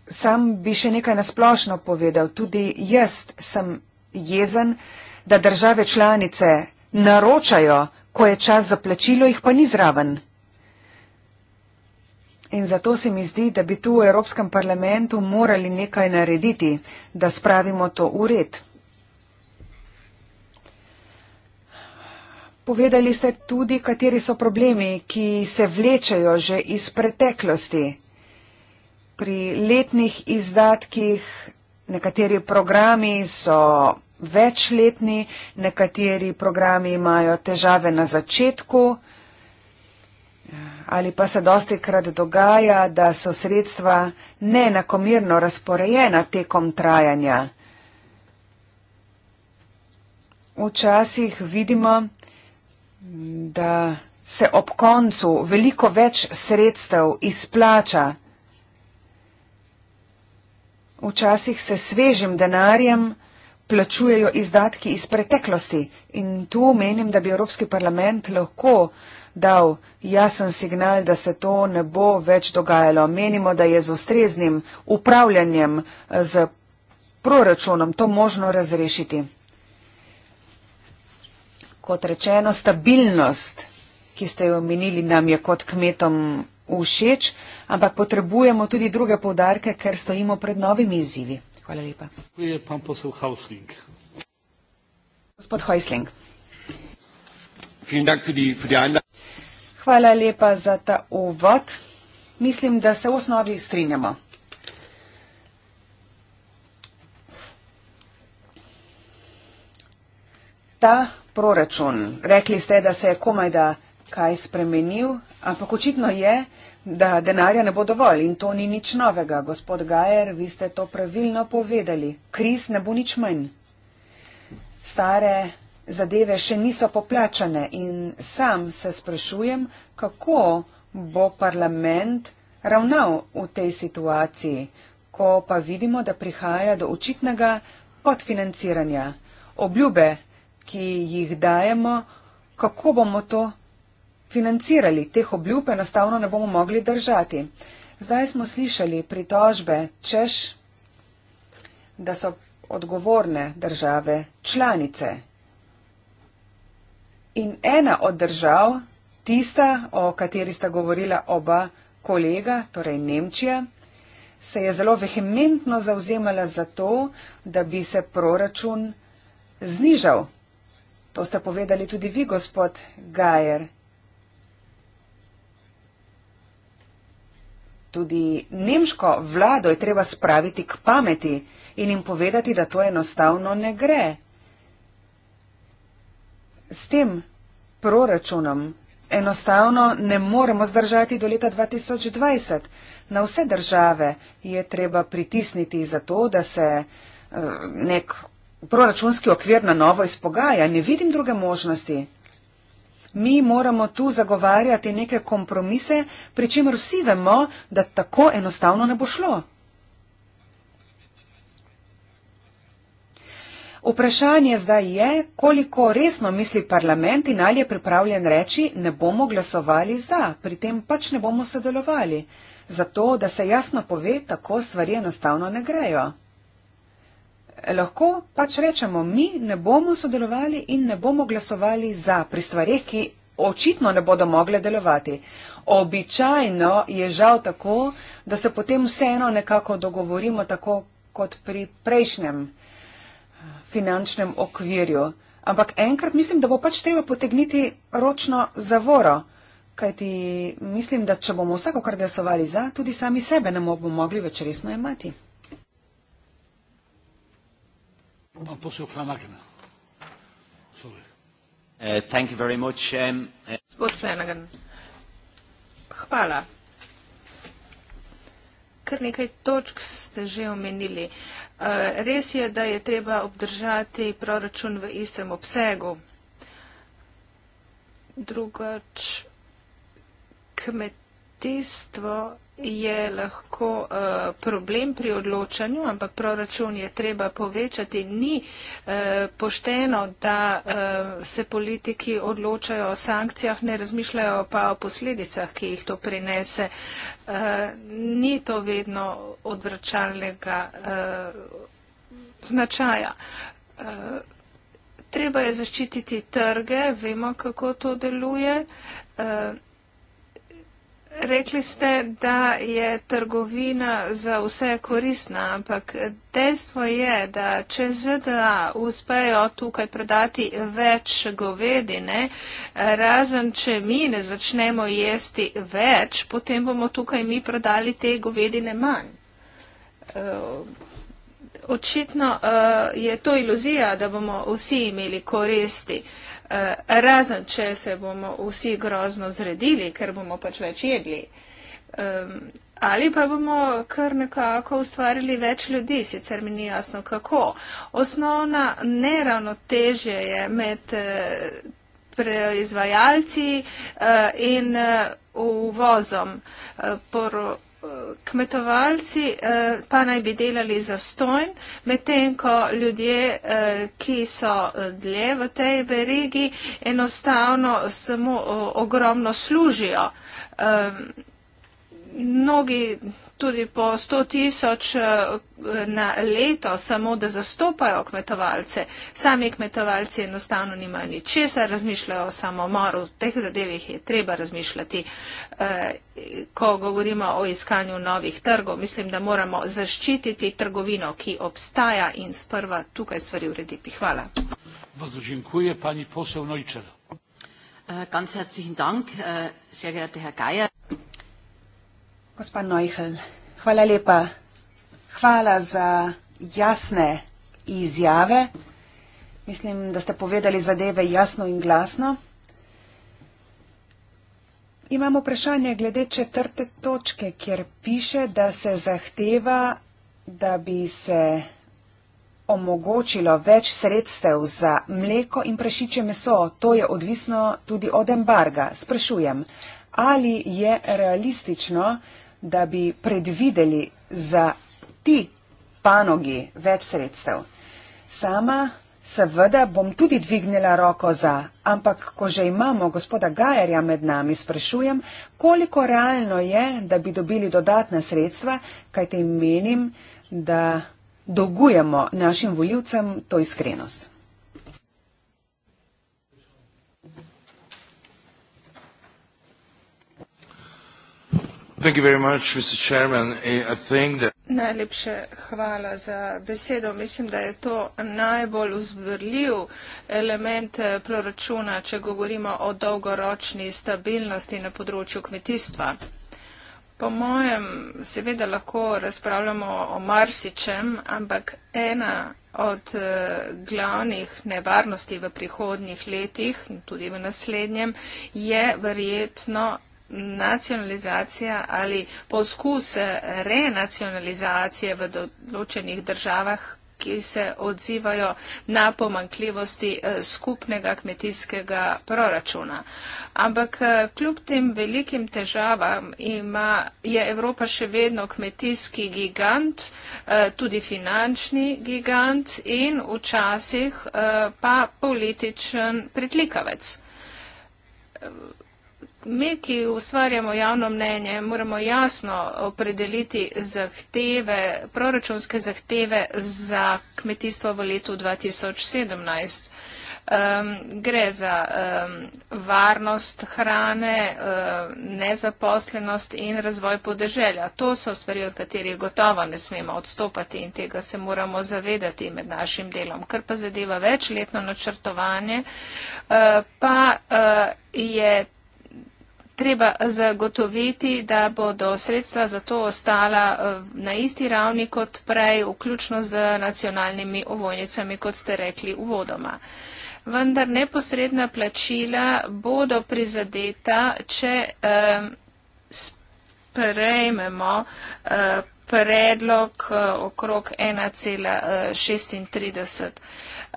sam bi še nekaj nasplošno povedal. Tudi jaz sem jezen, da države članice naročajo, ko je čas za plačilo, jih pa ni zraven in zato se mi zdi, da bi tu v Evropskem parlamentu morali nekaj narediti, da spravimo to ured. Povedali ste tudi, kateri so problemi, ki se vlečejo že iz preteklosti. Pri letnih izdatkih nekateri programi so večletni, nekateri programi imajo težave na začetku ali pa se dosti krat dogaja, da so sredstva neenakomirno razporejena tekom trajanja. Včasih vidimo, da se ob koncu veliko več sredstev izplača. Včasih se svežim denarjem plačujejo izdatki iz preteklosti in tu menim, da bi Evropski parlament lahko dal jasen signal, da se to ne bo več dogajalo. Menimo, da je z ustreznim upravljanjem eh, z proračunom to možno razrešiti. Kot rečeno, stabilnost, ki ste jo omenili, nam je kot kmetom všeč, ampak potrebujemo tudi druge povdarke, ker stojimo pred novimi izzivi. Hvala lepa. Gospod Hojsling. Vielen Dank für die, für die Einladung. Hvala lepa za ta uvod. Mislim, da se v osnovi strinjamo. Ta proračun, rekli ste, da se je komaj da kaj spremenil, ampak očitno je, da denarja ne bo dovolj in to ni nič novega. Gospod Gajer, vi ste to pravilno povedali. Kriz ne bo nič manj. Stare zadeve še niso poplačane in sam se sprašujem, kako bo parlament ravnal v tej situaciji, ko pa vidimo, da prihaja do očitnega podfinanciranja. Obljube, ki jih dajemo, kako bomo to financirali, teh obljub enostavno ne bomo mogli držati. Zdaj smo slišali pritožbe, češ, da so odgovorne države članice In ena od držav, tista, o kateri sta govorila oba kolega, torej Nemčija, se je zelo vehementno zauzemala za to, da bi se proračun znižal. To ste povedali tudi vi, gospod Gajer. Tudi nemško vlado je treba spraviti k pameti in jim povedati, da to enostavno ne gre s tem proračunom enostavno ne moremo zdržati do leta 2020. Na vse države je treba pritisniti za to, da se eh, nek proračunski okvir na novo izpogaja. Ne vidim druge možnosti. Mi moramo tu zagovarjati neke kompromise, pri čemer vsi vemo, da tako enostavno ne bo šlo. Vprašanje zdaj je, koliko resno misli parlament in ali je pripravljen reči, ne bomo glasovali za, pri tem pač ne bomo sodelovali. Zato, da se jasno pove, tako stvari enostavno ne grejo. Lahko pač rečemo, mi ne bomo sodelovali in ne bomo glasovali za pri stvarih, ki očitno ne bodo mogle delovati. Običajno je žal tako, da se potem vseeno nekako dogovorimo tako kot pri prejšnjem finančnem okvirju. Ampak enkrat mislim, da bo pač treba potegniti ročno zavoro, kajti mislim, da če bomo vsako kar glasovali za, tudi sami sebe ne bomo mogli več resno imati. Eh, eh. Gospod Flanagan, hvala. Kar nekaj točk ste že omenili. Uh, Eh, res je, da je treba obdržati proračun v istem obsegu. Drugač kmet kmetijstvo je lahko uh, problem pri odločanju, ampak proračun je treba povečati. Ni uh, pošteno, da uh, se politiki odločajo o sankcijah, ne razmišljajo pa o posledicah, ki jih to prinese. Uh, ni to vedno odvračalnega uh, značaja. Uh, treba je zaščititi trge, vemo, kako to deluje. Uh, Rekli ste, da je trgovina za vse koristna, ampak dejstvo je, da če ZDA uspejo tukaj predati več govedine, razen če mi ne začnemo jesti več, potem bomo tukaj mi predali te govedine manj. Eh, očitno eh, je to iluzija, da bomo vsi imeli koristi. Eh, razen če se bomo vsi grozno zredili, ker bomo pač več jedli. Um, ali pa bomo kar nekako ustvarili več ljudi, sicer mi ni jasno kako. Osnovna neravnotežje je med eh, proizvajalci uh, in uh, uvozom. Uh, kmetovalci eh, pa naj bi delali za stojn, medtem ko ljudje, eh, ki so eh, dlje v tej verigi, enostavno samo ogromno služijo. Mnogi tudi po 100 tisoč eh, na leto, samo da zastopajo kmetovalce. Sami kmetovalci enostavno nimajo ni česa, razmišljajo o samomoru. V teh zadevih je treba razmišljati. Eh, ko govorimo o iskanju novih trgov, mislim, da moramo zaščititi trgovino, ki obstaja in sprva tukaj stvari urediti. Hvala. Eh, ganz herzlichen Dank, sehr geehrter Herr Geier. Gospa Neuchel, hvala lepa. Hvala za jasne izjave. Mislim, da ste povedali zadeve jasno in glasno. Imamo vprašanje glede četrte točke, kjer piše, da se zahteva, da bi se omogočilo več sredstev za mleko in prašiče meso. To je odvisno tudi od embarga. Sprašujem, ali je realistično, da bi predvideli za ti panogi več sredstev. Sama seveda bom tudi dvignila roko za, ampak ko že imamo gospoda Gajerja med nami, sprašujem, koliko realno je, da bi dobili dodatna sredstva, kajte menim, da dolgujemo našim voljivcem to iskrenost. Thank you very much, Mr. Chairman. I think that... Najlepše hvala za besedo. Mislim, da je to najbolj vzbrljiv element eh, proračuna, če govorimo o dolgoročni stabilnosti na področju kmetijstva. Po mojem seveda lahko razpravljamo o marsičem, ampak ena od eh, glavnih nevarnosti v prihodnjih letih, tudi v naslednjem, je verjetno nacionalizacija ali poskus renacionalizacije v določenih državah, ki se odzivajo na pomankljivosti eh, skupnega kmetijskega proračuna. Ampak eh, kljub tem velikim težavam ima, je Evropa še vedno kmetijski gigant, eh, tudi finančni gigant in včasih pa političen pritlikavec. Mi, ki ustvarjamo javno mnenje, moramo jasno opredeliti zahteve, proračunske zahteve za kmetijstvo v letu 2017. Um, gre za um, varnost hrane, um, nezaposlenost in razvoj podeželja. To so stvari, od katerih gotovo ne smemo odstopati in tega se moramo zavedati med našim delom. Kar pa zadeva večletno načrtovanje, uh, pa uh, je treba zagotoviti, da bodo sredstva za to ostala eh, na isti ravni kot prej, vključno z nacionalnimi ovojnicami, kot ste rekli uvodoma. Vendar neposredna plačila bodo prizadeta, če eh, sprejmemo eh, predlog eh, okrog 1,36.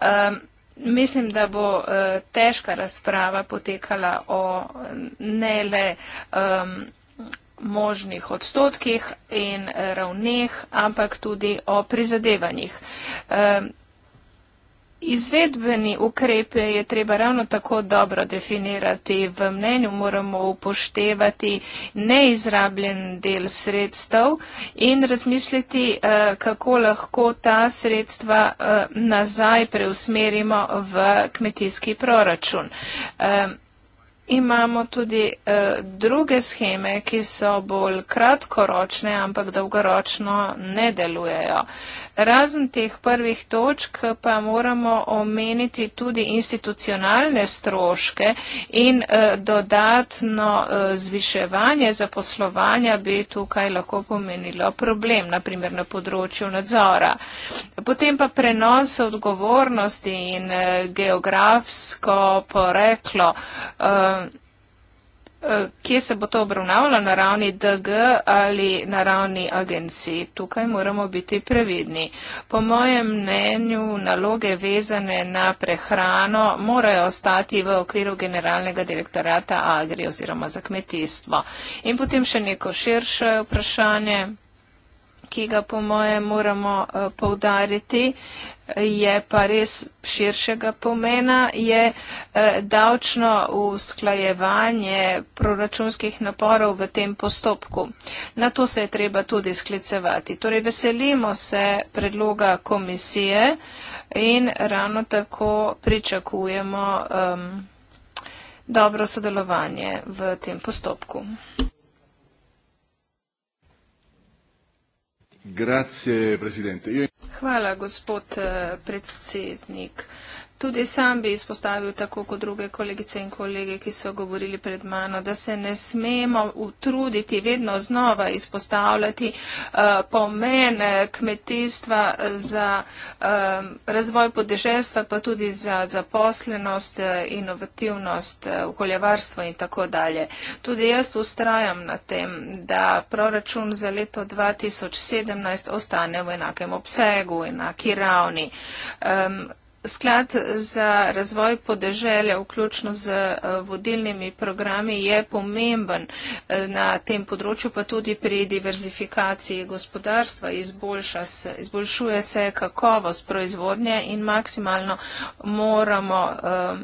Eh, Mislim, da bo eh, težka razprava potekala o ne le um, možnih odstotkih in ravneh, ampak tudi o prizadevanjih. Um, Izvedbeni ukrepe je treba ravno tako dobro definirati. V mnenju moramo upoštevati neizrabljen del sredstev in razmisliti, eh, kako lahko ta sredstva eh, nazaj preusmerimo v kmetijski proračun. Eh, imamo tudi druge scheme, ki so bolj kratkoročne, ampak dolgoročno ne delujejo. Razen teh prvih točk pa moramo omeniti tudi institucionalne stroške in eh, dodatno eh, zviševanje zaposlovanja bi tukaj lahko pomenilo problem, naprimer na področju nadzora. Potem pa prenos odgovornosti in eh, geografsko poreklo. Eh, kje se bo to obravnavalo na ravni DG ali na ravni agencij? Tukaj moramo biti previdni. Po mojem mnenju naloge vezane na prehrano morajo ostati v okviru generalnega direktorata Agri oziroma za kmetijstvo. In potem še neko širše vprašanje ki ga po moje moramo eh, poudariti, je pa res širšega pomena, je eh, davčno usklajevanje proračunskih naporov v tem postopku. Na to se je treba tudi sklicevati. Torej veselimo se predloga komisije in ravno tako pričakujemo um, dobro sodelovanje v tem postopku. Grazie, Presidente. Io... Hvala, gospod eh, predsednik. Tudi sam bi izpostavil, tako kot druge kolegice in kolege, ki so govorili pred mano, da se ne smemo utruditi vedno znova izpostavljati uh, pomen eh, kmetijstva za uh, razvoj podeželstva, pa tudi za zaposlenost, inovativnost, okoljevarstvo in tako dalje. Tudi jaz ustrajam na tem, da proračun za leto 2017 ostane v enakem obsegu, enaki ravni. Um, Sklad za razvoj podeželja, vključno z eh, vodilnimi programi, je pomemben eh, na tem področju, pa tudi pri diverzifikaciji gospodarstva. Se, izboljšuje se kakovost proizvodnje in maksimalno moramo um,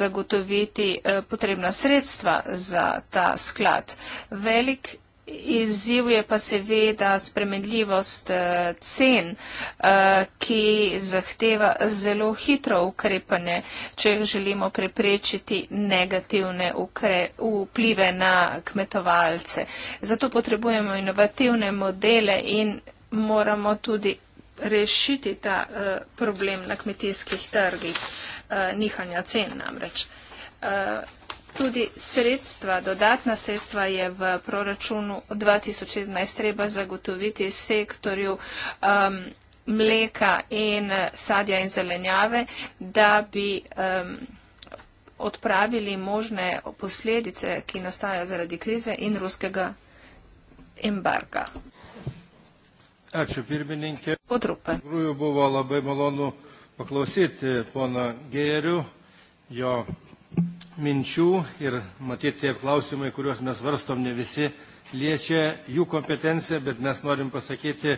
zagotoviti potrebna sredstva za ta sklad. Velik Izziv je pa seveda spremenljivost eh, cen, eh, ki zahteva zelo hitro ukrepanje, če želimo preprečiti negativne vplive na kmetovalce. Zato potrebujemo inovativne modele in moramo tudi rešiti ta eh, problem na kmetijskih trgih, nihanja cen namreč tudi sredstva, dodatna sredstva je v proračunu 2011 treba zagotoviti sektorju um, mleka in sadja in zelenjave, da bi um, odpravili možne posledice, ki nastajajo zaradi krize in ruskega embarga. Ačiū, pirmininkė. Po trupe. Iš tikrųjų buvo labai malonu paklausyti pono Gėrių, jo minčių ir matyti tie klausimai, kuriuos mes varstom ne visi, liečia jų kompetenciją, bet mes norim pasakyti,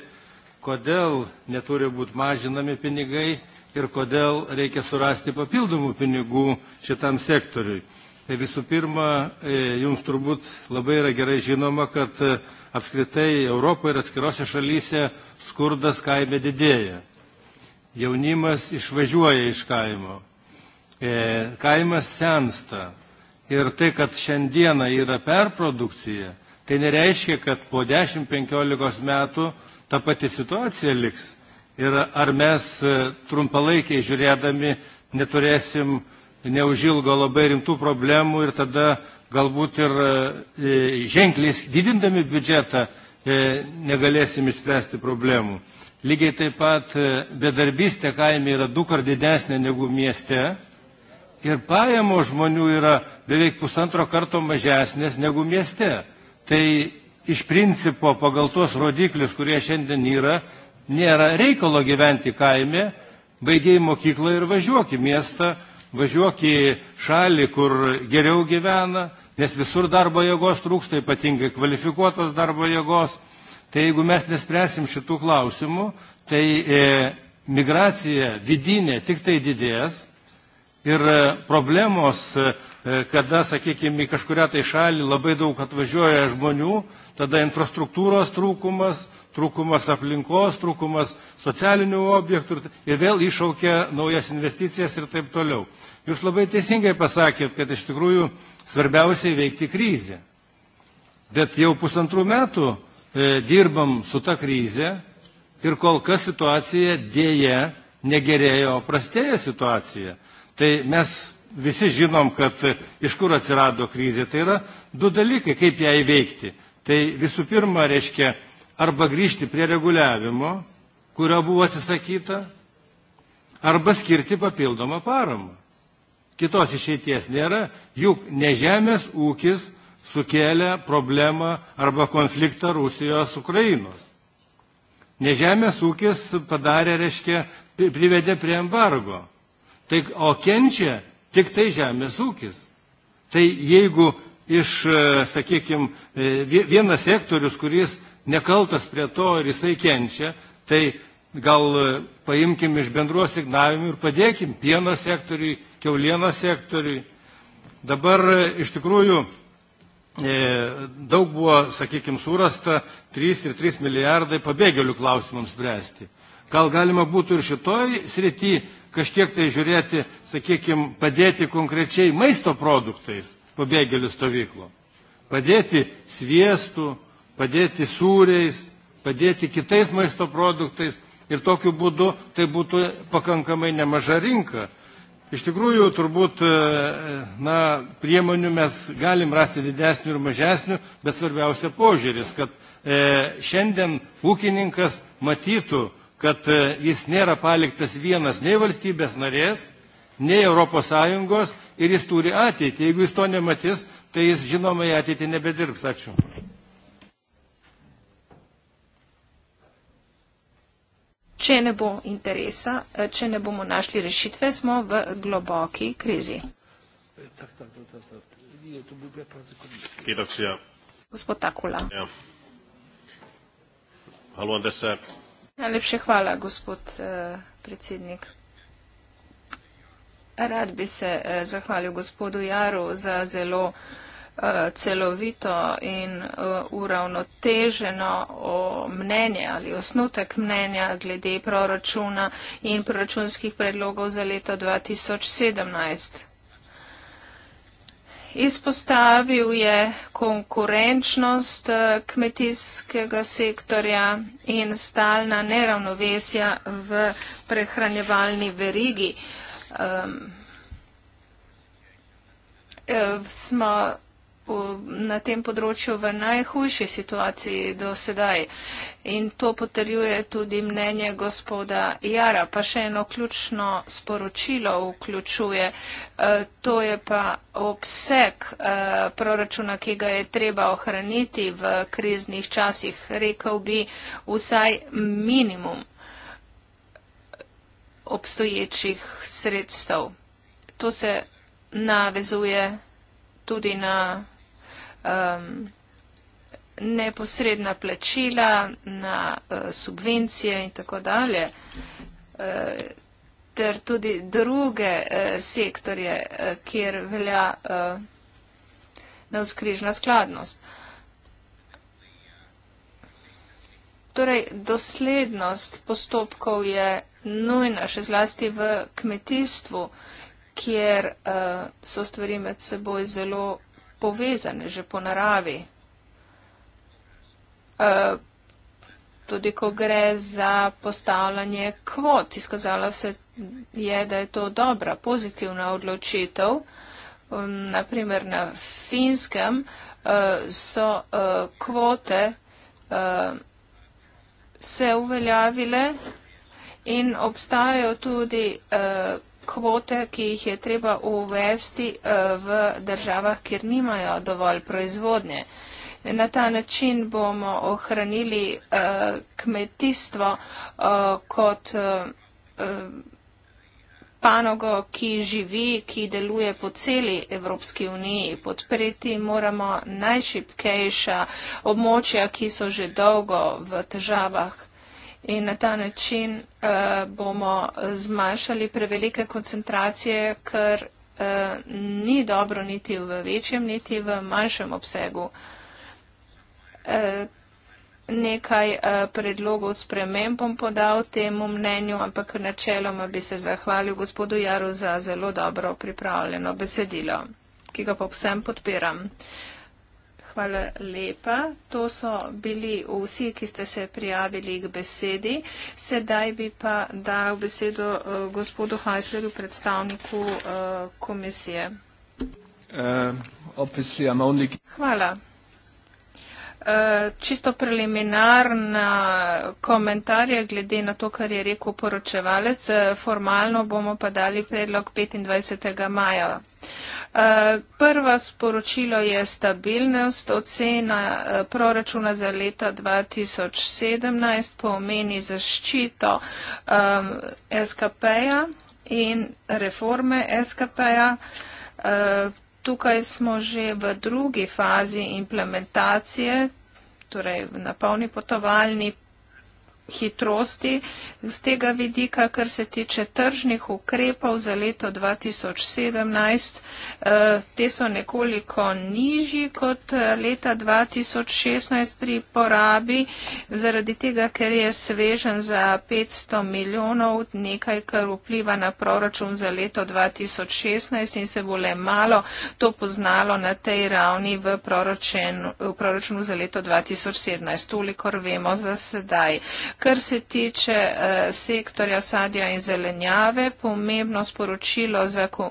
kodėl neturi būti mažinami pinigai ir kodėl reikia surasti papildomų pinigų šitam sektoriui. Tai visų pirma, e, jums turbūt labai yra gerai žinoma, kad e, apskritai Europoje ir atskirose šalyse skurdas kaime didėja. Jaunimas išvažiuoja iš kaimo. E, kaimas sensta ir tai, kad šiandieną yra perprodukcija, tai nereiškia, kad po 10-15 metų ta pati situacija liks. Ir ar mes e, trumpalaikiai žiūrėdami neturėsim neužilgo labai rimtų problemų ir tada galbūt ir e, ženklis didindami biudžetą negalėsim išspręsti problemų. Lygiai taip pat bedarbystė kaime yra du kart didesnė negu mieste ir pajamo žmonių yra beveik pusantro karto mažesnės negu mieste. Tai iš principo pagal tuos rodiklius, kurie šiandien yra, nėra reikalo gyventi kaime, baigiai mokyklą ir važiuok į miestą, važiuok į šalį, kur geriau gyvena, nes visur darbo jėgos trūksta, ypatingai kvalifikuotos darbo jėgos. Tai jeigu mes nespręsim šitų klausimų, tai e, migracija vidinė tik tai didės. Ir e, problemos, e, e, kada, sakykime, į kažkurią tai šalį labai daug atvažiuoja žmonių, tada infrastruktūros trūkumas, trūkumas aplinkos, trūkumas socialinių objektų ir vėl išaukia naujas investicijas ir taip toliau. Jūs labai teisingai pasakėt, kad iš tikrųjų svarbiausiai veikti krizę. Bet jau pusantrų metų e, dirbam su ta krize ir kol kas situacija dėje negerėjo, prastėjo situacija. Tai mes visi žinom, kad iš kur atsirado krizė, tai yra du dalykai, kaip ją įveikti. Tai visų pirma reiškia arba grįžti prie reguliavimo, kurio buvo atsisakyta, arba skirti papildomą paramą. Kitos išeities nėra, juk ne žemės ūkis sukėlė problemą arba konfliktą Rusijos Ukrainos. Nežemės ūkis padarė, reiškia, privedė prie embargo. Tai o kenčia tik tai žemės ūkis. Tai jeigu iš, e, sakykime, vienas sektorius, kuris nekaltas prie to ir jisai kenčia, tai gal e, paimkim iš bendruos signavimų ir padėkim pieno sektoriui, keulieno sektoriui. Dabar e, iš tikrųjų daug buvo, sakykime, surasta 3 ir 3 milijardai pabėgėlių klausimams spręsti. Gal galima būtų ir šitoj srityje kažkiek tai žiūrėti, sakykime, padėti konkrečiai maisto produktais pabėgėlių stovyklo. Padėti sviestų, padėti sūriais, padėti kitais maisto produktais ir tokiu būdu tai būtų pakankamai nemaža rinka. Iš tikrųjų, turbūt e, na, priemonių mes galim rasti didesnių ir mažesnių, bet svarbiausia požiūris, kad e, šiandien ūkininkas matytų, kad e, jis nėra paliktas vienas nei valstybės narės, nei ES ir jis turi ateitį. Jeigu jis to nematys, tai jis žinoma į ateitį nebedirbs. Ačiū. Če ne bo interesa, e, če ne bomo našli rešitve, smo v globoki krizi. E, Gospod Takula. Ja. Najlepša hvala, gospod eh, predsednik. Rad bi se eh, zahvalil gospodu Jaru za zelo eh, celovito in eh, uravnoteženo mnenje ali osnutek mnenja glede proračuna in proračunskih predlogov za leto 2017. Izpostavil je konkurenčnost eh, kmetijskega sektorja in stalna neravnovesja v prehranjevalni verigi. Um, smo v, na tem področju v najhujši situaciji do sedaj. In to potrjuje tudi mnenje gospoda Jara. Pa še eno ključno sporočilo vključuje. E, to je pa obseg e, proračuna, ki ga je treba ohraniti v kriznih časih. Rekel bi vsaj minimum obstoječih sredstev. To se navezuje tudi na um, neposredna plačila, na uh, subvencije in tako dalje, uh, ter tudi druge uh, sektorje, uh, kjer velja uh, neuskrižna skladnost. Torej, doslednost postopkov je nujna, še zlasti v kmetijstvu, kjer uh, so stvari med seboj zelo povezane že po naravi. Uh, tudi ko gre za postavljanje kvot, izkazala se je, da je to dobra, pozitivna odločitev. Um, mm, naprimer na finskem uh, so uh, kvote uh, se uveljavile in obstajajo tudi uh, kvote, ki jih je treba uvesti eh, v državah, kjer nimajo dovolj proizvodnje. Na ta način bomo ohranili eh, kmetijstvo eh, kot panogo, ki živi, ki deluje po celi Evropski uniji. Podpreti moramo najšipkejša območja, ki so že dolgo v težavah in na ta način uh, bomo zmanjšali prevelike koncentracije, kar uh, ni dobro niti v večjem, niti v manjšem obsegu. Eh, nekaj predlogov sprememb bom podal temu mnenju, ampak načeloma bi se zahvalil gospodu Jaru za zelo dobro pripravljeno besedilo, ki ga povsem podpiram. Uh, Hvala lepa. To so bili vsi, ki ste se prijavili k besedi. Sedaj bi pa dal besedo uh, gospodu Heislerju, predstavniku uh, komisije. Uh, Hvala. Eh, čisto preliminarna komentarja glede na to, kar je rekel poročevalec. Eh, formalno bomo pa dali predlog 25. maja. Eh, prvo sporočilo je stabilnost. Ocena proračuna za leto 2017 pomeni zaščito um, SKP-ja in reforme SKP-ja. Uh, Tukaj smo že v drugi fazi implementacije, torej na polni potovalni hitrosti. Z tega vidika, kar se tiče tržnih ukrepov za leto 2017, eh, te so nekoliko nižji kot eh, leta 2016 pri porabi, zaradi tega, ker je svežen za 500 milijonov, nekaj, kar vpliva na proračun za leto 2016 in se bo le malo to poznalo na tej ravni v proračunu, v proračunu za leto 2017. Toliko vemo za sedaj. Kar se tiče eh, sektorja sadja in zelenjave, pomembno sporočilo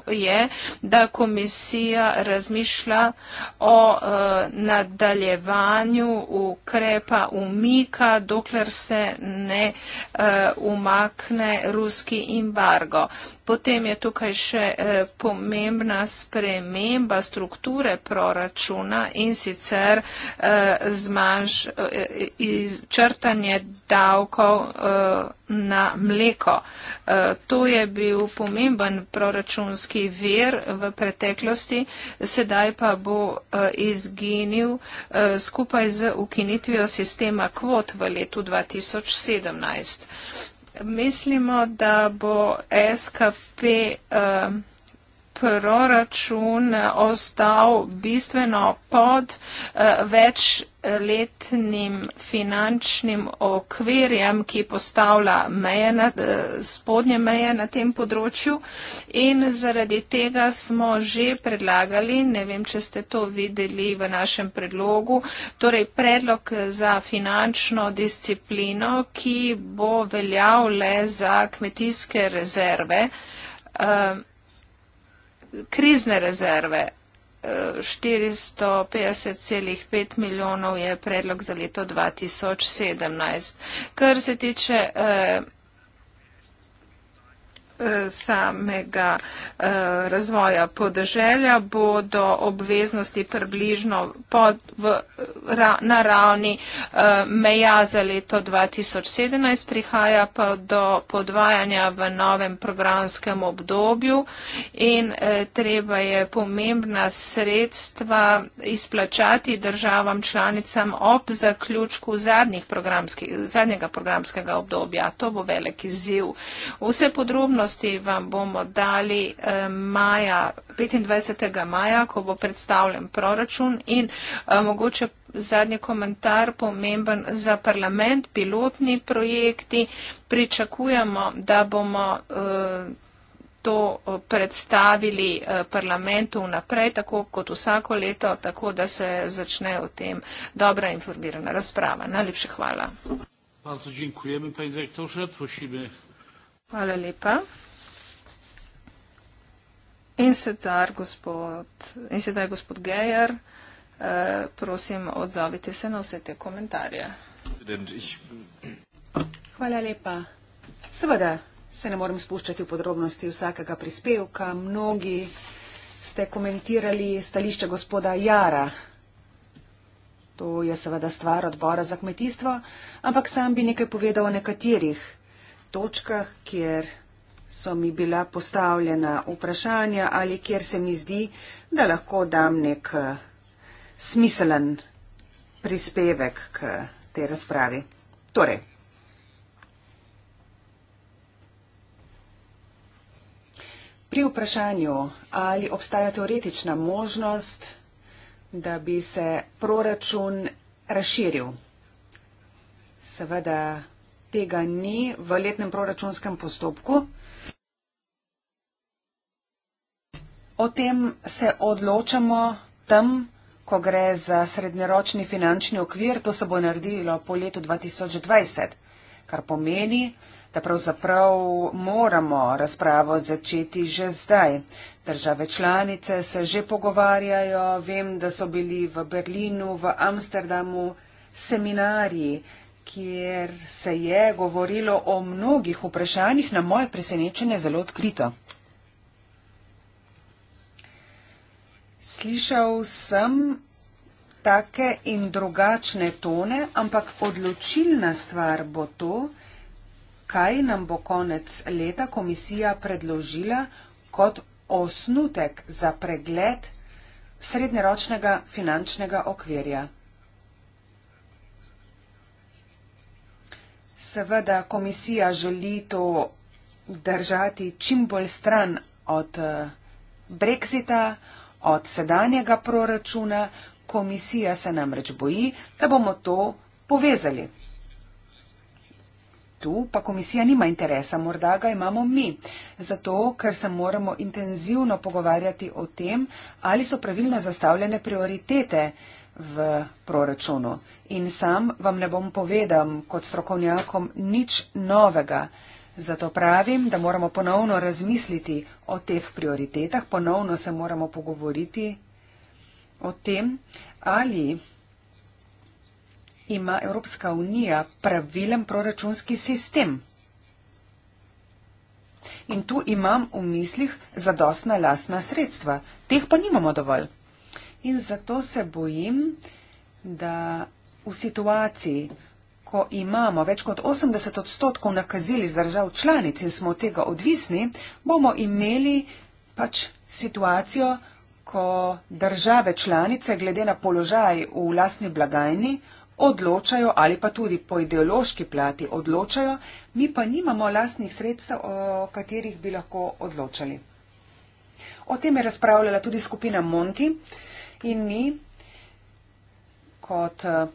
je, da komisija razmišlja o eh, nadaljevanju ukrepa umika, dokler se ne eh, umakne ruski embargo. Potem je tukaj še eh, pomembna sprememba strukture proračuna in sicer eh, zmanjš, eh, črtanje davkov na mleko. To je bil pomemben proračunski vir v preteklosti, sedaj pa bo izginil skupaj z ukinitvijo sistema kvot v letu 2017 mislimo, da bo SKP um, eh, proračun ostal bistveno pod eh, večletnim finančnim okvirjem, ki postavlja meje na, eh, spodnje meje na tem področju. In zaradi tega smo že predlagali, ne vem, če ste to videli v našem predlogu, torej predlog za finančno disciplino, ki bo veljav le za kmetijske rezerve. Uh, krizne rezerve 450,5 milijonov je predlog za leto 2017. Kar se tiče eh, samega eh, razvoja podeželja bodo obveznosti približno pod, v, ra, na ravni eh, meja za leto 2017, prihaja pa do podvajanja v novem programskem obdobju in eh, treba je pomembna sredstva izplačati državam članicam ob zaključku programske, zadnjega programskega obdobja. To bo velik izziv. Vse podrobno podrobnosti vam bomo dali eh, maja, 25. maja, ko bo predstavljen proračun in eh, mogoče zadnji komentar pomemben za parlament, pilotni projekti. Pričakujemo, da bomo eh, to predstavili parlamentu naprej, tako kot vsako leto, tako da se začne o tem dobra informirana razprava. Najlepše hvala. Bardzo dziękujemy, panie dyrektorze. Prosimy. Hvala lepa. In sedaj, gospod, in sedaj gospod Gejer, eh, prosim, odzovite se na vse te komentarje. Hvala lepa. Seveda se ne morem spuščati v podrobnosti vsakega prispevka. Mnogi ste komentirali stališče gospoda Jara. To je seveda stvar odbora za kmetijstvo, ampak sam bi nekaj povedal o nekaterih točkah, kjer so mi bila postavljena vprašanja ali kjer se mi zdi, da lahko dam nek eh, smiselen prispevek k tej razpravi. Torej. Pri vprašanju, ali obstaja teoretična možnost, da bi se proračun razširil. Seveda tega ni v letnem proračunskem postopku. O tem se odločamo tam, ko gre za srednjeročni finančni okvir, to se bo naredilo po letu 2020, kar pomeni, da pravzaprav moramo razpravo začeti že zdaj. Države članice se že pogovarjajo, vem, da so bili v Berlinu, v Amsterdamu seminariji kjer se je govorilo o mnogih vprašanjih, na moje presenečenje zelo odkrito. Slišal sem take in drugačne tone, ampak odločilna stvar bo to, kaj nam bo konec leta komisija predložila kot osnutek za pregled srednjeročnega finančnega okvirja. seveda komisija želi to držati čim bolj stran od eh, Brexita, od sedanjega proračuna. Komisija se namreč boji, da bomo to povezali. Tu pa komisija nima interesa, morda ga imamo mi, zato ker se moramo intenzivno pogovarjati o tem, ali so pravilno zastavljene prioritete, v proračunu. In sam vam ne bom povedal kot strokovnjakom nič novega. Zato pravim, da moramo ponovno razmisliti o teh prioritetah, ponovno se moramo pogovoriti o tem, ali ima Evropska unija pravilen proračunski sistem. In tu imam v mislih zadostna lastna sredstva. Teh pa nimamo dovolj. In zato se bojim, da v situaciji, ko imamo več kot 80 odstotkov nakazili z držav članic in smo od tega odvisni, bomo imeli pač situacijo, ko države članice, glede na položaj v lastni blagajni, odločajo ali pa tudi po ideološki plati odločajo, mi pa nimamo lastnih sredstev, o katerih bi lahko odločali. O tem je razpravljala tudi skupina Monti. In mi, kot eh,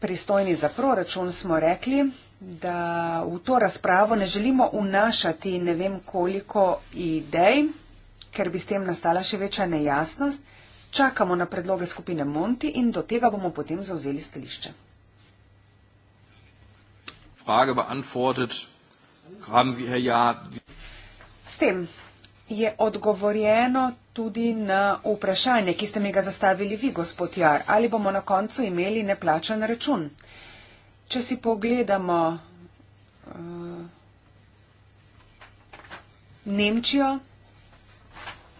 pristojni za proračun, smo rekli, da v to razpravo ne želimo vnašati ne vem koliko idej, ker bi s tem nastala še večja nejasnost. Čakamo na predloge skupine Monti in do tega bomo potem zauzeli stališče. S tem je odgovorjeno tudi na vprašanje, ki ste mi ga zastavili vi, gospod Jar, ali bomo na koncu imeli neplačen račun. Če si pogledamo uh, Nemčijo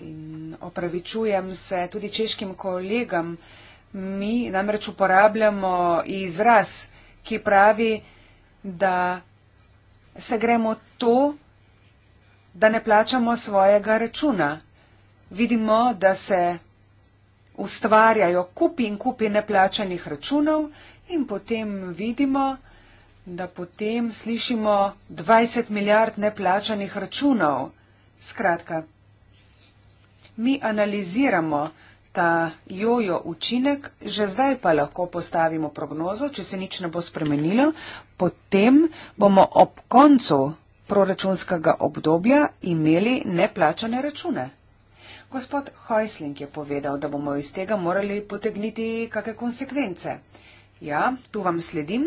in opravičujem se tudi češkim kolegam, mi namreč uporabljamo izraz, ki pravi, da se gremo to, da ne plačamo svojega računa. Vidimo, da se ustvarjajo kupi in kupi neplačanih računov in potem vidimo, da potem slišimo 20 milijard neplačanih računov. Skratka, mi analiziramo ta jojo učinek, že zdaj pa lahko postavimo prognozo, če se nič ne bo spremenilo, potem bomo ob koncu proračunskega obdobja imeli neplačane račune. Gospod Hojsling je povedal, da bomo iz tega morali potegniti kakšne konsekvence. Ja, tu vam sledim.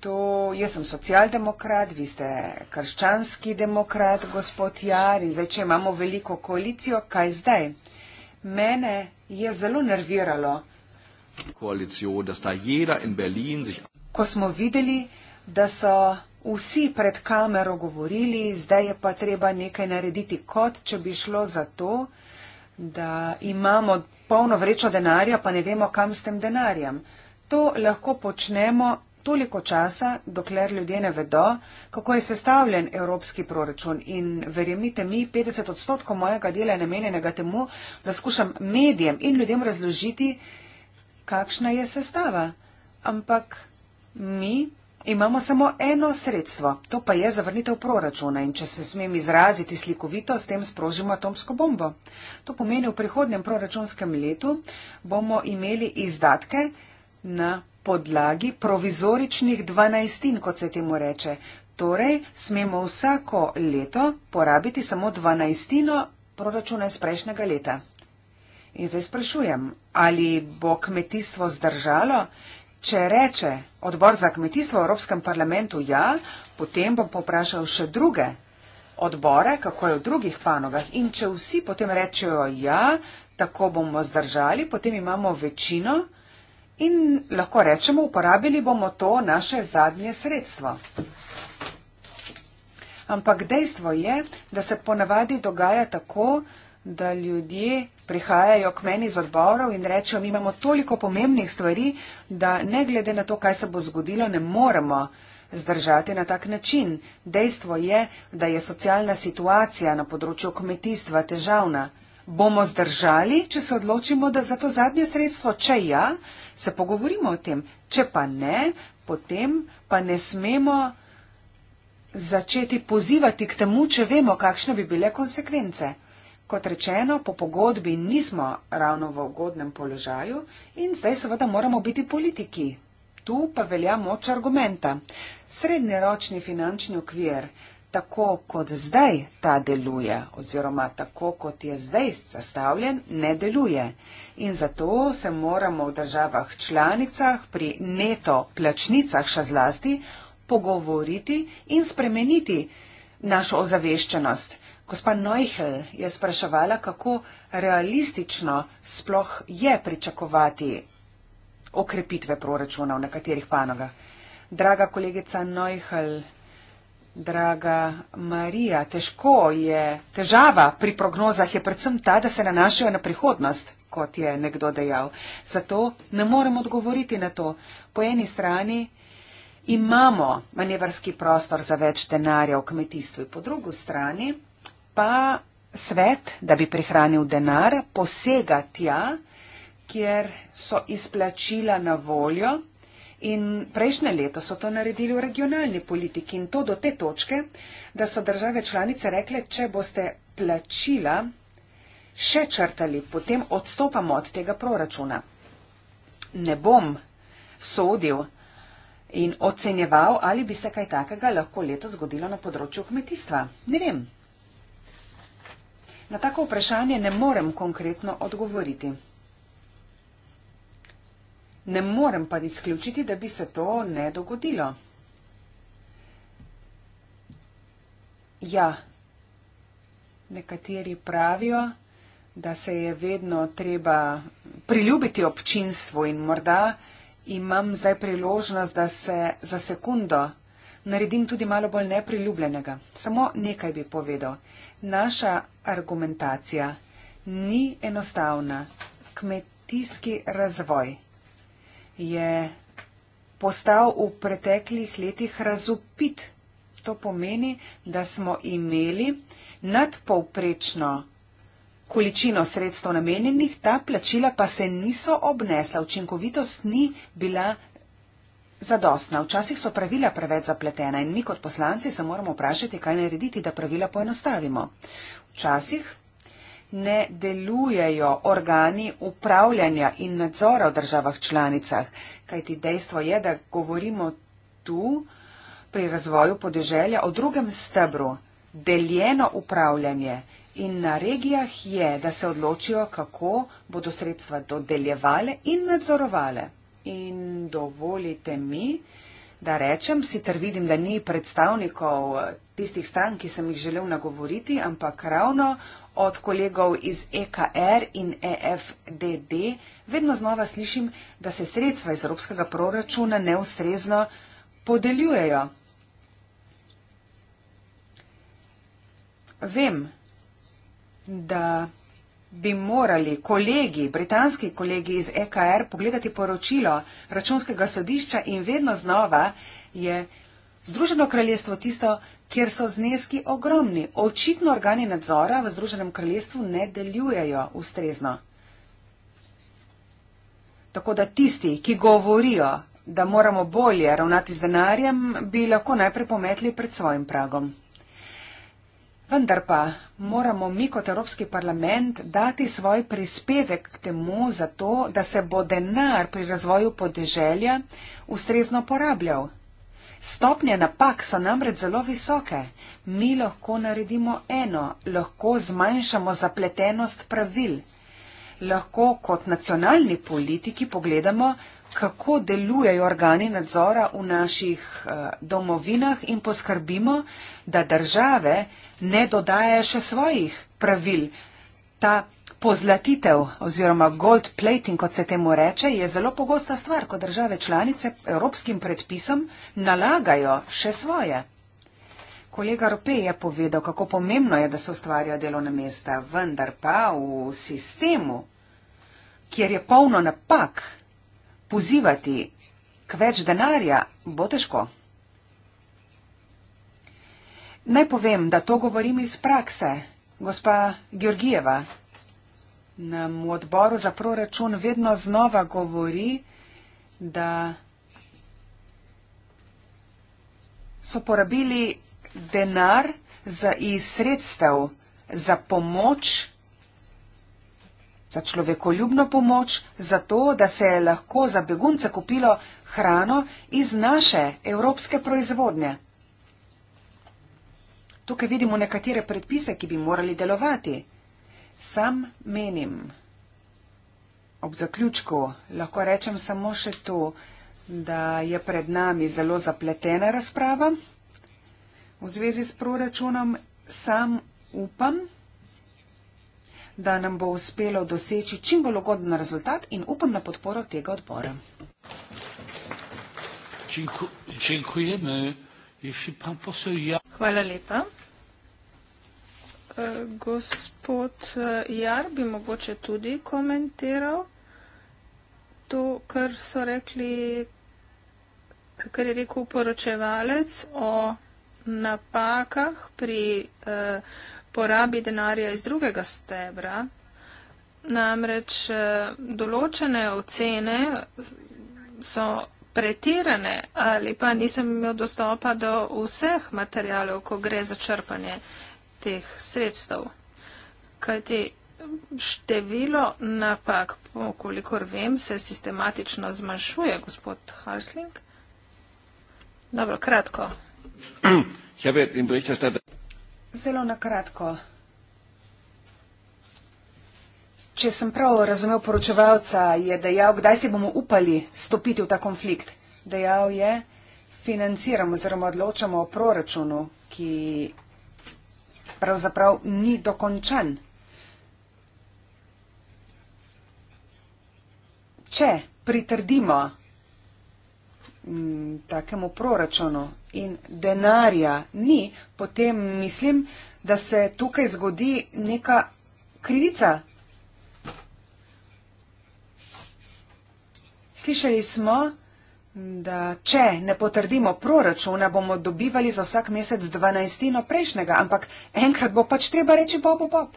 To, jaz sem socialdemokrat, vi ste krščanski demokrat, gospod Jar, in zdaj, če imamo veliko koalicijo, kaj zdaj? Mene je zelo nerviralo, ko smo videli, da so vsi pred kamero govorili, zdaj je pa treba nekaj narediti, kot če bi šlo za to, da imamo polno vrečo denarja, pa ne vemo, kam s tem denarjem. To lahko počnemo toliko časa, dokler ljudje ne vedo, kako je sestavljen evropski proračun. In verjemite mi, 50 odstotkov mojega dela je namenjenega temu, da skušam medijem in ljudem razložiti, kakšna je sestava. Ampak mi Imamo samo eno sredstvo, to pa je zavrnitev proračuna in če se smem izraziti slikovito, s tem sprožimo atomsko bombo. To pomeni, v prihodnem proračunskem letu bomo imeli izdatke na podlagi provizoričnih dvanajstin, kot se temu reče. Torej, smemo vsako leto porabiti samo dvanajstino proračuna iz prejšnjega leta. In zdaj sprašujem, ali bo kmetijstvo zdržalo? Če reče odbor za kmetijstvo v Evropskem parlamentu ja, potem bom poprašal še druge odbore, kako je v drugih panogah. In če vsi potem rečejo ja, tako bomo zdržali, potem imamo večino in lahko rečemo, uporabili bomo to naše zadnje sredstvo. Ampak dejstvo je, da se ponavadi dogaja tako, da da ljudje prihajajo k meni z odborov in rečejo, mi imamo toliko pomembnih stvari, da ne glede na to, kaj se bo zgodilo, ne moremo zdržati na tak način. Dejstvo je, da je socialna situacija na področju kmetijstva težavna. Bomo zdržali, če se odločimo, da za to zadnje sredstvo, če ja, se pogovorimo o tem. Če pa ne, potem pa ne smemo začeti pozivati k temu, če vemo, kakšne bi bile konsekvence. Kot rečeno, po pogodbi nismo ravno v ugodnem položaju in zdaj seveda moramo biti politiki. Tu pa velja moč argumenta. Srednjeročni finančni okvir, tako kot zdaj ta deluje oziroma tako kot je zdaj zastavljen, ne deluje. In zato se moramo v državah članicah pri neto plačnicah še zlasti pogovoriti in spremeniti našo ozaveščenost. Gospa Neuchel je spraševala, kako realistično sploh je pričakovati okrepitve proračuna v nekaterih panogah. Draga kolegica Neuchel, draga Marija, težko je, težava pri prognozah je predvsem ta, da se nanašajo na prihodnost, kot je nekdo dejal. Zato ne morem odgovoriti na to. Po eni strani imamo manevrski prostor za več denarja v kmetijstvu, po drugi strani pa svet, da bi prihranil denar, posega tja, kjer so izplačila na voljo in prejšnje leto so to naredili v regionalni politiki in to do te točke, da so države članice rekle, če boste plačila še črtali, potem odstopamo od tega proračuna. Ne bom sodil in ocenjeval, ali bi se kaj takega lahko leto zgodilo na področju kmetijstva. Ne vem. Na tako vprašanje ne morem konkretno odgovoriti. Ne morem pa izključiti, da bi se to ne dogodilo. Ja, nekateri pravijo, da se je vedno treba priljubiti občinstvu in morda imam zdaj priložnost, da se za sekundo naredim tudi malo bolj nepriljubljenega. Samo nekaj bi povedal. Naša argumentacija ni enostavna. Kmetijski razvoj je postal v preteklih letih razupit. To pomeni, da smo imeli nadpovprečno količino sredstev namenjenih, ta plačila pa se niso obnesla, učinkovitost ni bila zadostna. Včasih so pravila preveč zapletena in mi kot poslanci se moramo vprašati, kaj narediti, da pravila poenostavimo. Včasih ne delujejo organi upravljanja in nadzora v državah članicah, kajti dejstvo je, da govorimo tu pri razvoju podeželja o drugem stebru, deljeno upravljanje. In na regijah je, da se odločijo, kako bodo sredstva dodeljevale in nadzorovale in dovolite mi, da rečem, sicer vidim, da ni predstavnikov eh, tistih stran, ki sem jih želel nagovoriti, ampak ravno od kolegov iz EKR in EFDD vedno znova slišim, da se sredstva iz evropskega proračuna neustrezno podeljujejo. Vem, da bi morali kolegi, britanski kolegi iz EKR pogledati poročilo računskega sodišča in vedno znova je Združeno kraljestvo tisto, kjer so zneski ogromni. Očitno organi nadzora v Združenem kraljestvu ne delujejo ustrezno. Tako da tisti, ki govorijo, da moramo bolje ravnati z denarjem, bi lahko najprej pometli pred svojim pragom. Vendar pa moramo mi kot Evropski parlament dati svoj prispevek k temu, zato, da se bo denar pri razvoju podeželja ustrezno porabljal. Stopnje napak so namreč zelo visoke. Mi lahko naredimo eno, lahko zmanjšamo zapletenost pravil. Lahko kot nacionalni politiki pogledamo, kako delujejo organi nadzora v naših eh, domovinah in poskrbimo, da države ne dodajajo še svojih pravil. Ta pozlatitev oziroma gold plating, kot se temu reče, je zelo pogosta stvar, ko države članice evropskim predpisom nalagajo še svoje. Kolega Rope je povedal, kako pomembno je, da se ustvarjajo delovne mesta, vendar pa v sistemu, kjer je polno napak, pozivati k več denarja bo težko. Naj povem, da to govorim iz prakse. Gospa Georgijeva nam v odboru za proračun vedno znova govori, da so porabili denar za izsredstev za pomoč za človekoljubno pomoč, za to, da se je lahko za begunce kupilo hrano iz naše evropske proizvodnje. Tukaj vidimo nekatere predpise, ki bi morali delovati. Sam menim, ob zaključku lahko rečem samo še to, da je pred nami zelo zapletena razprava v zvezi s proračunom. Sam upam, da nam bo uspelo doseči čim bolj ugoden rezultat in upam na podporo tega odbora. Ja- Hvala lepa. E, gospod e, Jar bi mogoče tudi komentiral to, kar so rekli, kar je rekel poročevalec o napakah pri uh, porabi denarja iz drugega stebra, namreč eh, določene ocene so pretirane ali pa nisem imel dostopa do vseh materijalov, ko gre za črpanje teh sredstev. Kajti število napak, kolikor vem, se sistematično zmanjšuje, gospod Harsling. Dobro, kratko. *clears throat* zelo na kratko. Če sem prav razumel poročevalca, je dejal, kdaj si bomo upali stopiti v ta konflikt. Dejal je, financiramo oziroma odločamo o proračunu, ki pravzaprav ni dokončan. Če pritrdimo mm, takemu proračunu, in denarja ni, potem mislim, da se tukaj zgodi neka krivica. Slišali smo, da če ne potrdimo proračuna, bomo dobivali za vsak mesec dvanajstino prejšnjega, ampak enkrat bo pač treba reči pop, pop.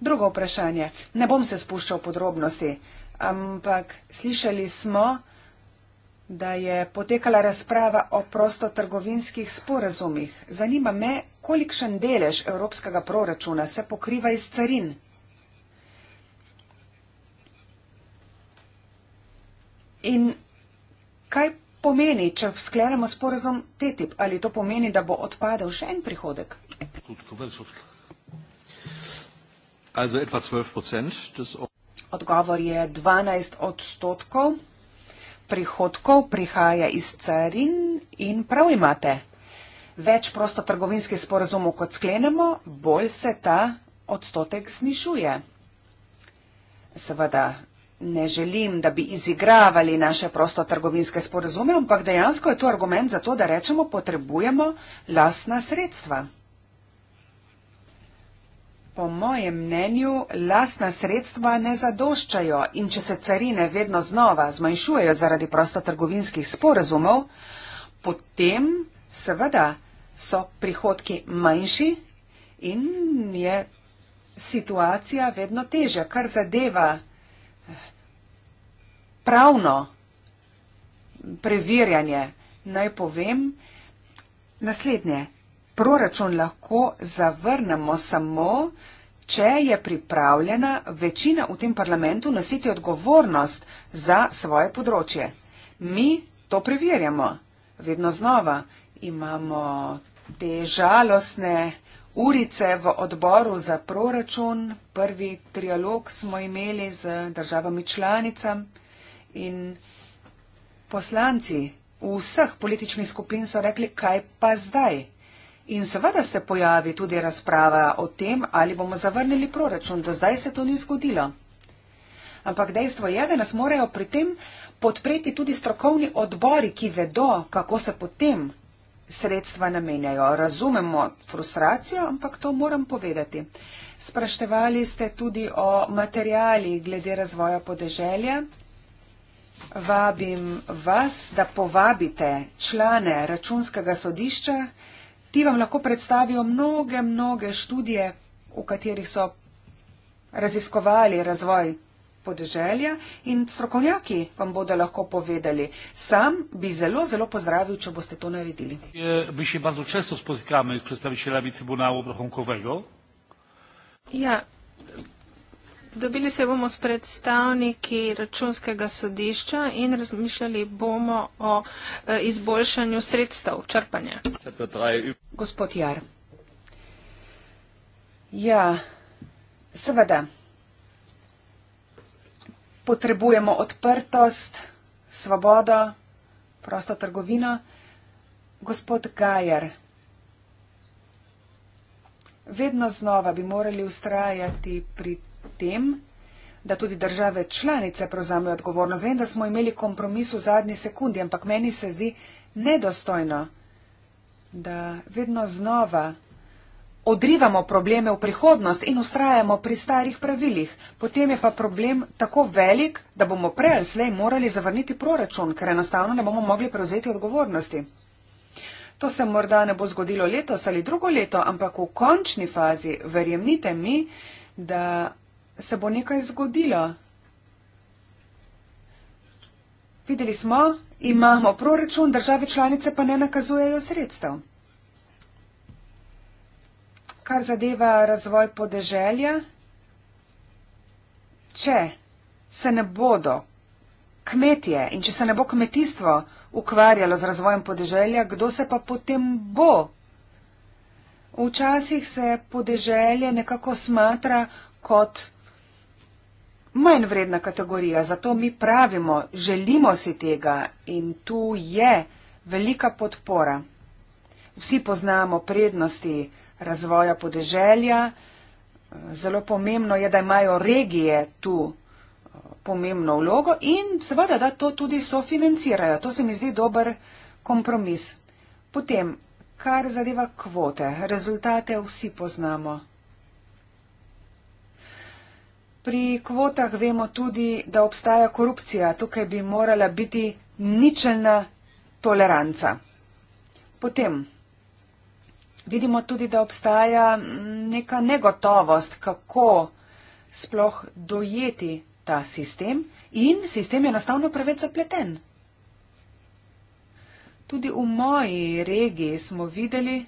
Drugo vprašanje. Ne bom se spuščal v podrobnosti, ampak slišali smo, da da je potekala razprava o prostotrgovinskih sporazumih. Zanima me, kolikšen delež evropskega proračuna se pokriva iz carin. In kaj pomeni, če sklenemo sporazum TTIP? Ali to pomeni, da bo odpadel še en prihodek? Odgovor je 12 odstotkov prihodkov prihaja iz carin in prav imate. Več prostotrgovinskih sporazumov, kot sklenemo, bolj se ta odstotek znižuje. Seveda ne želim, da bi izigravali naše prostotrgovinske sporazume, ampak dejansko je to argument za to, da rečemo, potrebujemo lasna sredstva. Po mojem mnenju, lastna sredstva ne zadoščajo in če se carine vedno znova zmanjšujejo zaradi prostotrgovinskih sporazumov, potem seveda so prihodki manjši in je situacija vedno težja, kar zadeva eh, pravno preverjanje. Naj povem naslednje proračun lahko zavrnemo samo, če je pripravljena večina v tem parlamentu nositi odgovornost za svoje področje. Mi to preverjamo. Vedno znova imamo te žalostne urice v odboru za proračun. Prvi trialog smo imeli z državami članicam in poslanci vseh političnih skupin so rekli, kaj pa zdaj. In seveda se pojavi tudi razprava o tem, ali bomo zavrnili proračun. Do zdaj se to ni zgodilo. Ampak dejstvo je, da nas morajo pri tem podpreti tudi strokovni odbori, ki vedo, kako se potem sredstva namenjajo. Razumemo frustracijo, ampak to moram povedati. Spraševali ste tudi o materijali glede razvoja podeželja. Vabim vas, da povabite člane računskega sodišča, ti vam lahko predstavijo mnoge, mnoge študije, v katerih so raziskovali razvoj podeželja in strokovnjaki vam bodo lahko povedali. Sam bi zelo, zelo pozdravil, če boste to naredili. Bi še bardzo često spotkamo s predstavitelami tribunala obrahunkovega. Ja, Dobili se bomo s predstavniki računskega sodišča in razmišljali bomo o e, izboljšanju sredstev črpanja. Gospod Jar. Ja, seveda. Potrebujemo odprtost, svobodo, prosto trgovino. Gospod Gajer, vedno znova bi morali ustrajati pri tem, da tudi države članice prevzamejo odgovornost. Vem, da smo imeli kompromis v zadnji sekundi, ampak meni se zdi nedostojno, da vedno znova odrivamo probleme v prihodnost in ustrajamo pri starih pravilih. Potem je pa problem tako velik, da bomo prej ali slej morali zavrniti proračun, ker enostavno ne bomo mogli prevzeti odgovornosti. To se morda ne bo zgodilo letos ali drugo leto, ampak v končni fazi, verjemite mi, da se bo nekaj zgodilo. Videli smo, imamo proračun, države članice pa ne nakazujejo sredstev. Kar zadeva razvoj podeželja, če se ne bodo kmetje in če se ne bo kmetijstvo ukvarjalo z razvojem podeželja, kdo se pa potem bo? Včasih se podeželje nekako smatra kot manj vredna kategorija, zato mi pravimo, želimo si tega in tu je velika podpora. Vsi poznamo prednosti razvoja podeželja, zelo pomembno je, da imajo regije tu eh, pomembno vlogo in seveda, da to tudi sofinancirajo. To se mi zdi dober kompromis. Potem, kar zadeva kvote, rezultate vsi poznamo. Pri kvotah vemo tudi, da obstaja korupcija. Tukaj bi morala biti ničelna toleranca. Potem vidimo tudi, da obstaja mm, neka negotovost, kako sploh dojeti ta sistem in sistem je enostavno preveč zapleten. Tudi v moji regiji smo videli,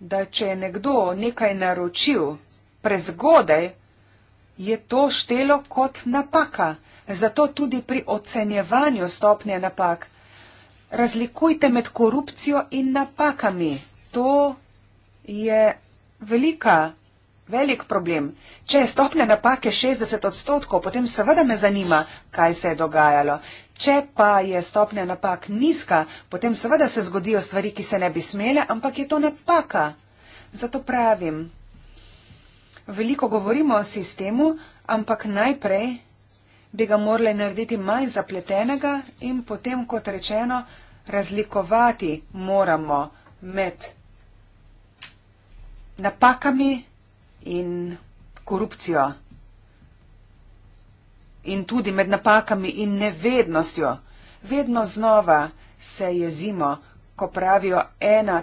da če je nekdo nekaj naročil prezgodaj, je to štelo kot napaka. Zato tudi pri ocenjevanju stopnje napak razlikujte med korupcijo in napakami. To je velika, velik problem. Če je stopnja napake 60 odstotkov, potem seveda me zanima, kaj se je dogajalo. Če pa je stopnja napak nizka, potem seveda se zgodijo stvari, ki se ne bi smele, ampak je to napaka. Zato pravim, veliko govorimo o sistemu, ampak najprej bi ga morali narediti manj zapletenega in potem, kot rečeno, razlikovati moramo med napakami in korupcijo in tudi med napakami in nevednostjo. Vedno znova se je zimo, ko pravijo ena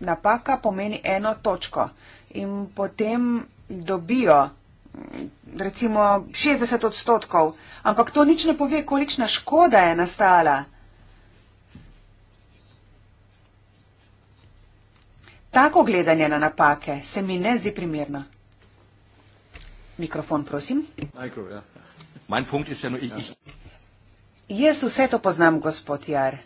napaka pomeni eno točko in potem dobijo recimo 60 odstotkov, ampak to nič ne pove, kolikšna škoda je nastala. Tako gledanje na napake se mi ne zdi primerno. Mikrofon, prosim. Micro, yeah. Ja. Mein Punkt ist ja nur, ich, ich Jaz vse to poznam, gospod Jar,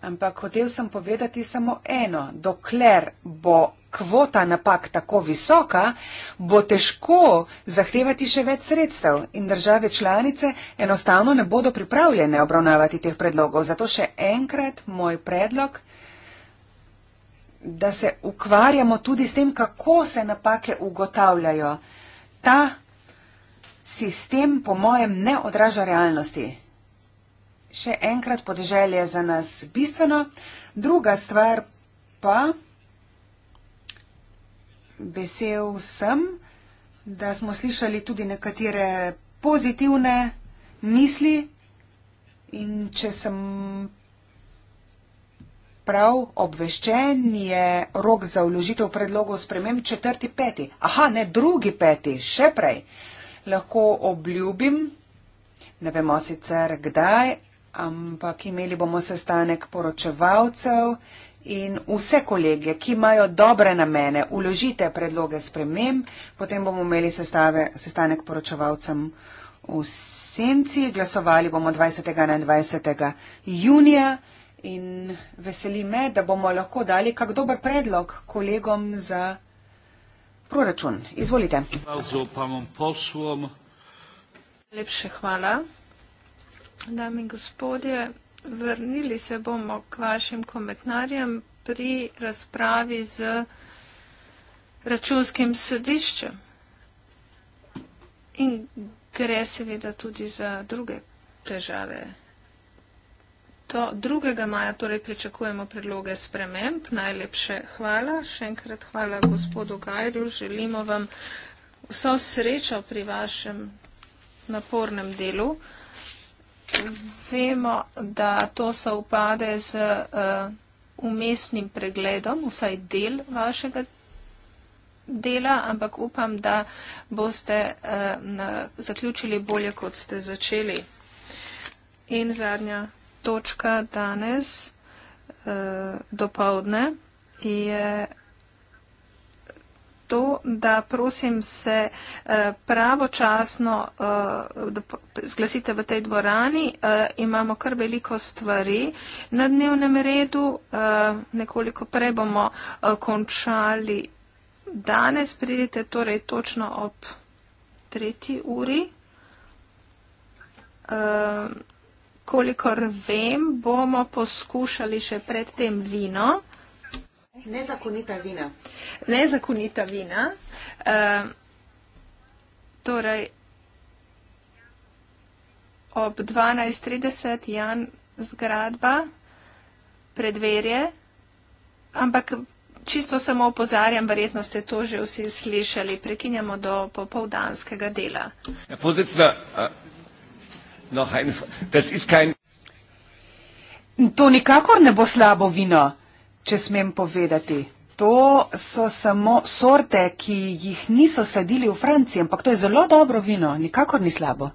ampak hotel sem povedati samo eno. Dokler bo kvota napak tako visoka, bo težko zahtevati še več sredstev in države članice enostavno ne bodo pripravljene obravnavati teh predlogov. Zato še enkrat moj predlog, da se ukvarjamo tudi s tem, kako se napake ugotavljajo. Ta Sistem, po mojem, ne odraža realnosti. Še enkrat podeželje je za nas bistveno. Druga stvar pa, vesel sem, da smo slišali tudi nekatere pozitivne misli in če sem prav obveščen, je rok za vložitev predlogov spremem četrti peti. Aha, ne drugi peti, še prej. Uh, lahko obljubim, ne vemo sicer kdaj, ampak imeli bomo sestanek poročevalcev in vse kolege, ki imajo dobre namene, uložite predloge spremem, potem bomo imeli sestave, sestanek poročevalcem v senci, glasovali bomo 20. in 21. junija. In veseli me, da bomo lahko dali kak dober predlog kolegom za. Proračun, izvolite. Lepše hvala, dame in gospodje. Vrnili se bomo k vašim komentarjem pri razpravi z računskim sodiščem. In gre seveda tudi za druge težave Do 2. maja torej pričakujemo predloge sprememb. Najlepše hvala. Še enkrat hvala gospodu Gajru. Želimo vam vso srečo pri vašem napornem delu. Vemo, da to se upade z uh, umestnim pregledom, vsaj del vašega dela, ampak upam, da boste uh, na, zaključili bolje, kot ste začeli. In zadnja točka danes uh, eh, dopovdne je to, da prosim se uh, pravočasno uh, zglasite v tej dvorani. Uh, imamo kar veliko stvari na dnevnem redu. Uh, nekoliko prej bomo uh, končali danes. Pridite torej točno ob tretji uri. Uh, kolikor vem, bomo poskušali še predtem vino. Eh, nezakonita vina. Nezakonita vina. Uh, torej, ob 12.30 Jan zgradba, predverje, ampak čisto samo opozarjam, verjetno ste to že vsi slišali, prekinjamo do popovdanskega dela. Ja, No, kein... To nikakor ne bo slabo vino, če smem povedati. To so samo sorte, ki jih niso sadili v Franciji, ampak to je zelo dobro vino, nikakor ni slabo.